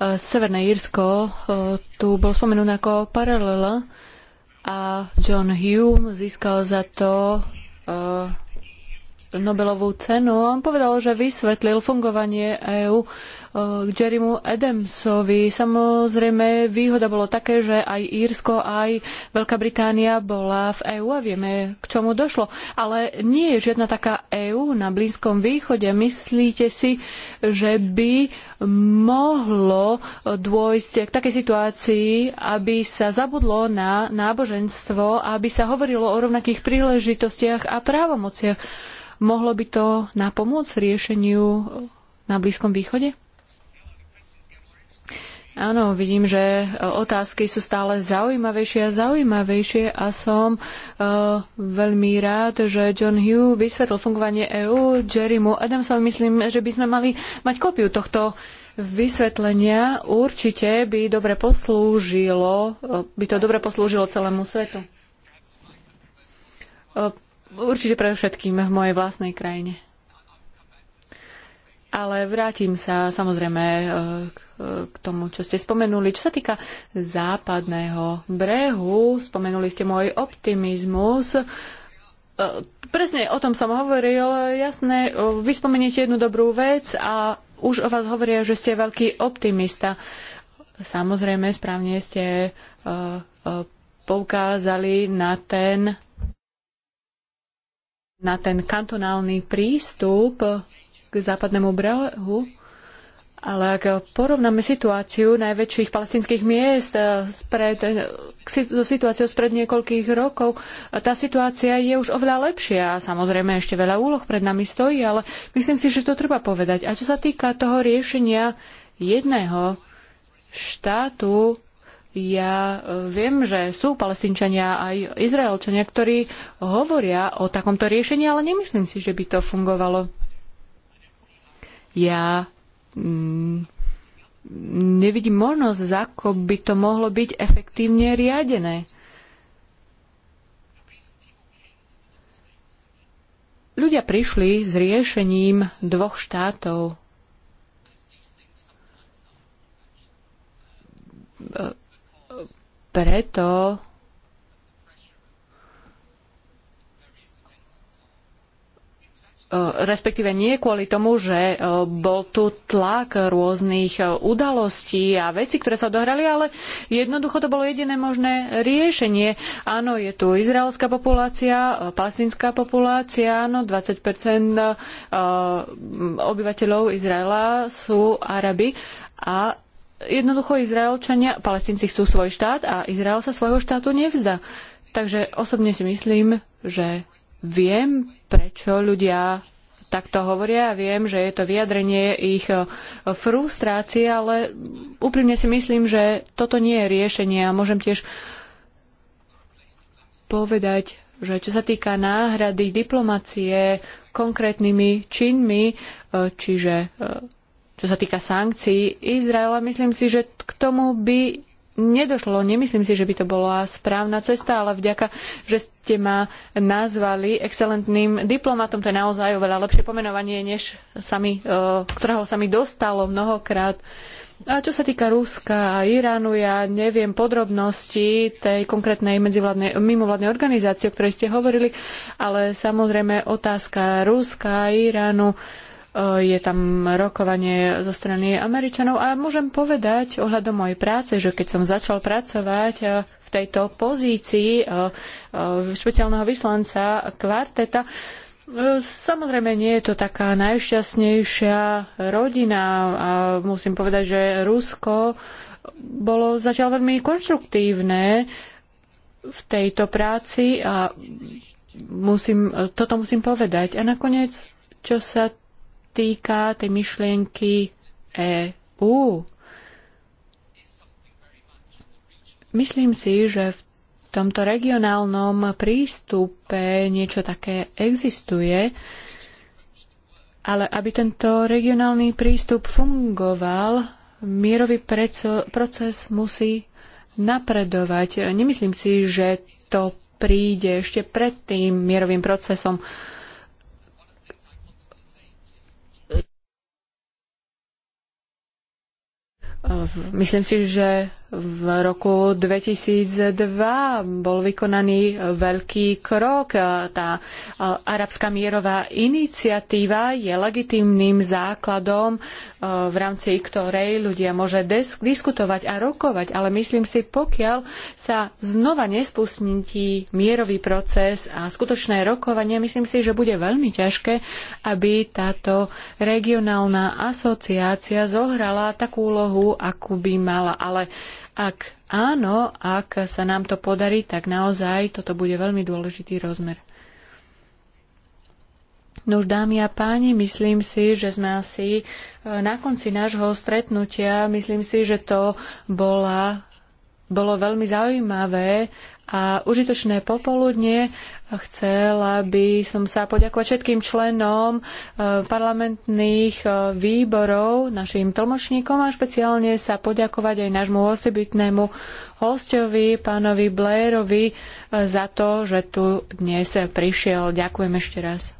Uh, Severné Írsko uh, tu bol spomenutý ako paralela a John Hume získal za to Nobelovú cenu. On povedal, že vysvetlil fungovanie EÚ e, k Jerrymu Adamsovi. Samozrejme, výhoda bolo také, že aj Írsko, aj Veľká Británia bola v EÚ a vieme, k čomu došlo. Ale nie je žiadna taká EÚ na Blízkom východe. Myslíte si, že by mohlo dôjsť k takej situácii, aby sa zabudlo na náboženstvo, aby sa hovorilo o rovnakých príležitostiach a právomociach? Mohlo by to na pomôcť riešeniu na Blízkom východe? Áno, vidím, že e, otázky sú stále zaujímavejšie a zaujímavejšie a som uh, veľmi rád, že John Hugh vysvetlil fungovanie EÚ Jerrymu Adamsovi. Myslím, že by sme mali mať kópiu tohto vysvetlenia. Určite by dobre poslúžilo, e, by to dobre poslúžilo celému svetu. Uh, určite pre všetkým v mojej vlastnej krajine. Ale vrátim sa samozrejme e, e, k tomu, čo ste spomenuli. Čo sa týka západného brehu, spomenuli ste môj optimizmus. E, presne o tom som hovoril, jasné, vy spomeniete jednu dobrú vec a už o vás hovoria, že ste veľký optimista. Samozrejme, správne ste poukázali na ten na ten kantonálny prístup k západnému brehu, ale ak porovnáme situáciu najväčších palestinských miest eh, spred, eh, so situáciou spred niekoľkých rokov, eh, tá situácia je už oveľa lepšia. Samozrejme, ešte veľa úloh pred nami stojí, ale myslím si, že to treba povedať. A čo sa týka toho riešenia jedného štátu ja e, viem, že sú palestinčania aj izraelčania, ktorí hovoria o takomto riešení, ale nemyslím si, že by to fungovalo. Ja mm, nevidím možnosť, ako by to mohlo byť efektívne riadené. Ľudia prišli s riešením dvoch štátov. E, preto e, respektíve nie kvôli tomu, že e, bol tu tlak rôznych e, udalostí a vecí, ktoré sa odohrali, ale jednoducho to bolo jediné možné riešenie. Áno, je tu izraelská populácia, palestinská populácia, áno, 20 obyvateľov Izraela sú Arabi a jednoducho Izraelčania, palestinci chcú svoj štát a Izrael sa svojho štátu nevzdá. Takže osobne si myslím, že viem, prečo ľudia takto hovoria a viem, že je to vyjadrenie ich e, frustrácie, ale úprimne si myslím, že toto nie je riešenie a môžem tiež povedať, že čo sa týka náhrady diplomacie konkrétnymi činmi, e, čiže e, čo sa týka sankcií Izraela, myslím si, že k tomu by nedošlo. Nemyslím si, že by to bola správna cesta, ale vďaka, že ste ma nazvali excelentným diplomatom, to je naozaj oveľa lepšie pomenovanie, než sami, e, ktorého sa mi dostalo mnohokrát. A čo sa týka Ruska a Iránu, ja neviem podrobnosti tej konkrétnej mimovládnej organizácie, o ktorej ste hovorili, ale samozrejme otázka Ruska a Iránu Eh, je tam rokovanie zo strany Američanov a môžem povedať ohľadom mojej práce, že keď som začal pracovať eh, v tejto pozícii eh, špeciálneho vyslanca kvarteta, Samozrejme, nie je to taká najšťastnejšia rodina a musím povedať, že Rusko bolo zatiaľ veľmi konštruktívne v tejto práci a musím, toto musím povedať. A nakoniec, čo sa týka tej myšlienky EU. Myslím si, že v tomto regionálnom prístupe niečo také existuje, ale aby tento regionálny prístup fungoval, mierový proces musí napredovať. Nemyslím si, že to príde ešte pred tým mierovým procesom. Myslím si, že v roku 2002 bol vykonaný veľký krok. Tá arabská mierová iniciatíva je legitímnym základom, e, v rámci ktorej ľudia môže diskutovať a rokovať, ale myslím si, pokiaľ sa znova nespustní mierový proces a skutočné rokovanie, myslím si, že bude veľmi ťažké, aby táto regionálna asociácia zohrala takú úlohu, akú by mala. Ale ak áno, ak sa nám to podarí, tak naozaj toto bude veľmi dôležitý rozmer. No už dámy a páni, myslím si, že sme asi e, na konci nášho stretnutia, myslím si, že to bola, bolo veľmi zaujímavé a užitočné popoludne. Chcela by som sa poďakovať všetkým členom e, parlamentných e, výborov, našim tlmočníkom a špeciálne sa poďakovať aj nášmu osobitnému hostovi, pánovi Blairovi, e, za to, že tu dnes prišiel. Ďakujem ešte raz.